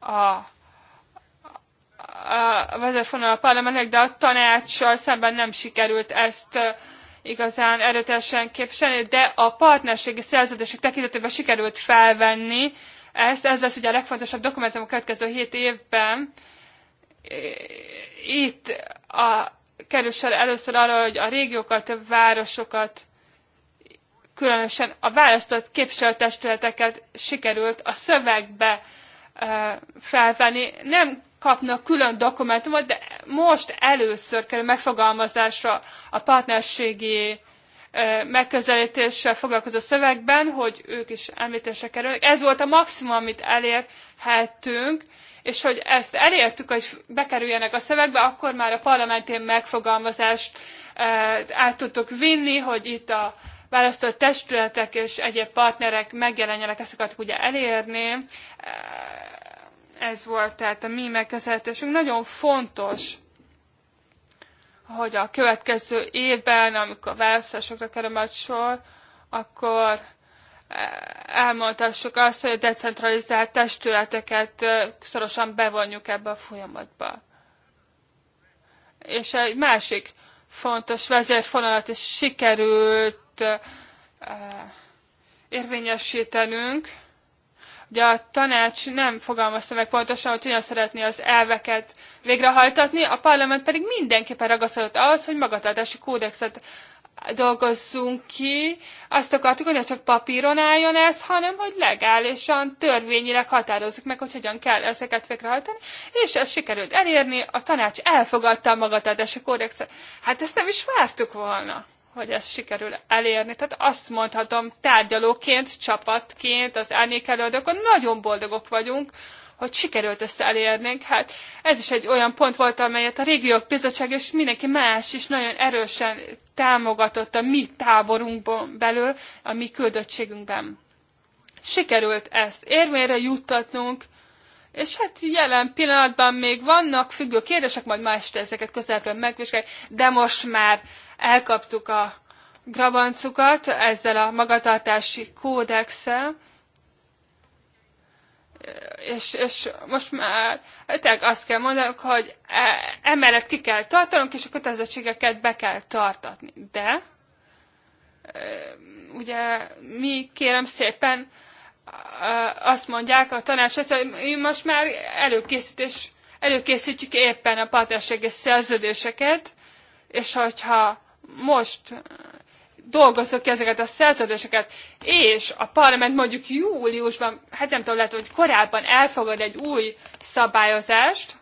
a a vezetőfonal a parlamentnek, de a tanácssal szemben nem sikerült ezt igazán erőteljesen képviselni, de a partnerségi szerződések tekintetében sikerült felvenni ezt, ez lesz ugye a legfontosabb dokumentum a következő hét évben, itt a, kerül először arra, hogy a régiókat, a városokat, különösen a választott képviselőtestületeket sikerült a szövegbe felvenni. Nem kapnak külön dokumentumot, de most először kerül megfogalmazásra a partnerségi megközelítéssel foglalkozó szövegben, hogy ők is említésre kerülnek. Ez volt a maximum, amit elérhettünk, és hogy ezt elértük, hogy bekerüljenek a szövegbe, akkor már a parlamentén megfogalmazást e, át tudtuk vinni, hogy itt a választott testületek és egyéb partnerek megjelenjenek, ezt akartuk ugye elérni. E, ez volt tehát a mi megközelítésünk. Nagyon fontos, hogy a következő évben, amikor választásokra kerül majd sor, akkor elmondhassuk azt, hogy a decentralizált testületeket szorosan bevonjuk ebbe a folyamatba. És egy másik fontos vezérfonalat is sikerült érvényesítenünk. Ugye a tanács nem fogalmazta meg pontosan, hogy hogyan szeretné az elveket végrehajtatni, a parlament pedig mindenképpen ragaszkodott ahhoz, hogy magatartási kódexet dolgozzunk ki, azt akartuk, hogy ne csak papíron álljon ez, hanem hogy legálisan, törvényileg határozzuk meg, hogy hogyan kell ezeket végrehajtani, és ezt sikerült elérni, a tanács elfogadta a magatartási kódexet. Hát ezt nem is vártuk volna hogy ezt sikerül elérni. Tehát azt mondhatom, tárgyalóként, csapatként, az árnyékelődőkön nagyon boldogok vagyunk, hogy sikerült ezt elérnünk. Hát ez is egy olyan pont volt, amelyet a régiók bizottság és mindenki más is nagyon erősen támogatott a mi táborunkban belül, a mi küldöttségünkben. Sikerült ezt érvényre juttatnunk, és hát jelen pillanatban még vannak függő kérdések, majd ma este ezeket közelről megvizsgáljuk, de most már elkaptuk a grabancukat ezzel a magatartási kódexsel, és, és most már tényleg azt kell mondanunk, hogy e, emellett ki kell tartanunk, és a kötelezettségeket be kell tartatni. De e, ugye mi kérem szépen e, azt mondják a tanács, hogy mi most már előkészítés, előkészítjük éppen a partnerségi szerződéseket, és hogyha most dolgozzuk ki ezeket a szerződéseket, és a parlament mondjuk júliusban, hát nem tudom, lehet, hogy korábban elfogad egy új szabályozást,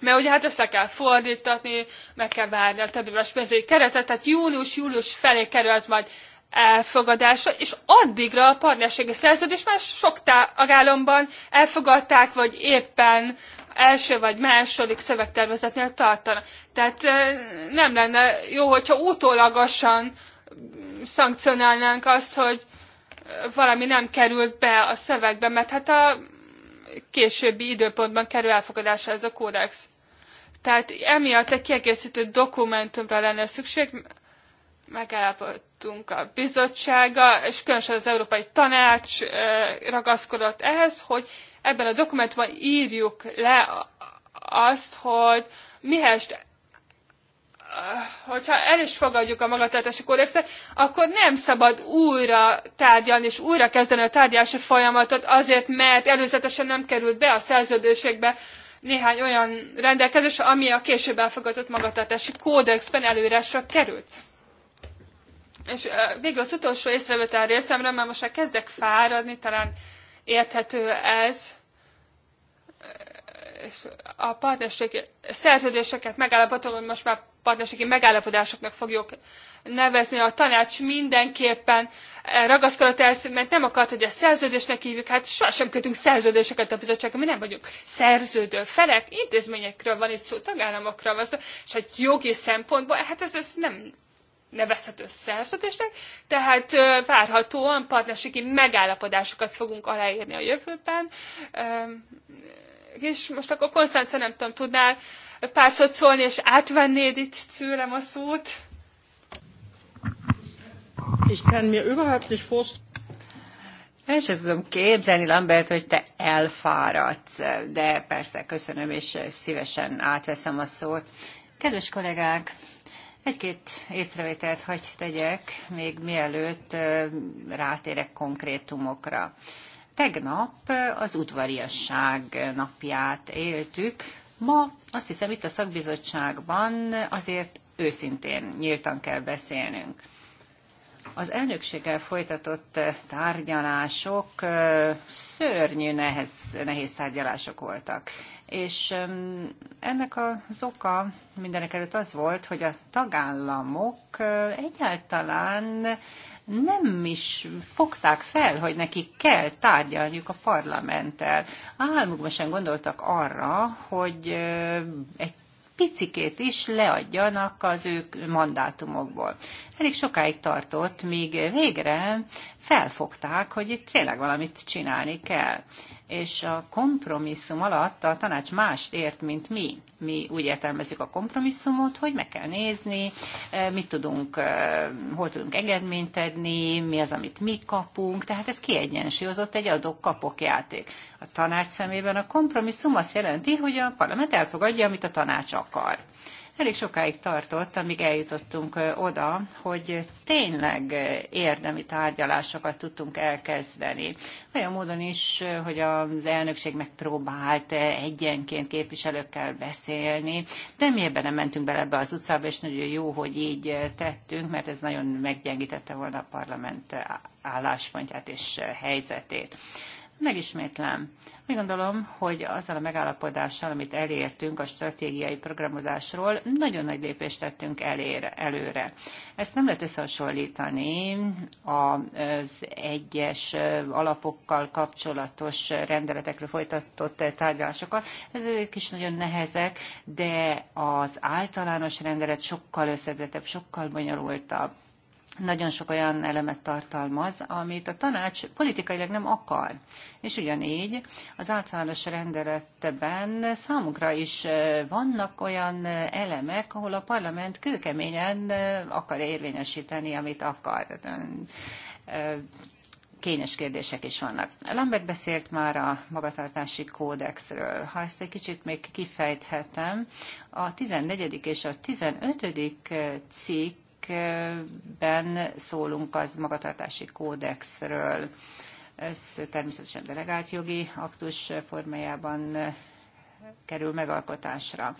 mert ugye hát össze kell fordítatni, meg kell várni a többi pénzügyi keretet, tehát július-július felé kerül az majd elfogadásra, és addigra a partnerségi szerződés már sok tagállamban elfogadták, vagy éppen első vagy második szövegtervezetnél tartana. Tehát nem lenne jó, hogyha utólagosan szankcionálnánk azt, hogy valami nem került be a szövegbe, mert hát a későbbi időpontban kerül elfogadásra ez a kódex. Tehát emiatt egy kiegészítő dokumentumra lenne szükség, megállapodtunk a bizottsága, és különösen az Európai Tanács ragaszkodott ehhez, hogy ebben a dokumentumban írjuk le azt, hogy mihez hogyha el is fogadjuk a magatartási kódexet, akkor nem szabad újra tárgyalni és újra kezdeni a tárgyalási folyamatot azért, mert előzetesen nem került be a szerződésekbe néhány olyan rendelkezés, ami a később elfogadott magatartási kódexben előírásra került. És végül az utolsó észrevétel részemre, mert most már kezdek fáradni, talán érthető ez. A partnerségi szerződéseket megállapodunk, most már partnerségi megállapodásoknak fogjuk nevezni. A tanács mindenképpen ragaszkodott el, mert nem akart, hogy a szerződésnek hívjuk, hát sosem kötünk szerződéseket a bizottsággal, mi nem vagyunk szerződő felek, intézményekről van itt szó, tagállamokról van szó, és egy hát jogi szempontból, hát ez, ez nem nevezhető szerződésnek, tehát várhatóan partnerségi megállapodásokat fogunk aláírni a jövőben. És most akkor Konstantin, nem tudom, tudnál pár szót szólni, és átvennéd itt szőlem a szót? Ich kann mir überhaupt nicht vorstellen. sem tudom képzelni, Lambert, hogy te elfáradsz, de persze köszönöm, és szívesen átveszem a szót. Kedves kollégák, egy-két észrevételt hagy tegyek, még mielőtt rátérek konkrétumokra. Tegnap az udvariasság napját éltük, ma azt hiszem itt a szakbizottságban azért őszintén, nyíltan kell beszélnünk. Az elnökséggel folytatott tárgyalások szörnyű nehez, nehéz tárgyalások voltak. És ennek az oka mindenek előtt az volt, hogy a tagállamok egyáltalán nem is fogták fel, hogy nekik kell tárgyalniuk a parlamenttel. Álmukban sem gondoltak arra, hogy egy picikét is leadjanak az ők mandátumokból. Elég sokáig tartott, míg végre felfogták, hogy itt tényleg valamit csinálni kell és a kompromisszum alatt a tanács mást ért, mint mi. Mi úgy értelmezzük a kompromisszumot, hogy meg kell nézni, e, mit tudunk, e, hol tudunk engedményt adni, mi az, amit mi kapunk, tehát ez kiegyensúlyozott egy adok-kapok játék. A tanács szemében a kompromisszum azt jelenti, hogy a parlament elfogadja, amit a tanács akar. Elég sokáig tartott, amíg eljutottunk oda, hogy tényleg érdemi tárgyalásokat tudtunk elkezdeni. Olyan módon is, hogy az elnökség megpróbált egyenként képviselőkkel beszélni, de mi ebben nem mentünk bele ebbe az utcába, és nagyon jó, hogy így tettünk, mert ez nagyon meggyengítette volna a parlament álláspontját és helyzetét megismétlem. Még gondolom, hogy azzal a megállapodással, amit elértünk a stratégiai programozásról, nagyon nagy lépést tettünk elér, előre. Ezt nem lehet összehasonlítani az egyes alapokkal kapcsolatos rendeletekről folytatott tárgyalásokkal. Ezek is nagyon nehezek, de az általános rendelet sokkal összetettebb, sokkal bonyolultabb nagyon sok olyan elemet tartalmaz, amit a tanács politikailag nem akar. És ugyanígy az általános rendeletben számukra is vannak olyan elemek, ahol a parlament kőkeményen akar érvényesíteni, amit akar. Kényes kérdések is vannak. Lambert beszélt már a magatartási kódexről. Ha ezt egy kicsit még kifejthetem, a 14. és a 15. cikk cikkben szólunk az magatartási kódexről. Ez természetesen delegált jogi aktus formájában kerül megalkotásra.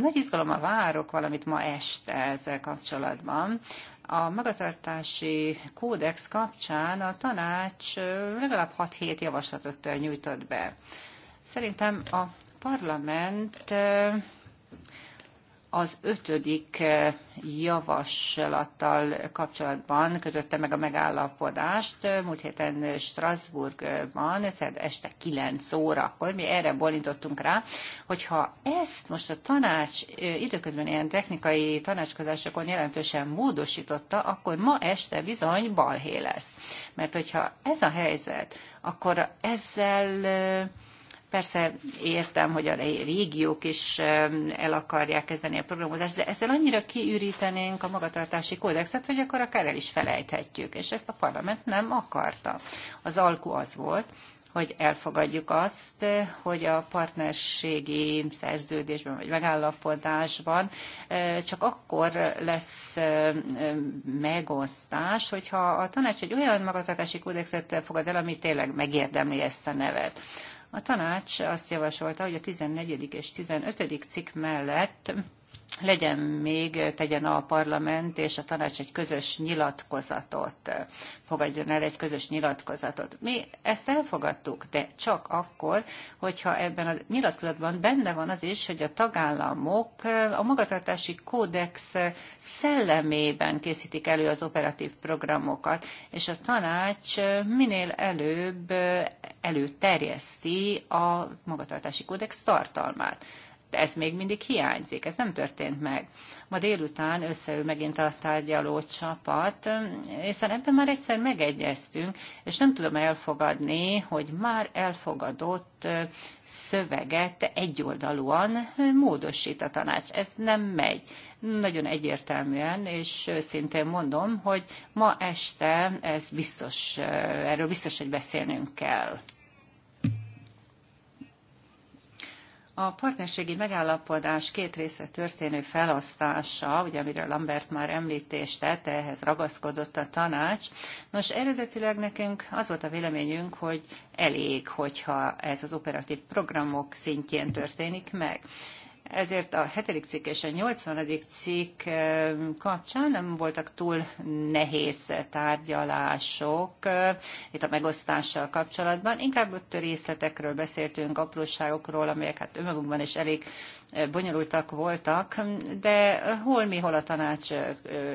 Nagy izgalommal várok valamit ma este ezzel kapcsolatban. A magatartási kódex kapcsán a tanács legalább 6-7 javaslatot nyújtott be. Szerintem a parlament az ötödik eh, javaslattal kapcsolatban kötötte meg a megállapodást eh, múlt héten Strasbourgban, szerda este 9 órakor. Mi erre bolintottunk rá, hogyha ezt most a tanács eh, időközben ilyen technikai tanácskozásokon jelentősen módosította, akkor ma este bizony balhé lesz. Mert hogyha ez a helyzet, akkor ezzel Persze értem, hogy a régiók is el akarják kezdeni a programozást, de ezzel annyira kiürítenénk a magatartási kódexet, hogy akkor akár el is felejthetjük, és ezt a parlament nem akarta. Az alkú az volt, hogy elfogadjuk azt, hogy a partnerségi szerződésben vagy megállapodásban eh, csak akkor lesz eh, megosztás, hogyha a tanács egy olyan magatartási kódexet fogad el, ami tényleg megérdemli ezt a nevet. A tanács azt javasolta, hogy a 14. és 15. cikk mellett legyen még, tegyen a parlament és a tanács egy közös nyilatkozatot, fogadjon el egy közös nyilatkozatot. Mi ezt elfogadtuk, de csak akkor, hogyha ebben a nyilatkozatban benne van az is, hogy a tagállamok a magatartási kódex szellemében készítik elő az operatív programokat, és a tanács minél előbb előterjeszti a magatartási kódex tartalmát de ez még mindig hiányzik, ez nem történt meg. Ma délután összeül megint a tárgyaló csapat, hiszen ebben már egyszer megegyeztünk, és nem tudom elfogadni, hogy már elfogadott szöveget egyoldalúan módosít a tanács. Ez nem megy. Nagyon egyértelműen, és szintén mondom, hogy ma este ez biztos, erről biztos, hogy beszélnünk kell. A partnerségi megállapodás két részre történő felosztása, ugye amiről Lambert már említést tett, ehhez ragaszkodott a tanács. Nos, eredetileg nekünk az volt a véleményünk, hogy elég, hogyha ez az operatív programok szintjén történik meg. Ezért a hetedik cikk és a nyolcvanadik cikk kapcsán nem voltak túl nehéz tárgyalások itt a megosztással kapcsolatban. Inkább ott részletekről beszéltünk, apróságokról, amelyek hát önmagunkban is elég bonyolultak voltak, de hol mi, hol a tanács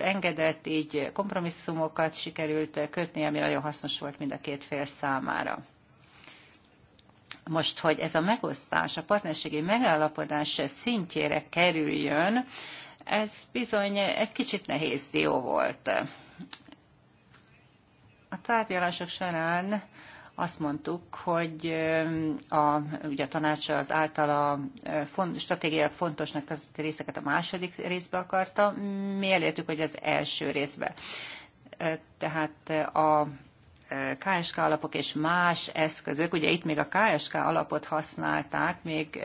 engedett, így kompromisszumokat sikerült kötni, ami nagyon hasznos volt mind a két fél számára. Most, hogy ez a megosztás, a partnerségi megállapodás szintjére kerüljön, ez bizony egy kicsit nehéz dió volt. A tárgyalások során azt mondtuk, hogy a, ugye a tanács az általa font, stratégia fontosnak tartott részeket a második részbe akarta, mi elértük, hogy az első részbe. Tehát a KSK alapok és más eszközök, ugye itt még a KSK alapot használták, még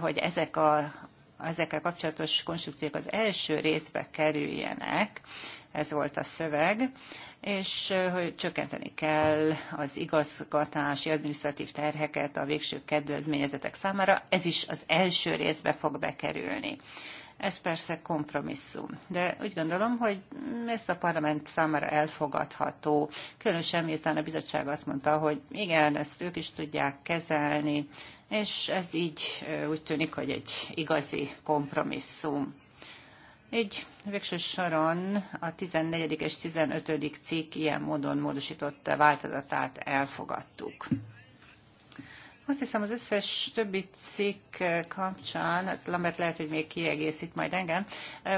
hogy ezek a, ezekkel kapcsolatos konstrukciók az első részbe kerüljenek, ez volt a szöveg, és hogy csökkenteni kell az igazgatási, adminisztratív terheket a végső kedvezményezetek számára, ez is az első részbe fog bekerülni. Ez persze kompromisszum, de úgy gondolom, hogy ezt a parlament számára elfogadható, különösen miután a bizottság azt mondta, hogy igen, ezt ők is tudják kezelni, és ez így úgy tűnik, hogy egy igazi kompromisszum. Így végső soron a 14. és 15. cikk ilyen módon módosított változatát elfogadtuk. Azt hiszem az összes többi cikk kapcsán, hát Lambert lehet, hogy még kiegészít majd engem,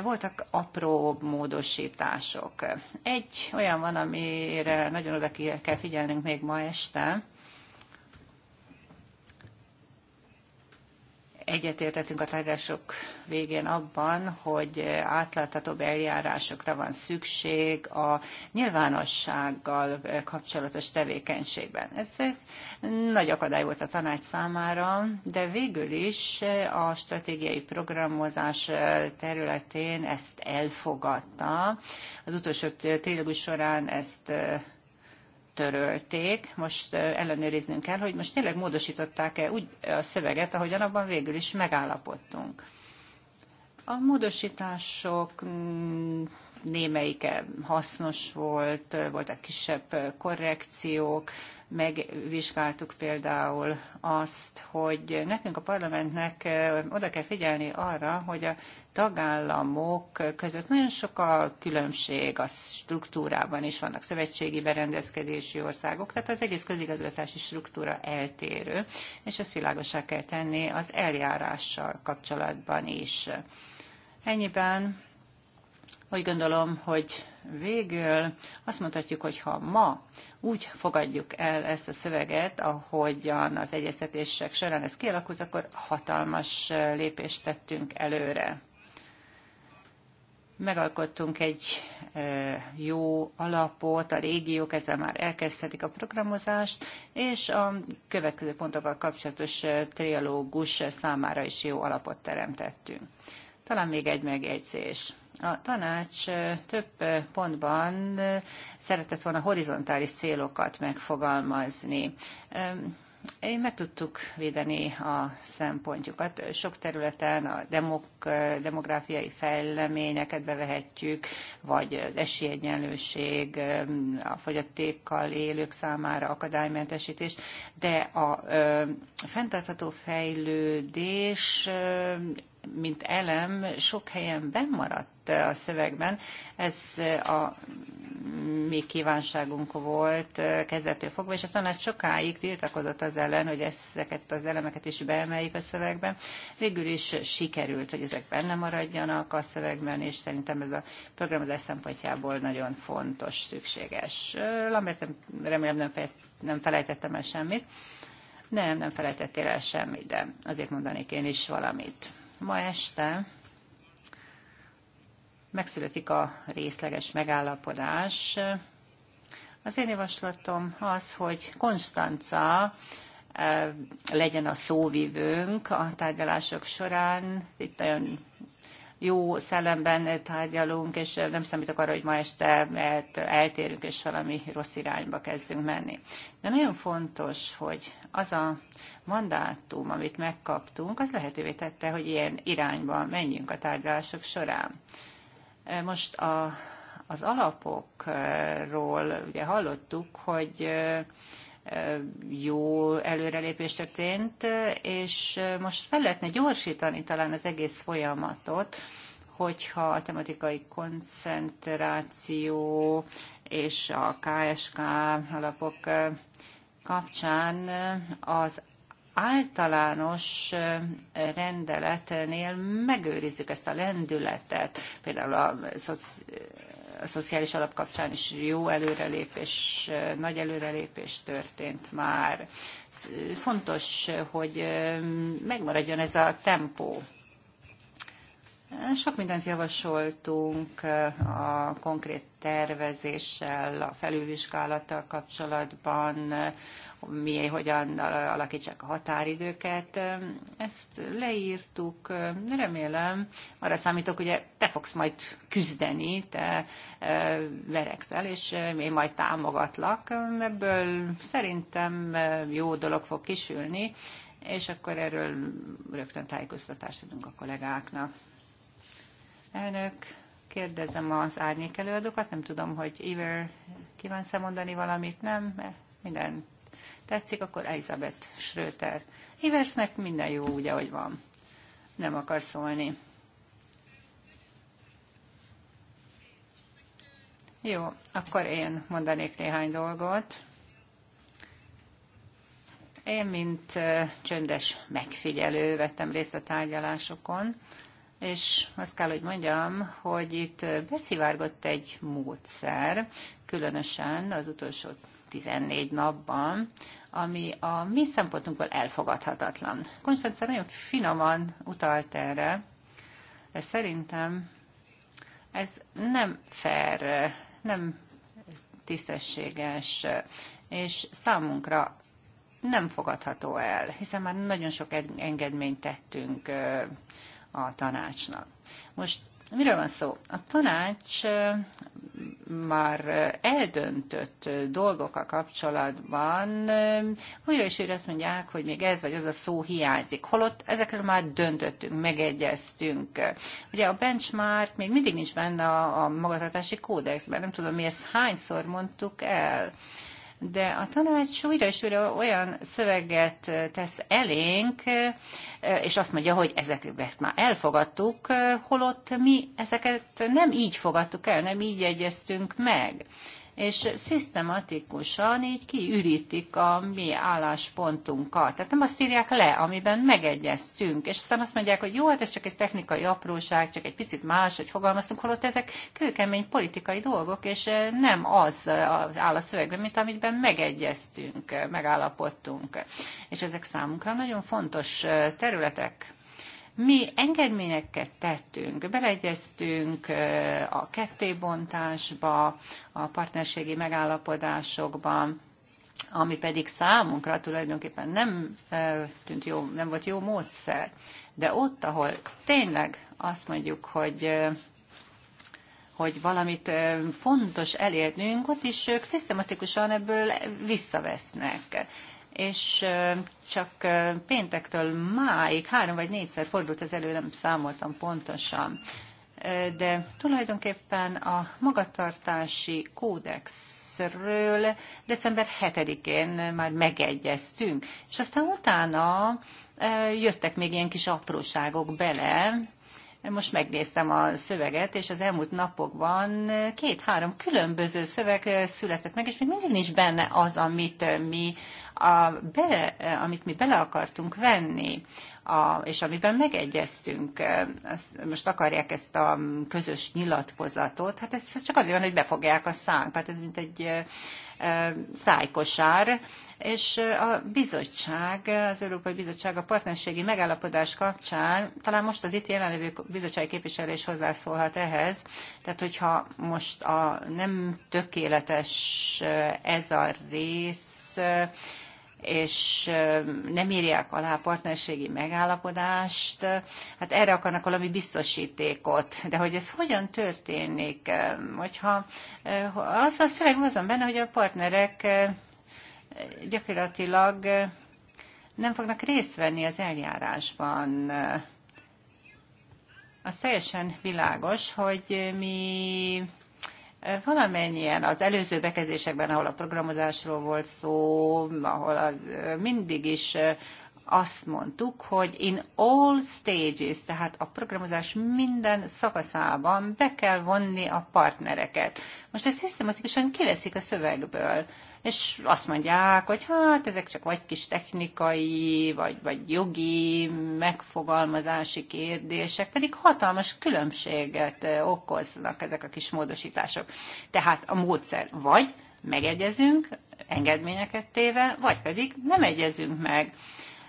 voltak apró módosítások. Egy olyan van, amire nagyon oda kell figyelnünk még ma este, egyetértettünk a tárgyalások végén abban, hogy átláthatóbb eljárásokra van szükség a nyilvánossággal kapcsolatos tevékenységben. Ez nagy akadály volt a tanács számára, de végül is a stratégiai programozás területén ezt elfogadta. Az utolsó trilógus során ezt törölték, most ellenőriznünk kell, hogy most tényleg módosították-e úgy a szöveget, ahogyan abban végül is megállapodtunk. A módosítások mm, némelyike hasznos volt, voltak kisebb korrekciók, megvizsgáltuk például azt, hogy nekünk a parlamentnek oda kell figyelni arra, hogy a tagállamok között nagyon sok a különbség a struktúrában is, vannak szövetségi berendezkedési országok, tehát az egész közigazgatási struktúra eltérő, és ezt világosá kell tenni az eljárással kapcsolatban is. Ennyiben úgy gondolom, hogy végül azt mondhatjuk, hogy ha ma úgy fogadjuk el ezt a szöveget, ahogyan az egyeztetések során ez kialakult, akkor hatalmas lépést tettünk előre megalkottunk egy jó alapot, a régiók ezzel már elkezdhetik a programozást, és a következő pontokkal kapcsolatos trialógus számára is jó alapot teremtettünk. Talán még egy megjegyzés. A tanács több pontban szeretett volna horizontális célokat megfogalmazni meg tudtuk védeni a szempontjukat. Sok területen a demok, demográfiai fejleményeket bevehetjük, vagy az esélyegyenlőség, a fogyatékkal élők számára akadálymentesítés, de a fenntartható fejlődés mint elem sok helyen bemaradt a szövegben. Ez a mi kívánságunk volt kezdettől fogva, és a tanács sokáig tiltakozott az ellen, hogy ezeket az elemeket is beemeljük a szövegben. Végül is sikerült, hogy ezek benne maradjanak a szövegben, és szerintem ez a programozás szempontjából nagyon fontos, szükséges. Lambert, remélem nem, fejezt, nem felejtettem el semmit. Nem, nem felejtettél el semmit, de azért mondanék én is valamit. Ma este megszületik a részleges megállapodás. Az én javaslatom az, hogy Konstanca e, legyen a szóvivőnk a tárgyalások során. Itt nagyon jó szellemben tárgyalunk, és nem számítok arra, hogy ma este mert eltérünk, és valami rossz irányba kezdünk menni. De nagyon fontos, hogy az a mandátum, amit megkaptunk, az lehetővé tette, hogy ilyen irányba menjünk a tárgyalások során. Most a, az alapokról ugye hallottuk, hogy jó előrelépés történt, és most fel lehetne gyorsítani talán az egész folyamatot, hogyha a tematikai koncentráció és a KSK alapok kapcsán az általános rendeletnél megőrizzük ezt a lendületet, például a, a szociális alap kapcsán is jó előrelépés, nagy előrelépés történt már. Fontos, hogy megmaradjon ez a tempó. Sok mindent javasoltunk a konkrét tervezéssel, a felülvizsgálattal kapcsolatban, miért, hogyan alakítsák a határidőket. Ezt leírtuk, remélem, arra számítok, hogy te fogsz majd küzdeni, te e, verekszel, és én majd támogatlak. Ebből szerintem e, jó dolog fog kisülni, és akkor erről rögtön tájékoztatást adunk a kollégáknak. Elnök, kérdezem az árnyék előadókat, nem tudom, hogy Iver kívánsz -e mondani valamit, nem? Minden tetszik, akkor Elizabeth Schröter. Iversnek minden jó, úgy, ahogy van. Nem akar szólni. Jó, akkor én mondanék néhány dolgot. Én, mint csöndes megfigyelő vettem részt a tárgyalásokon, és azt kell, hogy mondjam, hogy itt beszivárgott egy módszer, különösen az utolsó 14 napban, ami a mi szempontunkból elfogadhatatlan. Konstantin nagyon finoman utalt erre, de szerintem ez nem fair, nem tisztességes, és számunkra nem fogadható el, hiszen már nagyon sok engedményt tettünk a tanácsnak. Most Miről van szó? A tanács már eldöntött a kapcsolatban újra és újra azt mondják, hogy még ez vagy az a szó hiányzik. Holott ezekről már döntöttünk, megegyeztünk. Ugye a benchmark még mindig nincs benne a magatartási kódexben, nem tudom mi ezt hányszor mondtuk el de a tanács újra és újra olyan szöveget tesz elénk, és azt mondja, hogy ezeket már elfogadtuk, holott mi ezeket nem így fogadtuk el, nem így egyeztünk meg és szisztematikusan így kiürítik a mi álláspontunkat. Tehát nem azt írják le, amiben megegyeztünk, és aztán azt mondják, hogy jó, hát ez csak egy technikai apróság, csak egy picit más, hogy fogalmaztunk, holott ezek kőkemény politikai dolgok, és nem az áll a szövegben, mint amiben megegyeztünk, megállapodtunk. És ezek számunkra nagyon fontos területek. Mi engedményeket tettünk, beleegyeztünk a kettébontásba, a partnerségi megállapodásokban, ami pedig számunkra tulajdonképpen nem tűnt jó, nem volt jó módszer. De ott, ahol tényleg azt mondjuk, hogy hogy valamit fontos elérnünk, ott is ők szisztematikusan ebből visszavesznek és csak péntektől máig három vagy négyszer fordult ez elő, nem számoltam pontosan. De tulajdonképpen a magatartási kódex ről december 7-én már megegyeztünk, és aztán utána jöttek még ilyen kis apróságok bele, most megnéztem a szöveget, és az elmúlt napokban két-három különböző szöveg született meg, és még mindig nincs benne az, amit mi a be, amit mi bele akartunk venni, a, és amiben megegyeztünk, ezt, most akarják ezt a közös nyilatkozatot, hát ez csak azért van, hogy befogják a szánk, hát ez mint egy e, e, szájkosár, és a bizottság, az Európai Bizottság a partnerségi megállapodás kapcsán, talán most az itt jelenlévő bizottsági képviselő is hozzászólhat ehhez, tehát hogyha most a nem tökéletes e, ez a rész, és nem írják alá a partnerségi megállapodást, hát erre akarnak valami biztosítékot. De hogy ez hogyan történik? Hogyha az a szöveg azon benne, hogy a partnerek gyakorlatilag nem fognak részt venni az eljárásban. Az teljesen világos, hogy mi valamennyien az előző bekezdésekben, ahol a programozásról volt szó, ahol az, mindig is azt mondtuk, hogy in all stages, tehát a programozás minden szakaszában be kell vonni a partnereket. Most ezt szisztematikusan kiveszik a szövegből és azt mondják, hogy hát ezek csak vagy kis technikai, vagy, vagy jogi megfogalmazási kérdések, pedig hatalmas különbséget okoznak ezek a kis módosítások. Tehát a módszer vagy megegyezünk, engedményeket téve, vagy pedig nem egyezünk meg.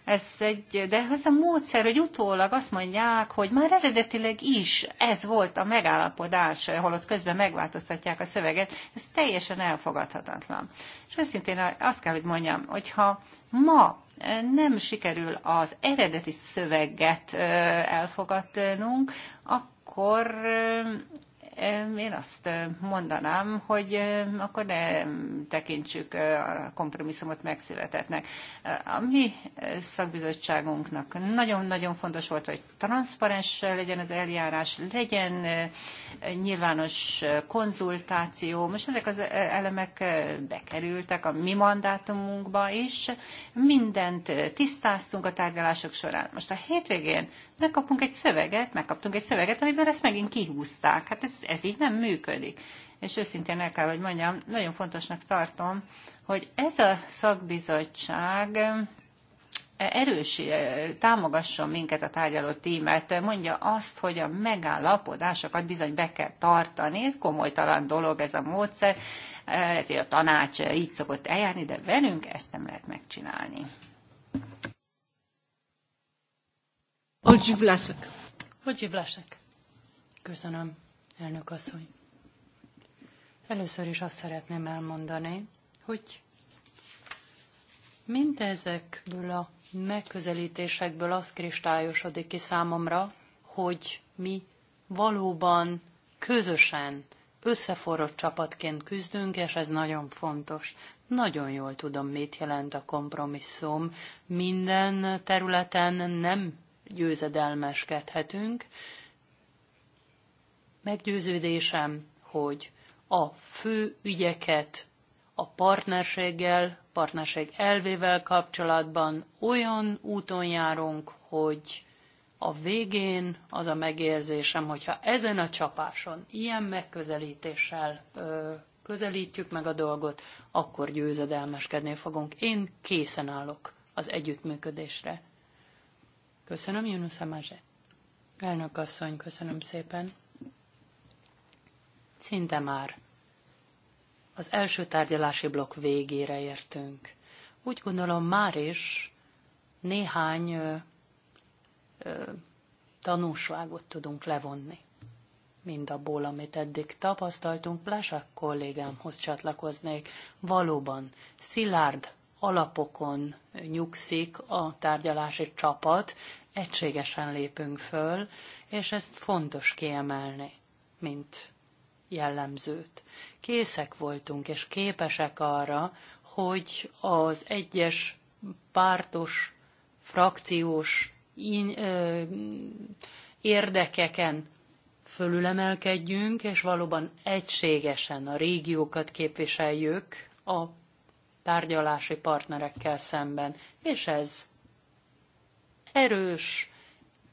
Ez egy, de ez a módszer, hogy utólag azt mondják, hogy már eredetileg is ez volt a megállapodás, holott közben megváltoztatják a szöveget, ez teljesen elfogadhatatlan. És őszintén azt kell, hogy mondjam, hogyha ma eh, nem sikerül az eredeti szöveget eh, elfogadnunk, akkor eh, én azt mondanám, hogy akkor ne tekintsük a kompromisszumot megszületetnek. A mi szakbizottságunknak nagyon-nagyon fontos volt, hogy transzparens legyen az eljárás, legyen nyilvános konzultáció. Most ezek az elemek bekerültek a mi mandátumunkba is. Mindent tisztáztunk a tárgyalások során. Most a hétvégén megkapunk egy szöveget, megkaptunk egy szöveget, amiben ezt megint kihúzták. Hát ez, ez így nem működik. És őszintén el kell, hogy mondjam, nagyon fontosnak tartom, hogy ez a szakbizottság eh, erős eh, támogasson minket a tárgyaló tímet, mondja azt, hogy a megállapodásokat bizony be kell tartani, ez komolytalan dolog ez a módszer, eh, hát, a tanács így szokott eljárni, de velünk ezt nem lehet megcsinálni. Hogy Vlasek. Hogy Vlasek. Köszönöm, elnök asszony. Először is azt szeretném elmondani, hogy mindezekből a megközelítésekből az kristályosodik ki számomra, hogy mi valóban közösen, összeforrott csapatként küzdünk, és ez nagyon fontos. Nagyon jól tudom, mit jelent a kompromisszum. Minden területen nem győzedelmeskedhetünk. Meggyőződésem, hogy a fő ügyeket a partnerséggel, partnerség elvével kapcsolatban olyan úton járunk, hogy a végén az a megérzésem, hogyha ezen a csapáson, ilyen megközelítéssel ö, közelítjük meg a dolgot, akkor győzedelmeskedni fogunk. Én készen állok az együttműködésre. Köszönöm, Yunus Amazse. Elnök asszony, köszönöm szépen. Szinte már az első tárgyalási blokk végére értünk. Úgy gondolom már is néhány ö, ö, tanúságot tudunk levonni. abból, amit eddig tapasztaltunk, Plásák kollégámhoz csatlakoznék. Valóban szilárd alapokon nyugszik a tárgyalási csapat, egységesen lépünk föl, és ezt fontos kiemelni, mint jellemzőt. Készek voltunk és képesek arra, hogy az egyes pártos, frakciós in, ö, érdekeken fölülemelkedjünk, és valóban egységesen a régiókat képviseljük a tárgyalási partnerekkel szemben, és ez erős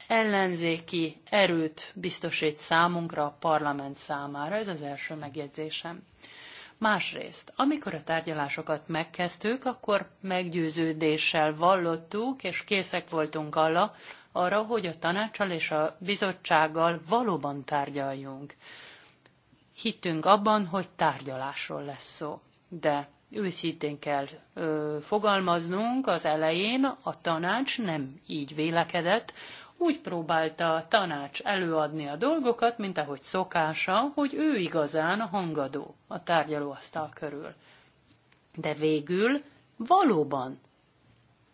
ellenzéki erőt biztosít számunkra, a parlament számára. Ez az első megjegyzésem. Másrészt, amikor a tárgyalásokat megkezdtük, akkor meggyőződéssel vallottuk, és készek voltunk alla, arra, hogy a tanácsal és a bizottsággal valóban tárgyaljunk. Hittünk abban, hogy tárgyalásról lesz szó. De őszintén kell ö, fogalmaznunk az elején, a tanács nem így vélekedett, úgy próbálta a tanács előadni a dolgokat, mint ahogy szokása, hogy ő igazán a hangadó a tárgyalóasztal körül. De végül valóban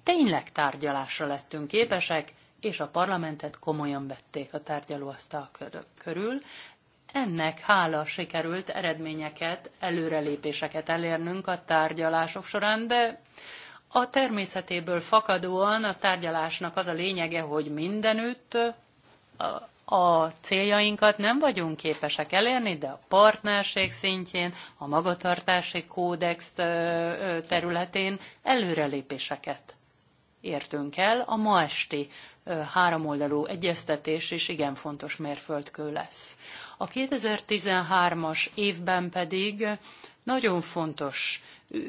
tényleg tárgyalásra lettünk képesek, és a parlamentet komolyan vették a tárgyalóasztal körül ennek hála sikerült eredményeket, előrelépéseket elérnünk a tárgyalások során, de a természetéből fakadóan a tárgyalásnak az a lényege, hogy mindenütt a, céljainkat nem vagyunk képesek elérni, de a partnerség szintjén, a magatartási kódex területén előrelépéseket értünk el a ma esti háromoldalú egyeztetés is igen fontos mérföldkő lesz. A 2013-as évben pedig nagyon fontos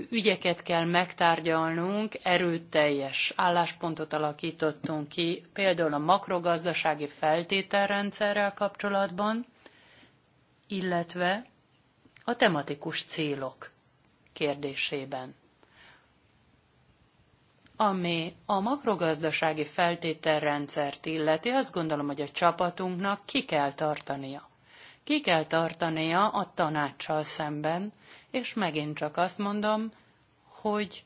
ügyeket kell megtárgyalnunk, erőteljes álláspontot alakítottunk ki, például a makrogazdasági feltételrendszerrel kapcsolatban, illetve a tematikus célok kérdésében. Ami a makrogazdasági feltételrendszert illeti, azt gondolom, hogy a csapatunknak ki kell tartania. Ki kell tartania a tanácssal szemben, és megint csak azt mondom, hogy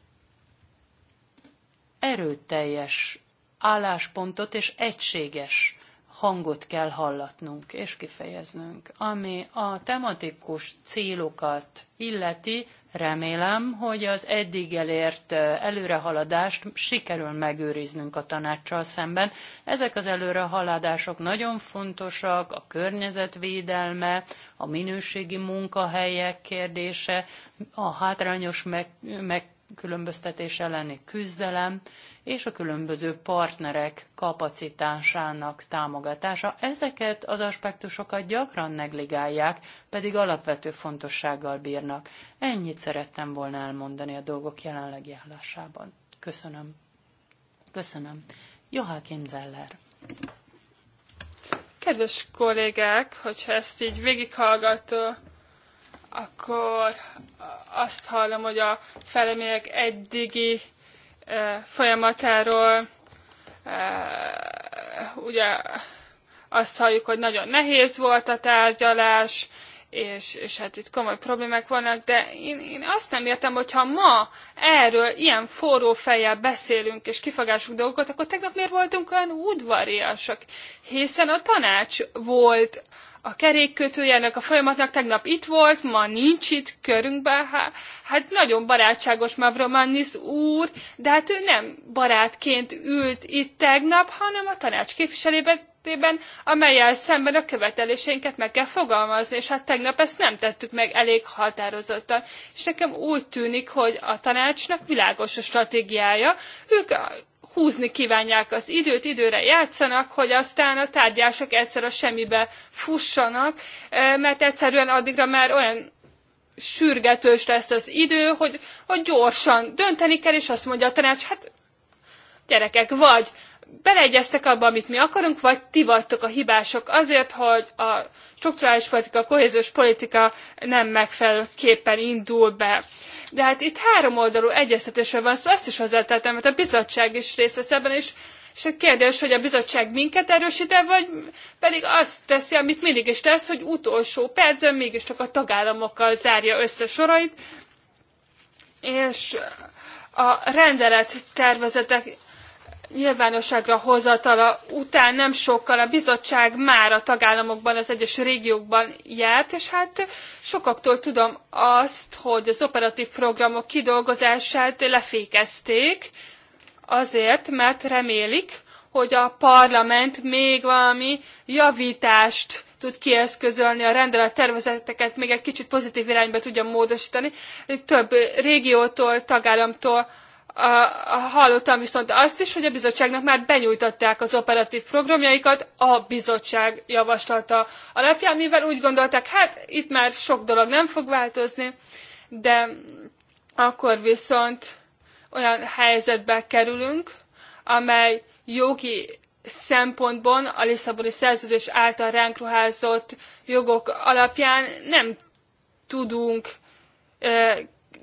erőteljes álláspontot és egységes hangot kell hallatnunk és kifejeznünk. Ami a tematikus célokat illeti, remélem, hogy az eddig elért előrehaladást sikerül megőriznünk a tanácssal szemben. Ezek az előrehaladások nagyon fontosak, a környezetvédelme, a minőségi munkahelyek kérdése, a hátrányos meg, megkülönböztetés elleni küzdelem, és a különböző partnerek kapacitásának támogatása. Ezeket az aspektusokat gyakran negligálják, pedig alapvető fontossággal bírnak. Ennyit szerettem volna elmondani a dolgok jelenlegi állásában. Köszönöm. Köszönöm. Joachim Zeller. Kedves kollégák, hogyha ezt így végighallgató, akkor azt hallom, hogy a felemények eddigi folyamatáról. Ugye azt halljuk, hogy nagyon nehéz volt a tárgyalás, és, és hát itt komoly problémák vannak, de én, én azt nem értem, hogyha ma erről ilyen forró fejjel beszélünk és kifogásunk dolgokat, akkor tegnap miért voltunk olyan udvariasak? Hiszen a tanács volt a ennek a folyamatnak tegnap itt volt, ma nincs itt körünkben. Hát, hát nagyon barátságos Mavromannis úr, de hát ő nem barátként ült itt tegnap, hanem a tanács képviselében amelyel szemben a követeléseinket meg kell fogalmazni, és hát tegnap ezt nem tettük meg elég határozottan. És nekem úgy tűnik, hogy a tanácsnak világos a stratégiája, ők húzni kívánják az időt, időre játszanak, hogy aztán a tárgyások egyszer a semmibe fussanak, mert egyszerűen addigra már olyan sürgetős lesz az idő, hogy, hogy gyorsan dönteni kell, és azt mondja a tanács, hát gyerekek, vagy beleegyeztek abba, amit mi akarunk, vagy ti vagytok a hibások azért, hogy a strukturális politika, a kohéziós politika nem megfelelőképpen indul be de hát itt három oldalú egyeztetésről van szó, szóval ezt is hozzátettem, mert a bizottság is részt vesz ebben, és és a kérdés, hogy a bizottság minket erősít-e, vagy pedig azt teszi, amit mindig is tesz, hogy utolsó percben mégiscsak a tagállamokkal zárja össze sorait, és a rendelet tervezetek nyilvánosságra hozatala után nem sokkal a bizottság már a tagállamokban, az egyes régiókban járt, és hát sokaktól tudom azt, hogy az operatív programok kidolgozását lefékezték, azért, mert remélik, hogy a parlament még valami javítást tud kieszközölni a rendelet tervezeteket, még egy kicsit pozitív irányba tudja módosítani. Több régiótól, tagállamtól a, a, hallottam viszont azt is, hogy a bizottságnak már benyújtották az operatív programjaikat a bizottság javaslata alapján, mivel úgy gondolták, hát itt már sok dolog nem fog változni, de akkor viszont olyan helyzetbe kerülünk, amely jogi szempontból a Lisszaboni szerződés által ránk ruházott jogok alapján nem tudunk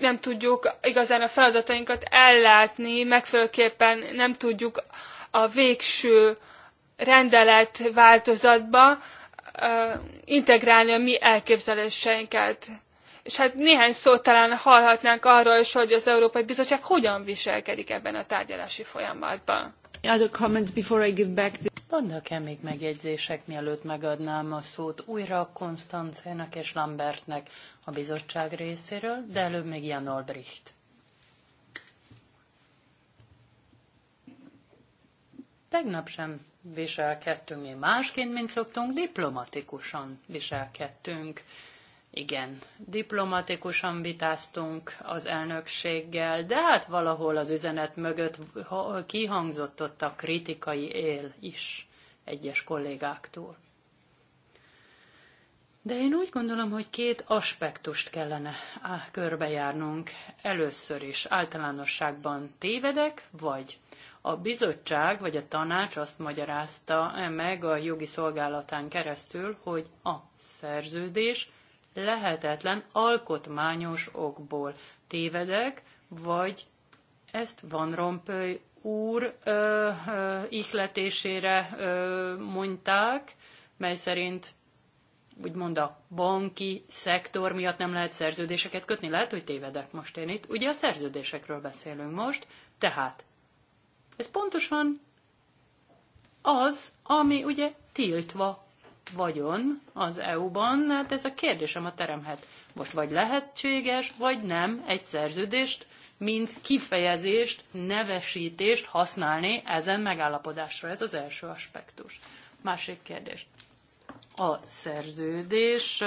nem tudjuk igazán a feladatainkat ellátni, megfelelőképpen nem tudjuk a végső rendelet változatba integrálni a mi elképzeléseinket. És hát néhány szót talán hallhatnánk arról is, hogy az Európai Bizottság hogyan viselkedik ebben a tárgyalási folyamatban. Vannak-e még megjegyzések, mielőtt megadnám a szót újra Konstancénak és Lambertnek a bizottság részéről, de előbb még Jan Olbricht. Tegnap sem viselkedtünk mi másként, mint szoktunk, diplomatikusan viselkedtünk igen, diplomatikusan vitáztunk az elnökséggel, de hát valahol az üzenet mögött kihangzott ott a kritikai él is egyes kollégáktól. De én úgy gondolom, hogy két aspektust kellene körbejárnunk. Először is általánosságban tévedek, vagy a bizottság vagy a tanács azt magyarázta meg a jogi szolgálatán keresztül, hogy a szerződés lehetetlen alkotmányos okból. Tévedek, vagy ezt Van Rompuy úr ö, ö, ihletésére ö, mondták, mely szerint úgymond a banki szektor miatt nem lehet szerződéseket kötni. Lehet, hogy tévedek most én itt. Ugye a szerződésekről beszélünk most, tehát ez pontosan az, ami ugye tiltva vagyon az EU-ban, hát ez a kérdésem a teremhet. Most vagy lehetséges, vagy nem egy szerződést, mint kifejezést, nevesítést használni ezen megállapodásra. Ez az első aspektus. Másik kérdés a szerződés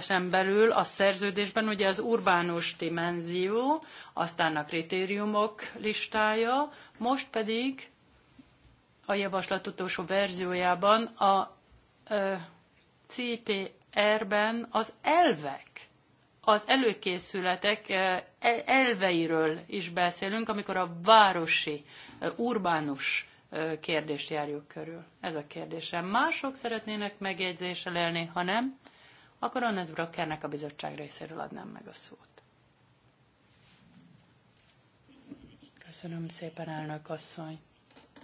sem belül, a szerződésben ugye az urbánus dimenzió, aztán a kritériumok listája, most pedig a javaslat utolsó verziójában a CPR-ben az elvek, az előkészületek e, elveiről is beszélünk, amikor a városi, urbánus kérdést járjuk körül. Ez a kérdésem. Mások szeretnének megjegyzéssel élni, ha nem, akkor Annesz Brockernek a bizottság részéről adnám meg a szót. Köszönöm szépen, elnök asszony.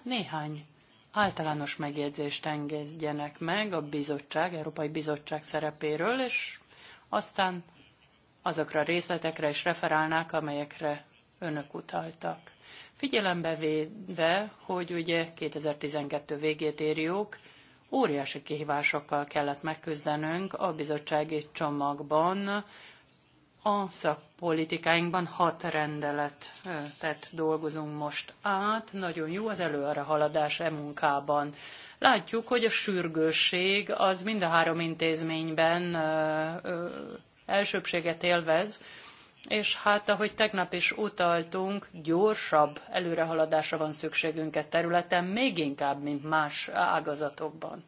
Néhány általános megjegyzést engedjenek meg a bizottság, Európai Bizottság szerepéről, és aztán azokra a részletekre is referálnák, amelyekre önök utaltak. Figyelembe véve, hogy ugye 2012 végét érjük, óriási kihívásokkal kellett megküzdenünk a bizottsági csomagban a szakpolitikáinkban hat rendeletet dolgozunk most át, nagyon jó az előre haladás e munkában. Látjuk, hogy a sürgősség az mind a három intézményben elsőbséget élvez, és hát, ahogy tegnap is utaltunk, gyorsabb előrehaladásra van szükségünk szükségünket területen, még inkább, mint más ágazatokban.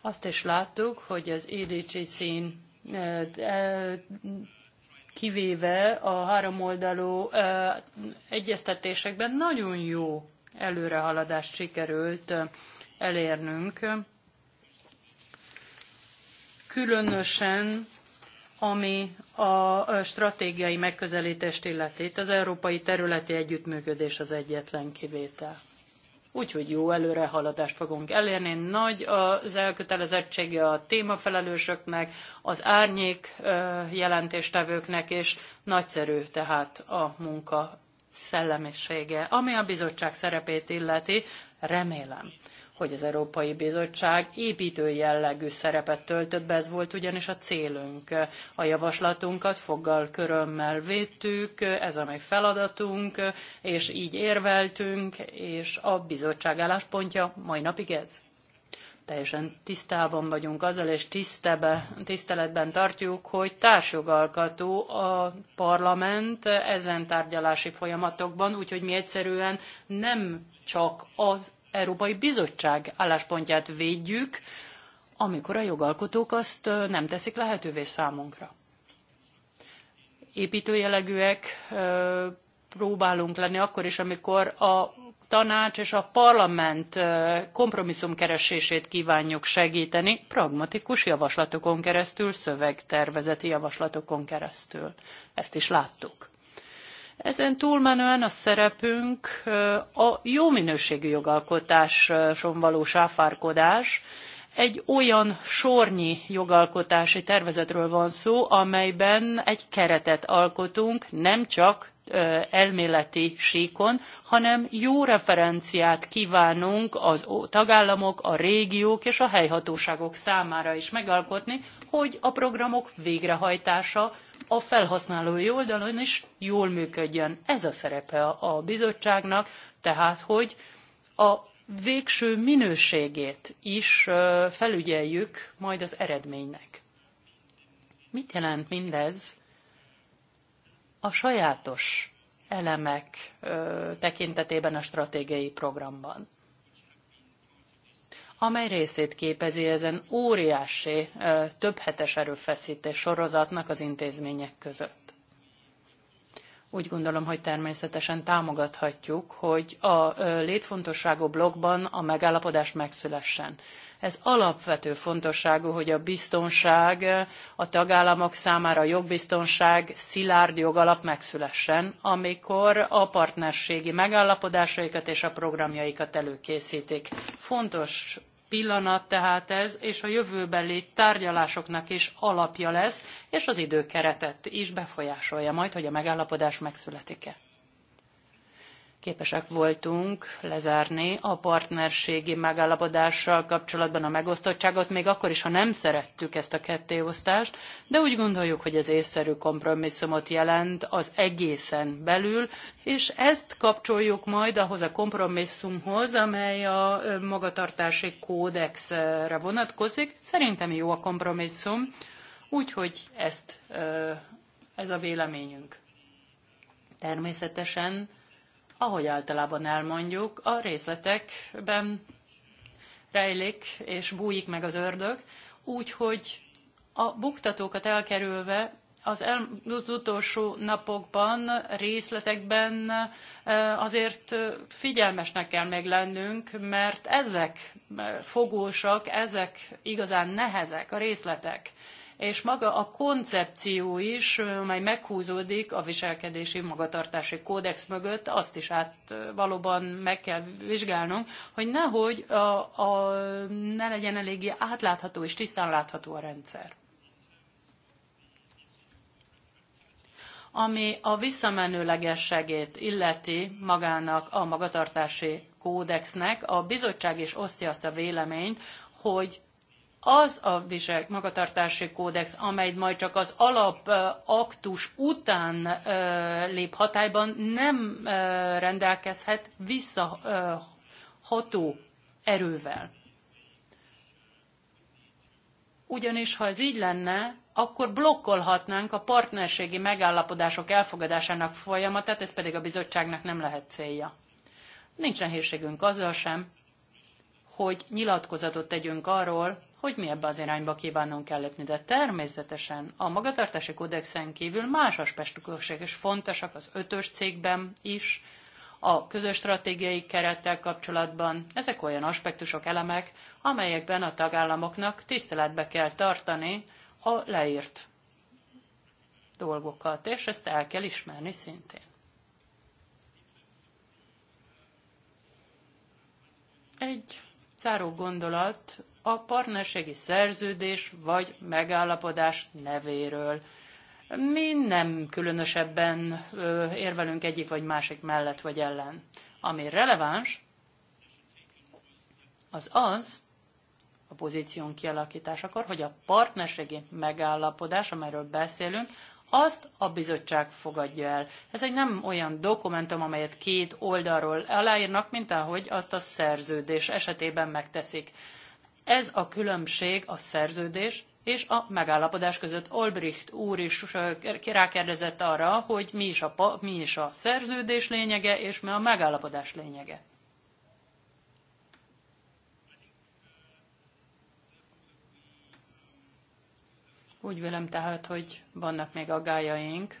Azt is láttuk, hogy az EDG szín kivéve a háromoldalú egyeztetésekben nagyon jó előrehaladást sikerült elérnünk. Különösen ami a stratégiai megközelítést illeti. Itt az európai területi együttműködés az egyetlen kivétel úgyhogy jó előrehaladást fogunk elérni. Nagy az elkötelezettsége a témafelelősöknek, az árnyék jelentéstevőknek, és nagyszerű tehát a munka szellemisége. Ami a bizottság szerepét illeti, remélem, hogy az Európai Bizottság építő jellegű szerepet töltött be, ez volt ugyanis a célunk. A javaslatunkat foggal körömmel védtük, ez a mi feladatunk, és így érveltünk, és a bizottság álláspontja mai napig ez teljesen tisztában vagyunk azzal, és tisztebe, tiszteletben tartjuk, hogy társjogalkató a parlament ezen tárgyalási folyamatokban, úgyhogy mi egyszerűen nem csak az Európai Bizottság álláspontját védjük, amikor a jogalkotók azt nem teszik lehetővé számunkra. Építőjelegűek próbálunk lenni akkor is, amikor a tanács és a parlament kompromisszumkeresését keresését kívánjuk segíteni, pragmatikus javaslatokon keresztül, szövegtervezeti javaslatokon keresztül. Ezt is láttuk. Ezen túlmenően a szerepünk a jó minőségű jogalkotáson való sáfárkodás, egy olyan sornyi jogalkotási tervezetről van szó, amelyben egy keretet alkotunk nem csak elméleti síkon, hanem jó referenciát kívánunk az tagállamok, a régiók és a helyhatóságok számára is megalkotni, hogy a programok végrehajtása a felhasználói oldalon is jól működjön. Ez a szerepe a bizottságnak, tehát hogy a végső minőségét is felügyeljük majd az eredménynek. Mit jelent mindez a sajátos elemek tekintetében a stratégiai programban amely részét képezi ezen óriási többhetes erőfeszítés sorozatnak az intézmények között úgy gondolom, hogy természetesen támogathatjuk, hogy a létfontosságú blogban a megállapodás megszülessen. Ez alapvető fontosságú, hogy a biztonság a tagállamok számára a jogbiztonság szilárd jogalap megszülessen, amikor a partnerségi megállapodásaikat és a programjaikat előkészítik. Fontos pillanat tehát ez, és a jövőbeli tárgyalásoknak is alapja lesz, és az időkeretet is befolyásolja majd, hogy a megállapodás megszületik-e képesek voltunk lezárni a partnerségi megállapodással kapcsolatban a megosztottságot, még akkor is, ha nem szerettük ezt a kettéosztást, de úgy gondoljuk, hogy ez észszerű kompromisszumot jelent az egészen belül, és ezt kapcsoljuk majd ahhoz a kompromisszumhoz, amely a magatartási kódexre vonatkozik. Szerintem jó a kompromisszum, úgyhogy ezt, ez a véleményünk. Természetesen ahogy általában elmondjuk, a részletekben rejlik és bújik meg az ördög, úgyhogy a buktatókat elkerülve az, el, az utolsó napokban, részletekben e, azért figyelmesnek kell meglennünk lennünk, mert ezek fogósak, ezek igazán nehezek, a részletek és maga a koncepció is, mely meghúzódik a viselkedési magatartási kódex mögött, azt is át valóban meg kell vizsgálnunk, hogy nehogy a, a, ne legyen eléggé átlátható és tisztán látható a rendszer. Ami a visszamenőlegességét illeti magának a magatartási kódexnek, a bizottság is osztja azt a véleményt, hogy az a visel, magatartási kódex, amely majd csak az alapaktus után lép hatályban, nem rendelkezhet visszaható erővel. Ugyanis, ha ez így lenne, akkor blokkolhatnánk a partnerségi megállapodások elfogadásának folyamatát, ez pedig a bizottságnak nem lehet célja. Nincs nehézségünk azzal sem, hogy nyilatkozatot tegyünk arról, hogy mi ebbe az irányba kívánunk ellépni, de természetesen a magatartási kódexen kívül más aspektusok is fontosak az ötös cégben is, a közös stratégiai kerettel kapcsolatban. Ezek olyan aspektusok, elemek, amelyekben a tagállamoknak tiszteletbe kell tartani a leírt dolgokat, és ezt el kell ismerni szintén. Egy záró gondolat a partnerségi szerződés vagy megállapodás nevéről. Mi nem különösebben érvelünk egyik vagy másik mellett vagy ellen. Ami releváns, az az, a pozíción kialakításakor, hogy a partnerségi megállapodás, amelyről beszélünk, azt a bizottság fogadja el. Ez egy nem olyan dokumentum, amelyet két oldalról aláírnak, mint ahogy azt a szerződés esetében megteszik. Ez a különbség a szerződés és a megállapodás között. Olbricht úr is rákérdezett arra, hogy mi is, a, mi is a szerződés lényege, és mi a megállapodás lényege. Úgy vélem tehát, hogy vannak még aggájaink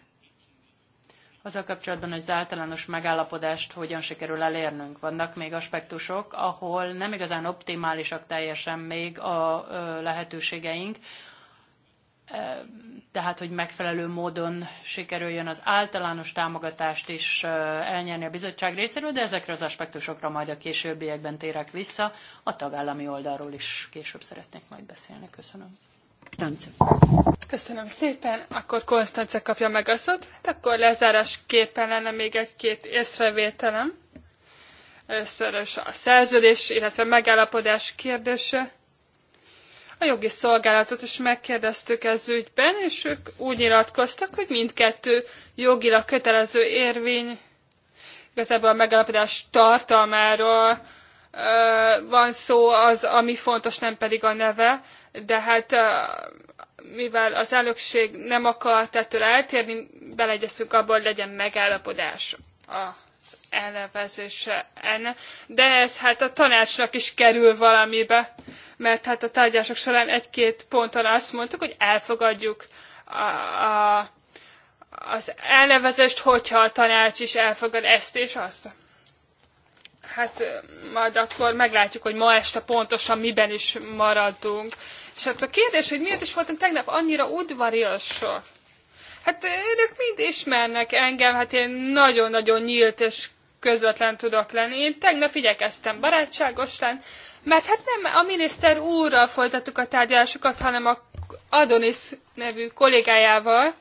azzal kapcsolatban, hogy az általános megállapodást hogyan sikerül elérnünk. Vannak még aspektusok, ahol nem igazán optimálisak teljesen még a lehetőségeink, tehát, hogy megfelelő módon sikerüljön az általános támogatást is elnyerni a bizottság részéről, de ezekre az aspektusokra majd a későbbiekben térek vissza. A tagállami oldalról is később szeretnék majd beszélni. Köszönöm. Köszönöm szépen, akkor Konstance kapja meg a szót. Hát akkor lezárásképpen lenne még egy-két észrevételem. Először is a szerződés, illetve megállapodás kérdése. A jogi szolgálatot is megkérdeztük ez ügyben, és ők úgy nyilatkoztak, hogy mindkettő jogilag kötelező érvény igazából a megállapodás tartalmáról van szó az, ami fontos, nem pedig a neve de hát mivel az elnökség nem akart ettől eltérni, beleegyeztünk abba, hogy legyen megállapodás az elnevezése enne. De ez hát a tanácsnak is kerül valamibe, mert hát a tárgyások során egy-két ponton azt mondtuk, hogy elfogadjuk a, a, az elnevezést, hogyha a tanács is elfogad ezt és azt hát majd akkor meglátjuk, hogy ma este pontosan miben is maradunk. És hát a kérdés, hogy miért is voltunk tegnap annyira udvariasok? Hát ők mind ismernek engem, hát én nagyon-nagyon nyílt és közvetlen tudok lenni. Én tegnap igyekeztem barátságos lenni, mert hát nem a miniszter úrral folytattuk a tárgyalásokat, hanem a Adonis nevű kollégájával,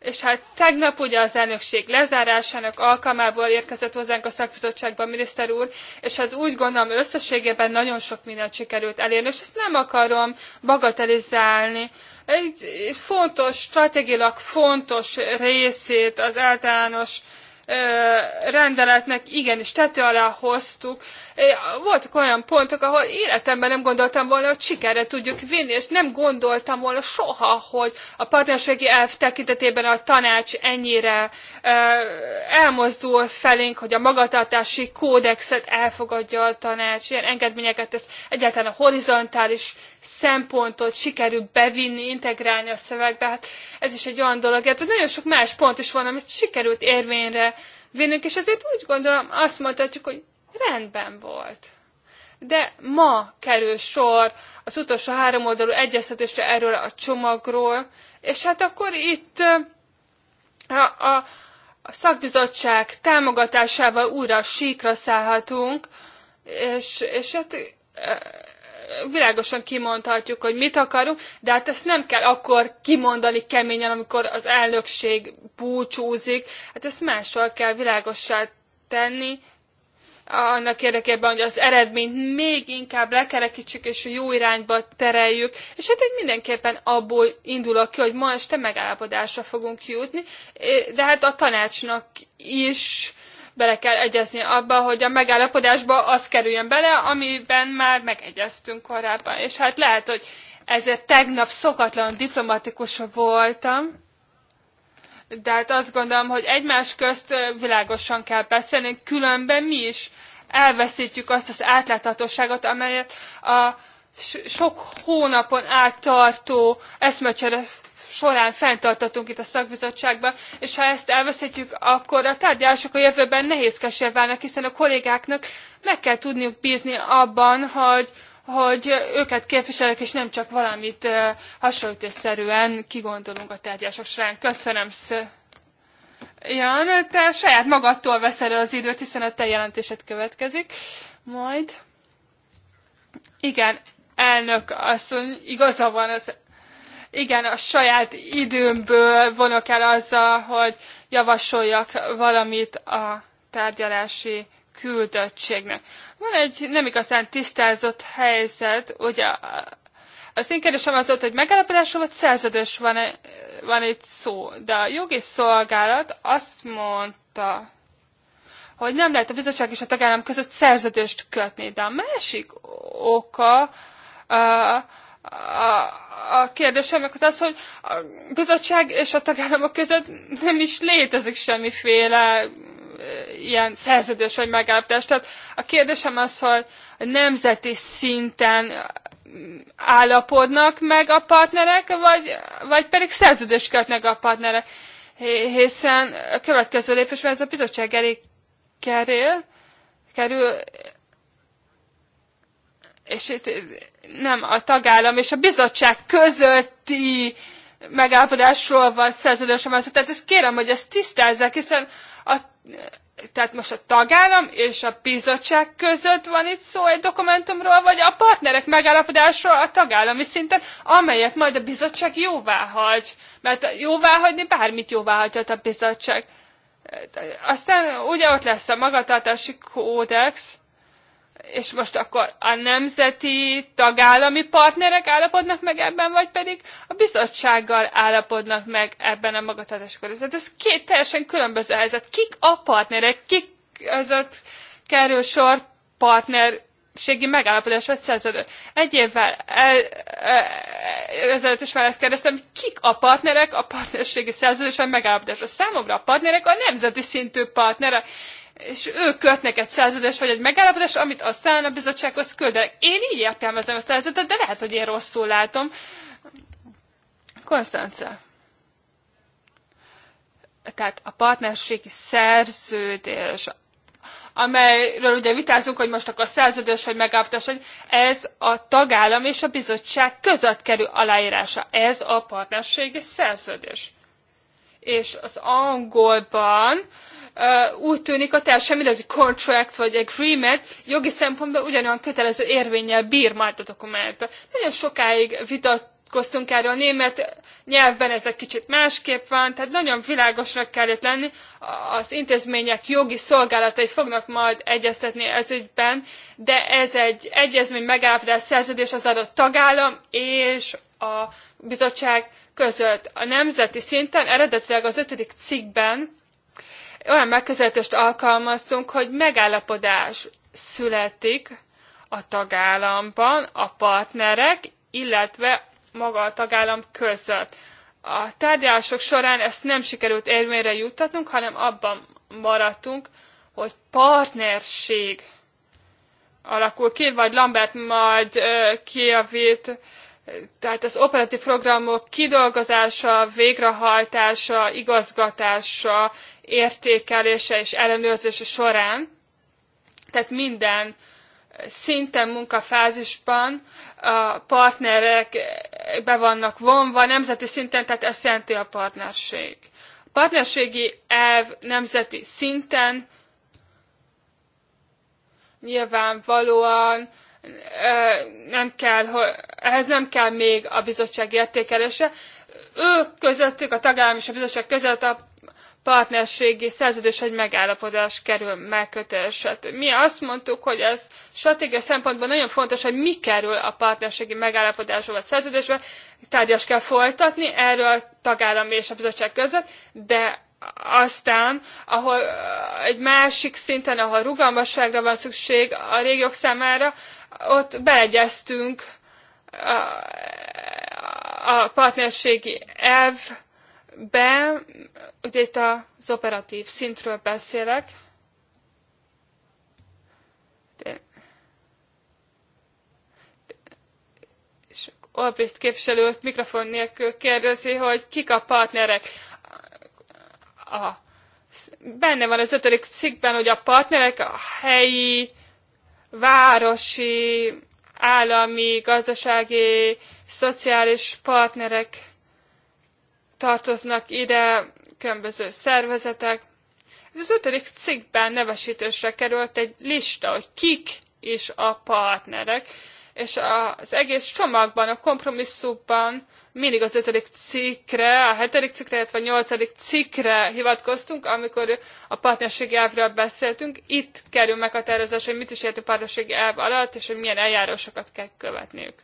és hát tegnap ugye az elnökség lezárásának alkalmából érkezett hozzánk a szakbizottságban miniszter úr, és hát úgy gondolom összességében nagyon sok mindent sikerült elérni, és ezt nem akarom bagatelizálni. Egy fontos, stratégilag fontos részét az általános rendeletnek igenis tető alá hoztuk. Voltak olyan pontok, ahol életemben nem gondoltam volna, hogy sikerre tudjuk vinni, és nem gondoltam volna soha, hogy a partnerségi elv tekintetében a tanács ennyire elmozdul felénk, hogy a magatartási kódexet elfogadja a tanács, ilyen engedményeket tesz, egyáltalán a horizontális szempontot sikerül bevinni, integrálni a szövegbe, hát ez is egy olyan dolog. Hát nagyon sok más pont is van, amit sikerült érvényre vinnünk, és azért úgy gondolom, azt mondhatjuk, hogy rendben volt. De ma kerül sor az utolsó három oldalú egyeztetésre erről a csomagról, és hát akkor itt a, a, a szakbizottság támogatásával újra síkra szállhatunk, és, és hát világosan kimondhatjuk, hogy mit akarunk, de hát ezt nem kell akkor kimondani keményen, amikor az elnökség búcsúzik. Hát ezt máshol kell világossá tenni, annak érdekében, hogy az eredményt még inkább lekerekítsük és jó irányba tereljük. És hát egy mindenképpen abból indulok ki, hogy ma este megállapodásra fogunk jutni, de hát a tanácsnak is bele kell egyezni abba, hogy a megállapodásba az kerüljön bele, amiben már megegyeztünk korábban. És hát lehet, hogy ezért tegnap szokatlan diplomatikus voltam, de hát azt gondolom, hogy egymás közt világosan kell beszélni, különben mi is elveszítjük azt az átláthatóságot, amelyet a sok hónapon át tartó eszmecsere során fenntartottunk itt a szakbizottságban, és ha ezt elveszítjük, akkor a tárgyalások a jövőben nehézkesé válnak, hiszen a kollégáknak meg kell tudniuk bízni abban, hogy, hogy őket képviselek, és nem csak valamit hasonlítésszerűen kigondolunk a tárgyalások során. Köszönöm szépen! Jan, te saját magadtól veszel el az időt, hiszen a te jelentésed következik. Majd. Igen, elnök asszony, igaza van az igen, a saját időmből vonok el azzal, hogy javasoljak valamit a tárgyalási küldöttségnek. Van egy nem igazán tisztázott helyzet, ugye az én kérdésem az volt, hogy megállapodásra vagy szerződés van, -e, van itt szó, de a jogi szolgálat azt mondta, hogy nem lehet a bizottság és a tagállam között szerződést kötni, de a másik oka, uh, a, a kérdésem az az, hogy a bizottság és a tagállamok között nem is létezik semmiféle ilyen szerződés vagy megállapodás. Tehát a kérdésem az, hogy nemzeti szinten állapodnak meg a partnerek, vagy, vagy pedig szerződést kötnek a partnerek. Hiszen a következő lépésben ez a bizottság elé kerül, kerül és itt nem a tagállam és a bizottság közötti megállapodásról van szerződésem az. Tehát ezt kérem, hogy ezt tisztázzák, hiszen a, tehát most a tagállam és a bizottság között van itt szó egy dokumentumról, vagy a partnerek megállapodásról a tagállami szinten, amelyet majd a bizottság jóvá hagy. Mert jóvá hagyni bármit jóvá hagyhat a bizottság. Aztán ugye ott lesz a magatartási kódex, és most akkor a nemzeti tagállami partnerek állapodnak meg ebben, vagy pedig a bizottsággal állapodnak meg ebben a magatartáskor. Ez, ez két teljesen különböző helyzet. Kik a partnerek, kik között kerül sor partnerségi megállapodás vagy szerződő. Egy évvel e, e, ezelőtt is választ kérdeztem, kik a partnerek a partnerségi szerződés vagy megállapodás. A számomra a partnerek a nemzeti szintű partnerek és ők kötnek egy szerződés vagy egy megállapodás, amit aztán a bizottsághoz küldenek. Én így értelmezem a szerződést, de lehet, hogy én rosszul látom. Konstance. Tehát a partnerségi szerződés, amelyről ugye vitázunk, hogy most akkor szerződés vagy megállapodás, hogy ez a tagállam és a bizottság között kerül aláírása. Ez a partnerségi szerződés. És az angolban úgy tűnik a társadalmi, mindegy, contract vagy agreement jogi szempontból ugyanolyan kötelező érvényel bír majd a dokumentum. Nagyon sokáig vitat vitatkoztunk erről. A német nyelvben ez egy kicsit másképp van, tehát nagyon világosnak kellett lenni. Az intézmények jogi szolgálatai fognak majd egyeztetni ez ügyben, de ez egy egyezmény megállapodás szerződés az adott tagállam és a bizottság között. A nemzeti szinten eredetileg az ötödik cikkben olyan megközelítést alkalmaztunk, hogy megállapodás születik a tagállamban a partnerek, illetve maga a tagállam között. A tárgyalások során ezt nem sikerült érvényre juttatnunk, hanem abban maradtunk, hogy partnerség alakul ki, vagy Lambert majd kiavít tehát az operatív programok kidolgozása, végrehajtása, igazgatása, értékelése és ellenőrzése során, tehát minden szinten munkafázisban a partnerek be vannak vonva, nemzeti szinten, tehát ezt jelenti a partnerség. A partnerségi elv nemzeti szinten nyilvánvalóan nem kell, ehhez nem kell még a bizottság értékelése. Ők közöttük, a tagállam és a bizottság között a partnerségi szerződés egy megállapodás kerül megkötésre. Hát mi azt mondtuk, hogy ez stratégiai szempontból nagyon fontos, hogy mi kerül a partnerségi megállapodásba vagy szerződésbe, tárgyas kell folytatni erről a tagállam és a bizottság között, de aztán, ahol egy másik szinten, ahol rugalmasságra van szükség a régiók számára, ott beleegyeztünk a, a partnerségi elvbe, ugye itt az operatív szintről beszélek, Albrecht képviselőt mikrofon nélkül kérdezi, hogy kik a partnerek. A, benne van az ötödik cikkben, hogy a partnerek a helyi városi, állami, gazdasági, szociális partnerek tartoznak ide, különböző szervezetek. az ötödik cikkben nevesítésre került egy lista, hogy kik is a partnerek, és az egész csomagban, a kompromisszumban mindig az ötödik cikkre, a hetedik cikkre, illetve a nyolcadik cikkre hivatkoztunk, amikor a partnerségi elvről beszéltünk. Itt kerül meghatározás, hogy mit is a partnerségi elv alatt, és hogy milyen eljárásokat kell követniük.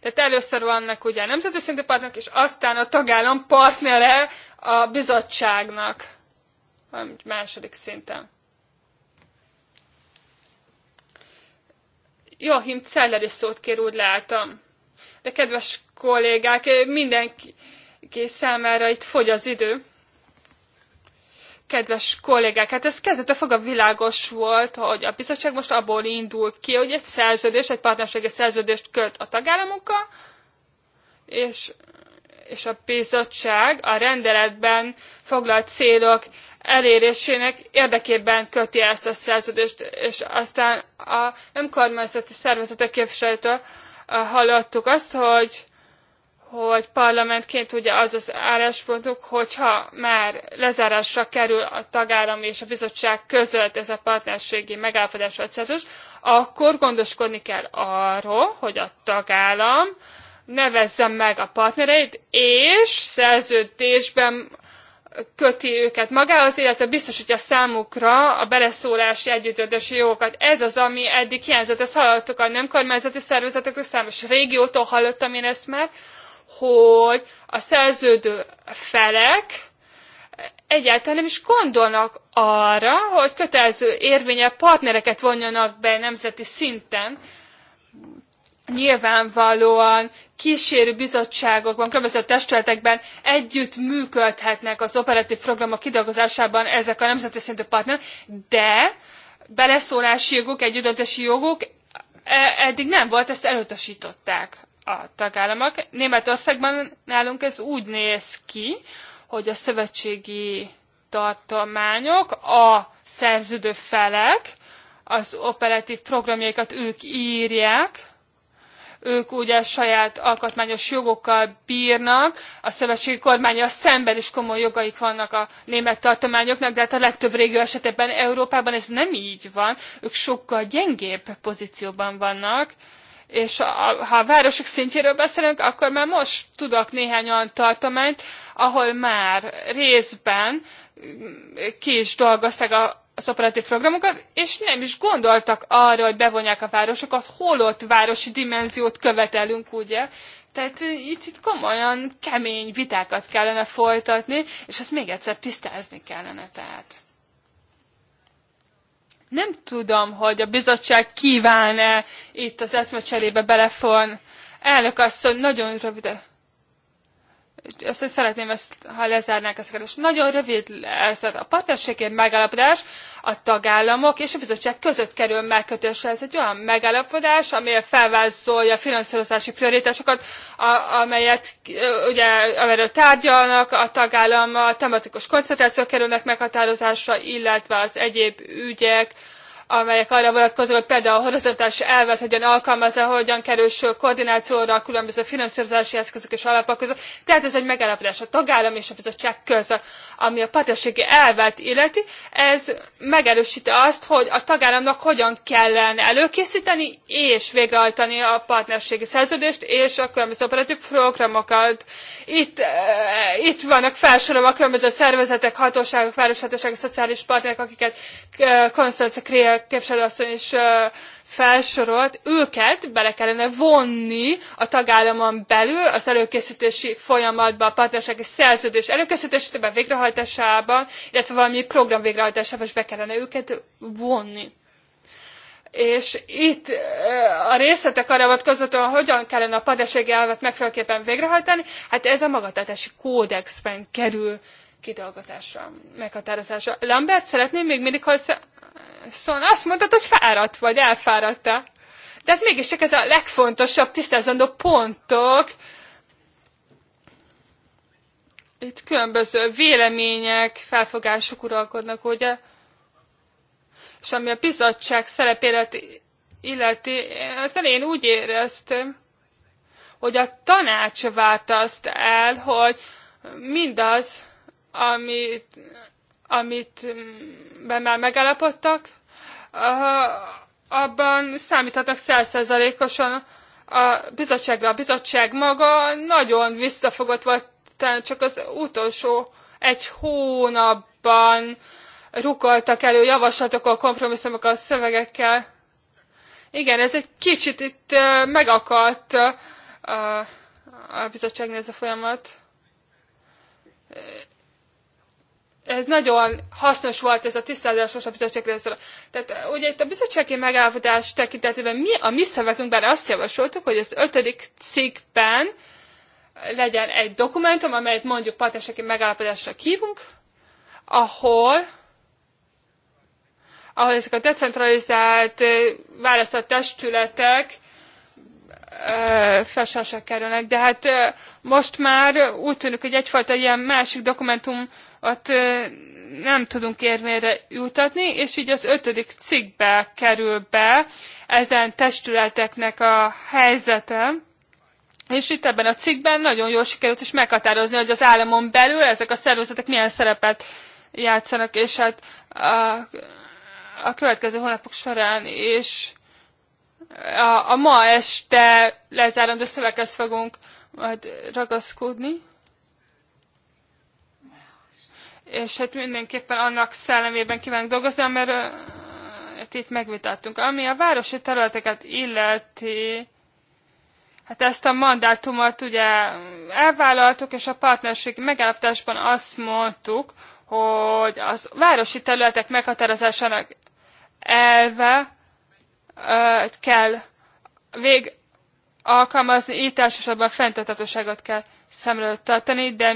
Tehát először vannak ugye nemzeti szintű partnerek, és aztán a tagállam partnere a bizottságnak, a második szinten. Joachim Celler is szót kér, úgy látom. De kedves kollégák, mindenki számára itt fogy az idő. Kedves kollégák, hát ez kezdete fogva világos volt, hogy a bizottság most abból indul ki, hogy egy szerződés, egy partnerségi szerződést köt a tagállamokkal, és és a bizottság a rendeletben foglalt célok elérésének érdekében köti ezt a szerződést, és aztán a önkormányzati szervezetek képviselőtől eh, hallottuk azt, hogy hogy parlamentként ugye az az álláspontunk, hogyha már lezárásra kerül a tagállam és a bizottság között ez a partnerségi megállapodás vagy szerződés, akkor gondoskodni kell arról, hogy a tagállam nevezze meg a partnereit, és szerződésben köti őket magához, illetve a számukra a beleszólási együttöntési jogokat. Ez az, ami eddig hiányzott. Ezt hallottuk a nem kormányzati szervezetektől, számos régiótól hallottam én ezt már, hogy a szerződő felek egyáltalán nem is gondolnak arra, hogy kötelező érvényel partnereket vonjanak be nemzeti szinten, nyilvánvalóan kísérő bizottságokban, különböző testületekben együtt működhetnek az operatív programok kidolgozásában ezek a nemzeti szintű partnerek, de beleszólási joguk, együttdöntési joguk e, eddig nem volt, ezt elutasították a tagállamok. Németországban nálunk ez úgy néz ki, hogy a szövetségi tartományok, a szerződő felek az operatív programjaikat ők írják, ők ugye saját alkotmányos jogokkal bírnak, a szövetségi kormánya szemben is komoly jogaik vannak a német tartományoknak, de hát a legtöbb régió esetében Európában ez nem így van, ők sokkal gyengébb pozícióban vannak, és a, ha a városok szintjéről beszélünk, akkor már most tudok néhány olyan tartományt, ahol már részben ki is dolgozták a az operatív programokat, és nem is gondoltak arra, hogy bevonják a városokat, holott városi dimenziót követelünk, ugye? Tehát itt, itt komolyan kemény vitákat kellene folytatni, és ezt még egyszer tisztázni kellene tehát. Nem tudom, hogy a bizottság kíván-e itt az eszmecserébe belefon. Elnök asszony, nagyon röviden azt szeretném, ezt, ha lezárnánk ezeket. És nagyon rövid ez a partnerségért megállapodás, a tagállamok és a bizottság között kerül megkötésre. Ez egy olyan megállapodás, amely felvázolja a finanszírozási prioritásokat, a, amelyet ugye, amelyről tárgyalnak a tagállam, a tematikus koncentrációk kerülnek meghatározásra, illetve az egyéb ügyek, amelyek arra vonatkoznak, hogy például a horizontális elvet hogyan alkalmazza, hogyan kerül koordinációra a különböző finanszírozási eszközök és alapok között. Tehát ez egy megállapodás a tagállam és a bizottság között, ami a partnerségi elvet illeti. Ez megerősíti azt, hogy a tagállamnak hogyan kellene előkészíteni és végrehajtani a partnerségi szerződést és a különböző operatív programokat. Itt, eh, itt vannak felsorolva a különböző szervezetek, hatóságok, városhatóságok, szociális partnerek, akiket Konstantin eh, Kriel képviselőasszony is felsorolt, őket bele kellene vonni a tagállamon belül az előkészítési folyamatban, a partnersági szerződés előkészítésében, végrehajtásában, illetve valami program végrehajtásában is be kellene őket vonni és itt a részletek arra vonatkozóan, hogyan kellene a partnerségi elvet megfelelőképpen végrehajtani, hát ez a magatartási kódexben kerül kidolgozásra, meghatározásra. Lambert, szeretném még mindig hozzá szóval azt mondtad, hogy fáradt vagy, elfáradta. De hát csak ez a legfontosabb tisztázandó pontok. Itt különböző vélemények, felfogások uralkodnak, ugye? És ami a bizottság szerepélet illeti, aztán én úgy éreztem, hogy a tanács várt azt el, hogy mindaz, amit amit már mm, megállapodtak, eh, abban számíthatnak százszerzalékosan a bizottságra. A bizottság maga nagyon visszafogott volt, talán csak az utolsó egy hónapban rukoltak elő javaslatokkal, kompromisszumokkal, szövegekkel. Igen, ez egy kicsit itt eh, megakadt eh, a, a bizottságnál ez a folyamat ez nagyon hasznos volt ez a tisztázásos a bizottság részéről. Tehát ugye itt a bizottsági megállapodás tekintetében mi a mi szövegünkben azt javasoltuk, hogy az ötödik cikkben legyen egy dokumentum, amelyet mondjuk partnerségi megállapodásra kívunk, ahol ahol ezek a decentralizált választott testületek felsorolásra kerülnek. De hát most már úgy tűnik, hogy egyfajta ilyen másik dokumentum ott nem tudunk érvényre jutatni, és így az ötödik cikkbe kerül be ezen testületeknek a helyzete, és itt ebben a cikkben nagyon jól sikerült is meghatározni, hogy az államon belül ezek a szervezetek milyen szerepet játszanak, és hát a, a következő hónapok során is a, a ma este lezárandó szöveghez fogunk majd ragaszkodni és hát mindenképpen annak szellemében kívánok dolgozni, mert hát itt megvitattunk. Ami a városi területeket illeti, hát ezt a mandátumot ugye elvállaltuk, és a partnerségi megállapításban azt mondtuk, hogy a városi területek meghatározásának elve ö, kell vég alkalmazni, itt elsősorban fenntartatóságot kell szemről tartani, de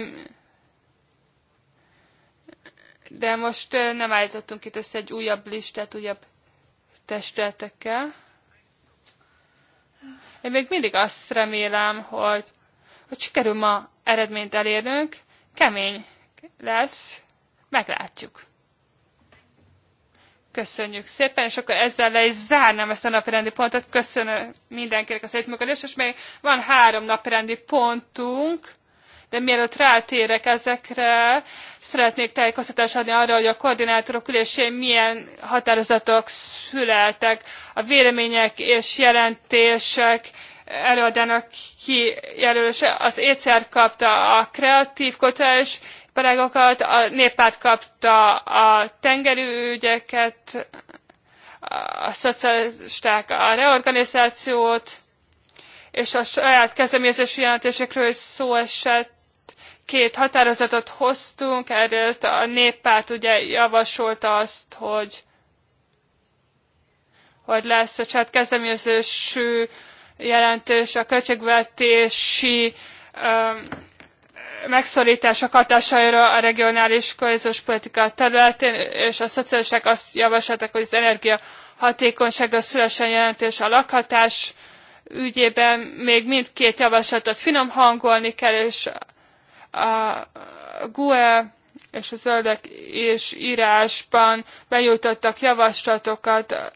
de most nem állítottunk itt össze egy újabb listát, újabb testületekkel. Én még mindig azt remélem, hogy, hogy sikerül ma eredményt elérnünk, kemény lesz, meglátjuk. Köszönjük szépen, és akkor ezzel le is zárnám ezt a napirendi pontot. Köszönöm mindenkinek a együttműködést, és még van három napirendi pontunk. De mielőtt rátérek ezekre, szeretnék tájékoztatást adni arra, hogy a koordinátorok ülésén milyen határozatok születtek. A vélemények és jelentések előadának kijelölése. Az ECR kapta a kreatív kotás parágokat, a néppárt kapta a tengeri ügyeket, a szocialisták a reorganizációt, és a saját kezdeményezési jelentésekről is szó esett két határozatot hoztunk, egyrészt a néppárt ugye javasolta azt, hogy, hogy lesz a csát kezdeményezésű jelentés a költségvetési um, megszorítások hatásaira a regionális kohéziós politika területén, és a szocialisták azt javasolták, hogy az energia hatékonyságra szülesen jelentés a lakhatás ügyében még mindkét javaslatot finom hangolni kell, és a GUE és a zöldek és írásban benyújtottak javaslatokat,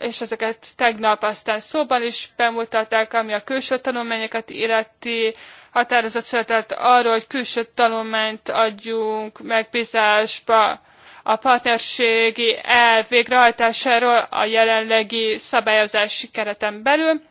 és ezeket tegnap aztán szóban is bemutatták, ami a külső tanulmányokat illeti, határozat született arról, hogy külső tanulmányt adjunk megbízásba a partnerségi elv végrehajtásáról a jelenlegi szabályozási kereten belül.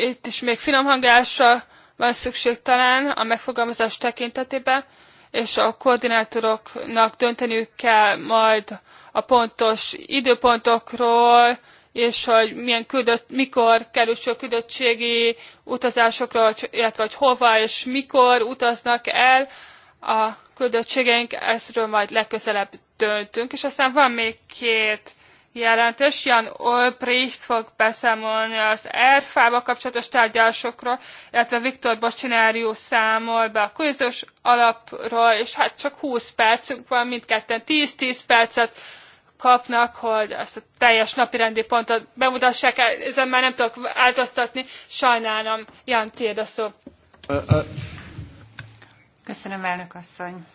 Itt is még finom hangással van szükség talán a megfogalmazás tekintetében, és a koordinátoroknak dönteniük kell majd a pontos időpontokról, és hogy milyen küldött, mikor kerül a küldöttségi utazásokra, illetve hogy hova és mikor utaznak el a küldöttségeink, ezről majd legközelebb döntünk. És aztán van még két jelentős. Jan Olbricht fog beszámolni az erfa kapcsolatos tárgyalásokról, illetve Viktor Bocsinárió számol be a közös alapról, és hát csak 20 percünk van, mindketten 10-10 percet kapnak, hogy ezt a teljes napirendi pontot bemutassák, ezen már nem tudok változtatni, sajnálom, Jan, tiéd a szó. Köszönöm, elnök asszony.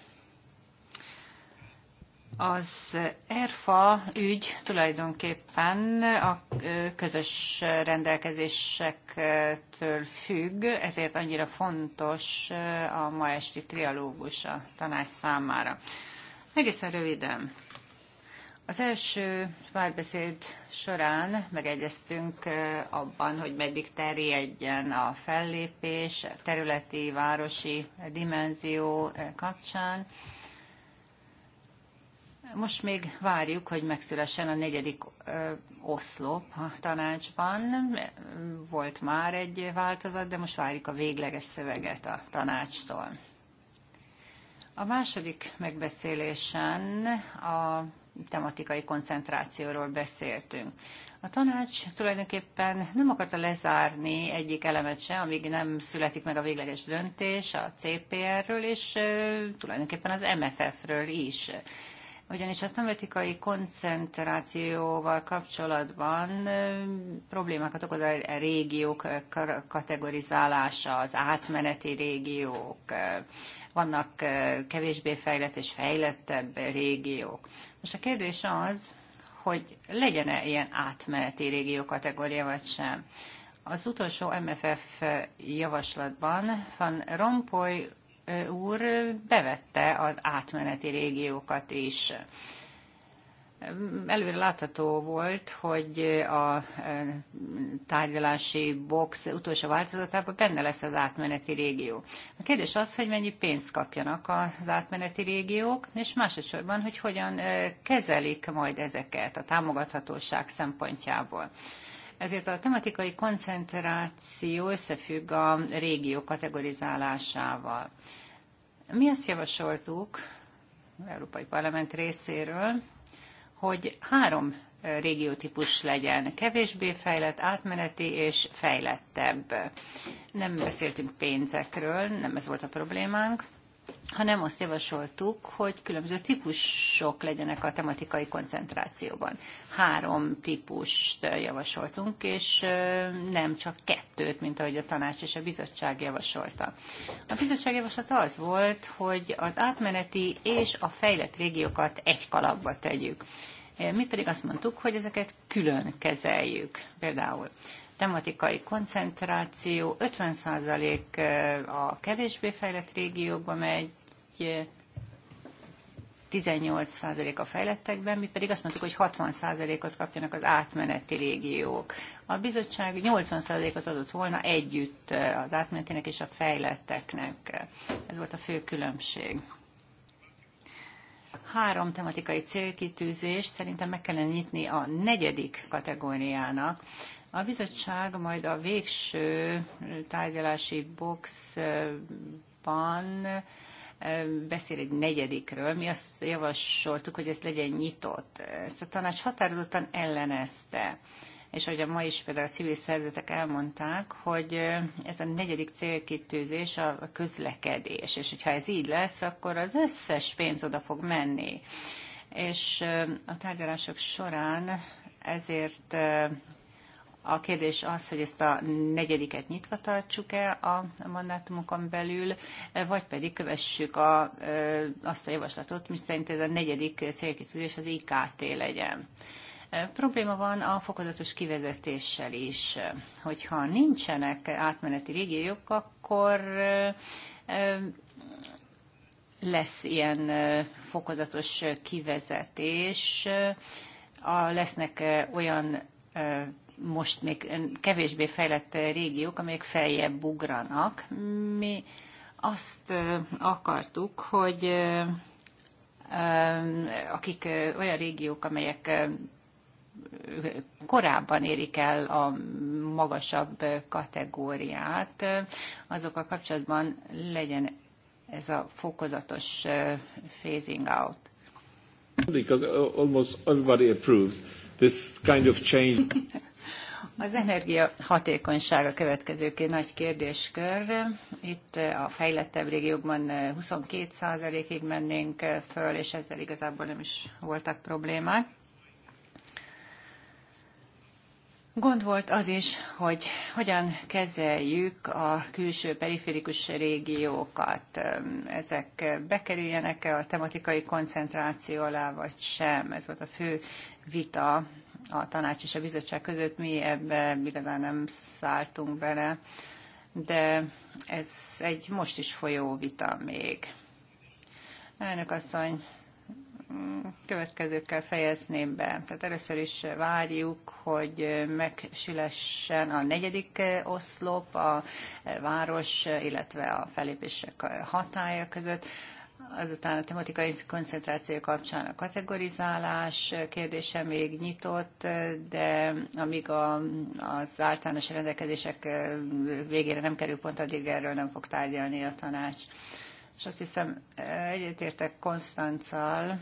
Az ERFA ügy tulajdonképpen a közös rendelkezésektől függ, ezért annyira fontos a ma esti trialógus a tanács számára. Egészen röviden. Az első párbeszéd során megegyeztünk abban, hogy meddig terjedjen a fellépés területi, városi dimenzió kapcsán most még várjuk, hogy megszülessen a negyedik oszlop a tanácsban. Volt már egy változat, de most várjuk a végleges szöveget a tanácstól. A második megbeszélésen a tematikai koncentrációról beszéltünk. A tanács tulajdonképpen nem akarta lezárni egyik elemet se, amíg nem születik meg a végleges döntés a CPR-ről, és tulajdonképpen az MFF-ről is ugyanis a tematikai koncentrációval kapcsolatban problémákat okoz a régiók kategorizálása, az átmeneti régiók, vannak kevésbé fejlett és fejlettebb régiók. Most a kérdés az, hogy legyen-e ilyen átmeneti régió kategória, vagy sem. Az utolsó MFF javaslatban Van Rompuy úr bevette az átmeneti régiókat is. Előre látható volt, hogy a e, tárgyalási box utolsó változatában benne lesz az átmeneti régió. A kérdés az, hogy mennyi pénzt kapjanak az átmeneti régiók, és másodszorban, hogy hogyan e, kezelik majd ezeket a támogathatóság szempontjából ezért a tematikai koncentráció összefügg a régió kategorizálásával. Mi azt javasoltuk Európai Parlament részéről, hogy három régiótípus legyen, kevésbé fejlett, átmeneti és fejlettebb. Nem beszéltünk pénzekről, nem ez volt a problémánk, hanem azt javasoltuk, hogy különböző típusok legyenek a tematikai koncentrációban. Három típust javasoltunk, és nem csak kettőt, mint ahogy a tanács és a bizottság javasolta. A bizottság javaslata az volt, hogy az átmeneti és a fejlett régiókat egy kalapba tegyük. Mi pedig azt mondtuk, hogy ezeket külön kezeljük. Például tematikai koncentráció 50% a kevésbé fejlett régiókba megy, hogy 18% a fejlettekben, mi pedig azt mondtuk, hogy 60%-ot kapjanak az átmeneti régiók. A bizottság 80%-ot adott volna együtt az átmenetinek és a fejletteknek. Ez volt a fő különbség. Három tematikai célkitűzést szerintem meg kellene nyitni a negyedik kategóriának. A bizottság majd a végső tárgyalási boxban beszél egy negyedikről. Mi azt javasoltuk, hogy ez legyen nyitott. Ezt a tanács határozottan ellenezte és ahogy a ma is például a civil szervezetek elmondták, hogy ez a negyedik célkitűzés a közlekedés, és hogyha ez így lesz, akkor az összes pénz oda fog menni. És a tárgyalások során ezért a kérdés az, hogy ezt a negyediket nyitva tartsuk-e a mandátumokon belül, vagy pedig kövessük a, azt a javaslatot, miszerint ez a negyedik célkitűzés az IKT legyen. Probléma van a fokozatos kivezetéssel is. Hogyha nincsenek átmeneti régiók, akkor lesz ilyen fokozatos kivezetés, lesznek olyan most még kevésbé fejlett régiók, amelyek feljebb ugranak. Mi azt akartuk, hogy akik olyan régiók, amelyek korábban érik el a magasabb kategóriát, azokkal kapcsolatban legyen ez a fokozatos phasing out. Because almost everybody approves this kind of change. Az energia hatékonysága következőké nagy kérdéskör. Itt a fejlettebb régiókban 22%-ig eh, mennénk eh, föl, és ezzel igazából nem is voltak problémák. Gond volt az is, hogy hogyan kezeljük a külső periférikus régiókat. Eh, ezek bekerüljenek-e a tematikai koncentráció alá, vagy sem? Ez volt a fő vita a tanács és a bizottság között, mi ebbe igazán nem szálltunk bele, de ez egy most is folyó vita még. Elnök asszony, következőkkel fejezném be. Tehát először is várjuk, hogy megsülessen a negyedik oszlop a város, illetve a felépések hatája között azután a tematikai koncentráció kapcsán a kategorizálás kérdése még nyitott, de amíg a, az általános rendelkezések végére nem kerül pont, addig erről nem fog tárgyalni a tanács. És azt hiszem, egyetértek Konstanccal,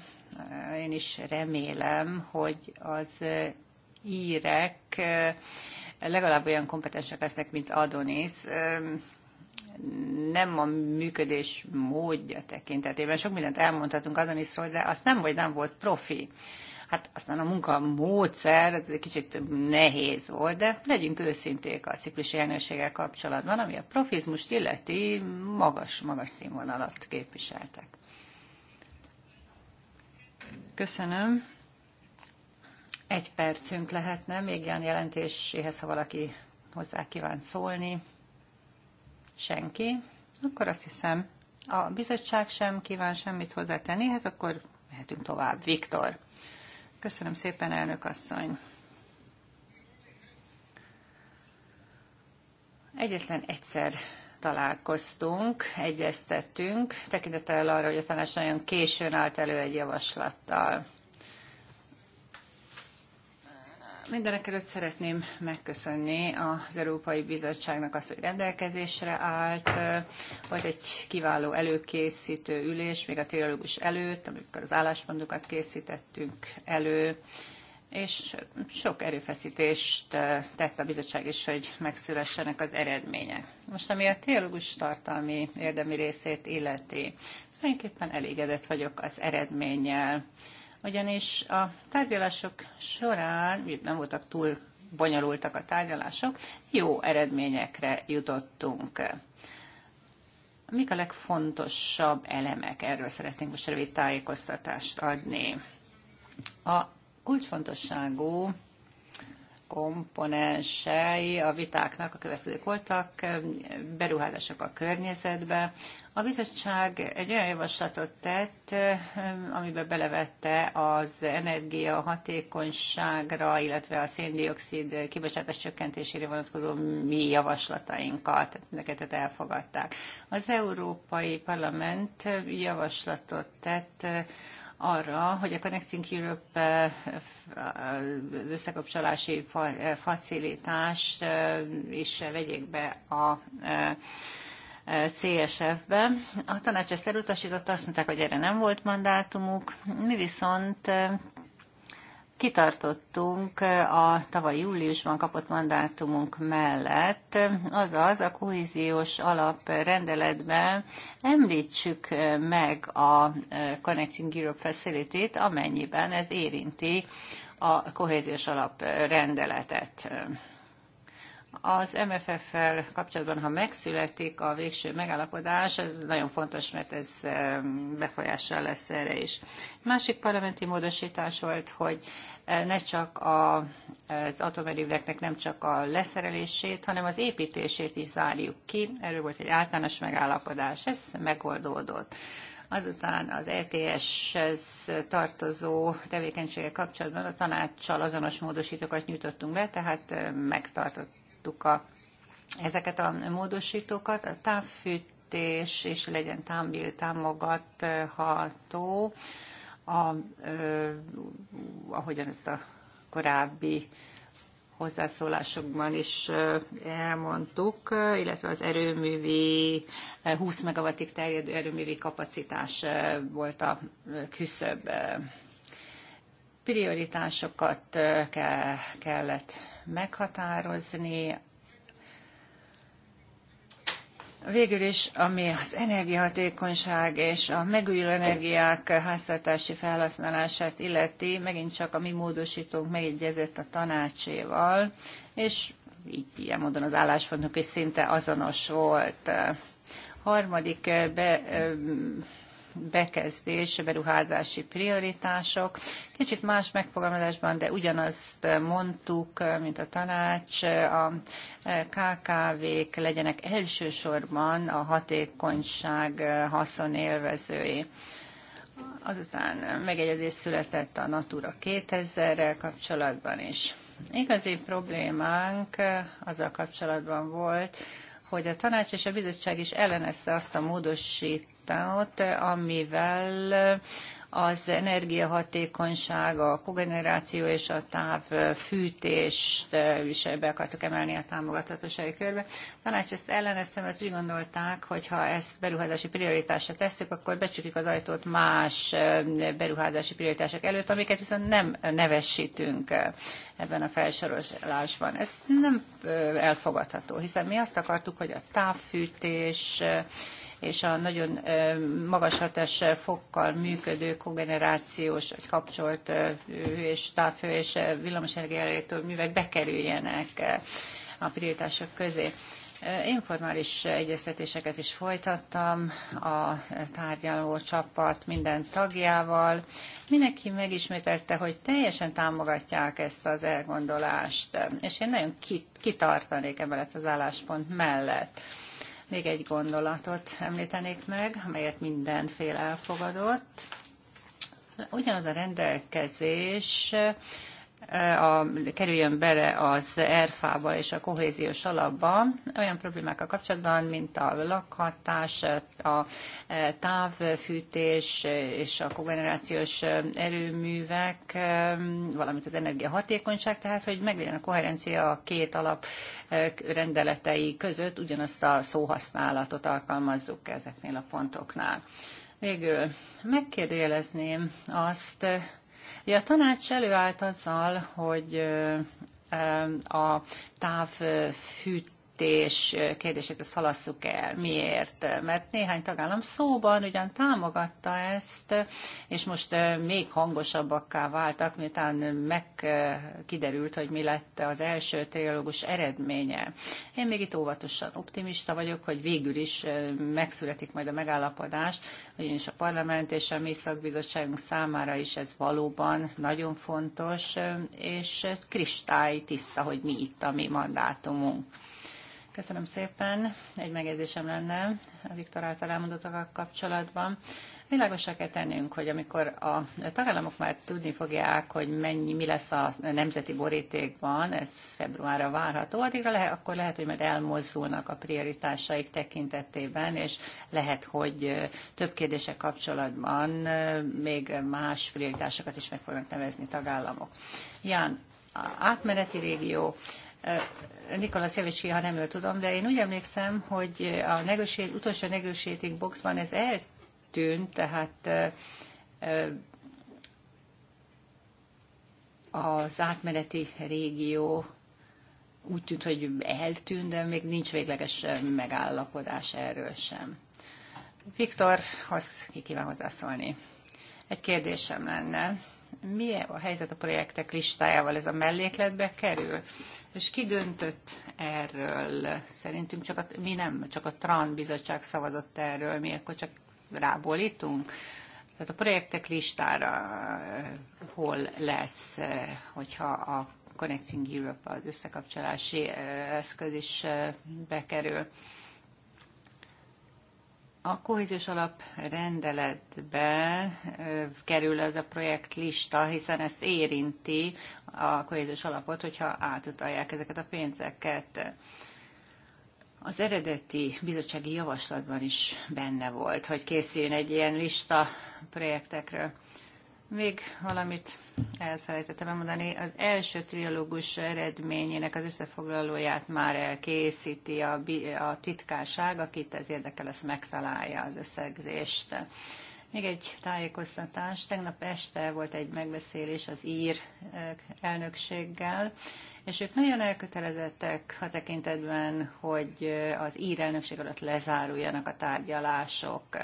én is remélem, hogy az írek legalább olyan kompetensek lesznek, mint Adonis nem a működés módja tekintetében. Sok mindent elmondhatunk Adoniszról, de azt nem, vagy nem volt profi. Hát aztán a munka módszer ez kicsit nehéz volt, de legyünk őszinték a ciklus elnökséggel kapcsolatban, ami a profizmust illeti magas, magas színvonalat képviseltek. Köszönöm. Egy percünk lehetne még ilyen jelentéséhez, ha valaki hozzá kíván szólni. Senki? Akkor azt hiszem, a bizottság sem kíván semmit hozzátenni, ehhez akkor mehetünk tovább. Viktor. Köszönöm szépen, elnök asszony. Egyetlen egyszer találkoztunk, egyeztettünk, tekintettel arra, hogy a tanács nagyon későn állt elő egy javaslattal. Mindenek előtt szeretném megköszönni az Európai Bizottságnak azt, hogy rendelkezésre állt. Volt egy kiváló előkészítő ülés, még a trilógus előtt, amikor az álláspontokat készítettünk elő, és sok erőfeszítést tett a bizottság is, hogy megszülessenek az eredmények. Most, ami a trilógus tartalmi érdemi részét illeti, tulajdonképpen elégedett vagyok az eredménnyel ugyanis a tárgyalások során, nem voltak túl bonyolultak a tárgyalások, jó eredményekre jutottunk. Mik a legfontosabb elemek? Erről szeretnénk most rövid tájékoztatást adni. A kulcsfontosságú komponensei a vitáknak a következők voltak, beruházások a környezetbe. A bizottság egy olyan javaslatot tett, amiben belevette az energia hatékonyságra, illetve a széndiokszid kibocsátás csökkentésére vonatkozó mi javaslatainkat. neket elfogadták. Az Európai Parlament javaslatot tett arra, hogy a Connecting Europe az összekapcsolási facilitás is vegyék be a CSF-be. A tanács ezt elutasította, azt mondták, hogy erre nem volt mandátumuk. Mi viszont kitartottunk eh, a tavaly júliusban kapott mandátumunk mellett, azaz a kohéziós alaprendeletben említsük eh, meg a eh, Connecting Europe Facility-t, amennyiben ez érinti a kohéziós alaprendeletet. rendeletet. Az MFF-fel kapcsolatban, ha megszületik a végső megállapodás, ez nagyon fontos, mert ez befolyással lesz erre is. Másik parlamenti módosítás volt, hogy eh, ne csak a, az atomerőveknek nem csak a leszerelését, hanem az építését is zárjuk ki. Erről volt egy általános megállapodás, ez megoldódott. Azután az ETS-hez tartozó tevékenységek kapcsolatban a tanácssal azonos módosítókat nyújtottunk be, tehát eh, megtartott elfogadtuk a, ezeket a módosítókat. A távfűtés és legyen támbil támogatható, a, ahogyan ezt a korábbi hozzászólásokban is elmondtuk, illetve az erőművi 20 megawattig terjedő erőművi kapacitás volt a küszöb prioritásokat kellett meghatározni. Végül is, ami az energiahatékonyság és a megújuló energiák háztartási felhasználását illeti, megint csak a mi módosítónk megegyezett a tanácséval, és így ilyen módon az álláspontunk is szinte azonos volt. Harmadik be, bekezdés, beruházási prioritások. Kicsit más megfogalmazásban, de ugyanazt mondtuk, mint a tanács, a KKV-k legyenek elsősorban a hatékonyság haszonélvezői. Azután megegyezés született a Natura 2000-rel kapcsolatban is. Igazi problémánk azzal kapcsolatban volt, hogy a tanács és a bizottság is ellenezte azt a módosít listát, amivel az energiahatékonyság, a kogeneráció és a távfűtés is be akartuk emelni a támogatatósági körbe. Tanács ezt ellenezte, mert úgy gondolták, hogy ha ezt beruházási prioritásra tesszük, akkor becsukjuk az ajtót más beruházási prioritások előtt, amiket viszont nem nevesítünk ebben a felsorolásban. Ez nem elfogadható, hiszen mi azt akartuk, hogy a távfűtés, és a nagyon magas hatás fokkal működő kogenerációs vagy kapcsolt és távhő és villamosenergiállító művek bekerüljenek a prioritások közé. Informális egyeztetéseket is folytattam a tárgyaló csapat minden tagjával. Mindenki megismételte, hogy teljesen támogatják ezt az elgondolást, és én nagyon kitartanék emellett az álláspont mellett. Még egy gondolatot említenék meg, amelyet mindenféle elfogadott. Ugyanaz a rendelkezés a, kerüljön bele az ERFA-ba és a kohéziós alapba olyan problémákkal kapcsolatban, mint a lakhatás, a távfűtés és a kogenerációs erőművek, valamint az energiahatékonyság, tehát hogy meglegyen a koherencia a két alap e, rendeletei között, ugyanazt a szóhasználatot alkalmazzuk ezeknél a pontoknál. Végül megkérdőjelezném azt, a tanács előállt azzal, hogy a távfűt költségvetés kérdését ezt halasszuk el. Miért? Mert néhány tagállam szóban ugyan támogatta ezt, és most még hangosabbakká váltak, miután megkiderült, hogy mi lett az első trilógus eredménye. Én még itt óvatosan optimista vagyok, hogy végül is megszületik majd a megállapodás, is a parlament és a mi szakbizottságunk számára is ez valóban nagyon fontos, és kristály tiszta, hogy mi itt a mi mandátumunk. Köszönöm szépen. Egy megjegyzésem lenne a Viktor által elmondottak kapcsolatban. Világosra kell tennünk, hogy amikor a tagállamok már tudni fogják, hogy mennyi, mi lesz a nemzeti borítékban, ez februárra várható, addigra lehet, akkor lehet, hogy majd elmozdulnak a prioritásaik tekintetében, és lehet, hogy több kérdése kapcsolatban még más prioritásokat is meg fognak nevezni tagállamok. Ján, átmeneti régió, Nikola Szevicsi, ha nem ő tudom, de én úgy emlékszem, hogy a negotiate, utolsó negotiating boxban ez eltűnt, tehát az átmeneti régió úgy tűnt, hogy eltűnt, de még nincs végleges megállapodás erről sem. Viktorhoz ki kíván hozzászólni? Egy kérdésem lenne mi a helyzet a projektek listájával, ez a mellékletbe kerül? És ki döntött erről? Szerintünk csak a, mi nem, csak a TRAN bizottság szavazott erről, mi akkor csak rábólítunk. Tehát a projektek listára eh, hol lesz, eh, hogyha a Connecting Europe az összekapcsolási eh, eszköz is bekerül. A kohéziós alap rendeletbe kerül ez a projektlista, hiszen ezt érinti a kohéziós alapot, hogyha átutalják ezeket a pénzeket. Az eredeti bizottsági javaslatban is benne volt, hogy készüljön egy ilyen lista projektekről. Még valamit elfelejtettem elmondani. Az első triológus eredményének az összefoglalóját már elkészíti a, a titkárság, akit ez érdekel, az megtalálja az összegzést. Még egy tájékoztatás. Tegnap este volt egy megbeszélés az ír eh, elnökséggel, és ők nagyon elkötelezettek a tekintetben, hogy eh, az ír elnökség alatt lezáruljanak a tárgyalások.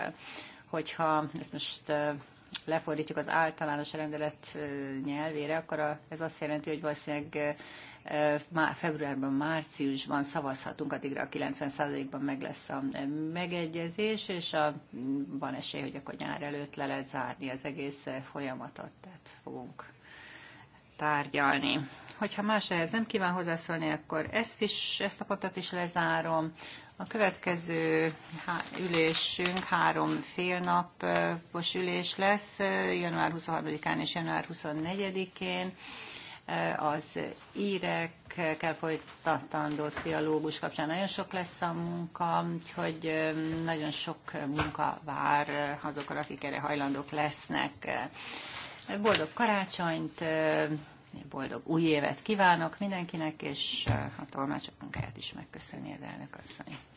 Hogyha ezt most eh, lefordítjuk az általános rendelet nyelvére, akkor a, ez azt jelenti, hogy valószínűleg már februárban, márciusban szavazhatunk, addigra a 90%-ban meg lesz a megegyezés, és a, van esély, hogy akkor nyár előtt le lehet zárni az egész folyamatot, tehát fogunk tárgyalni. Hogyha más ehhez nem kíván hozzászólni, akkor ezt is, ezt a pontot is lezárom. A következő ülésünk három fél napos ülés lesz, január 23-án és január 24-én az írekkel folytatandó dialógus kapcsán nagyon sok lesz a munka, úgyhogy nagyon sok munka vár azokra, akik erre hajlandók lesznek. Boldog karácsonyt, boldog új évet kívánok mindenkinek, és a tolmácsok munkáját is megköszönni az elnök asszonyt.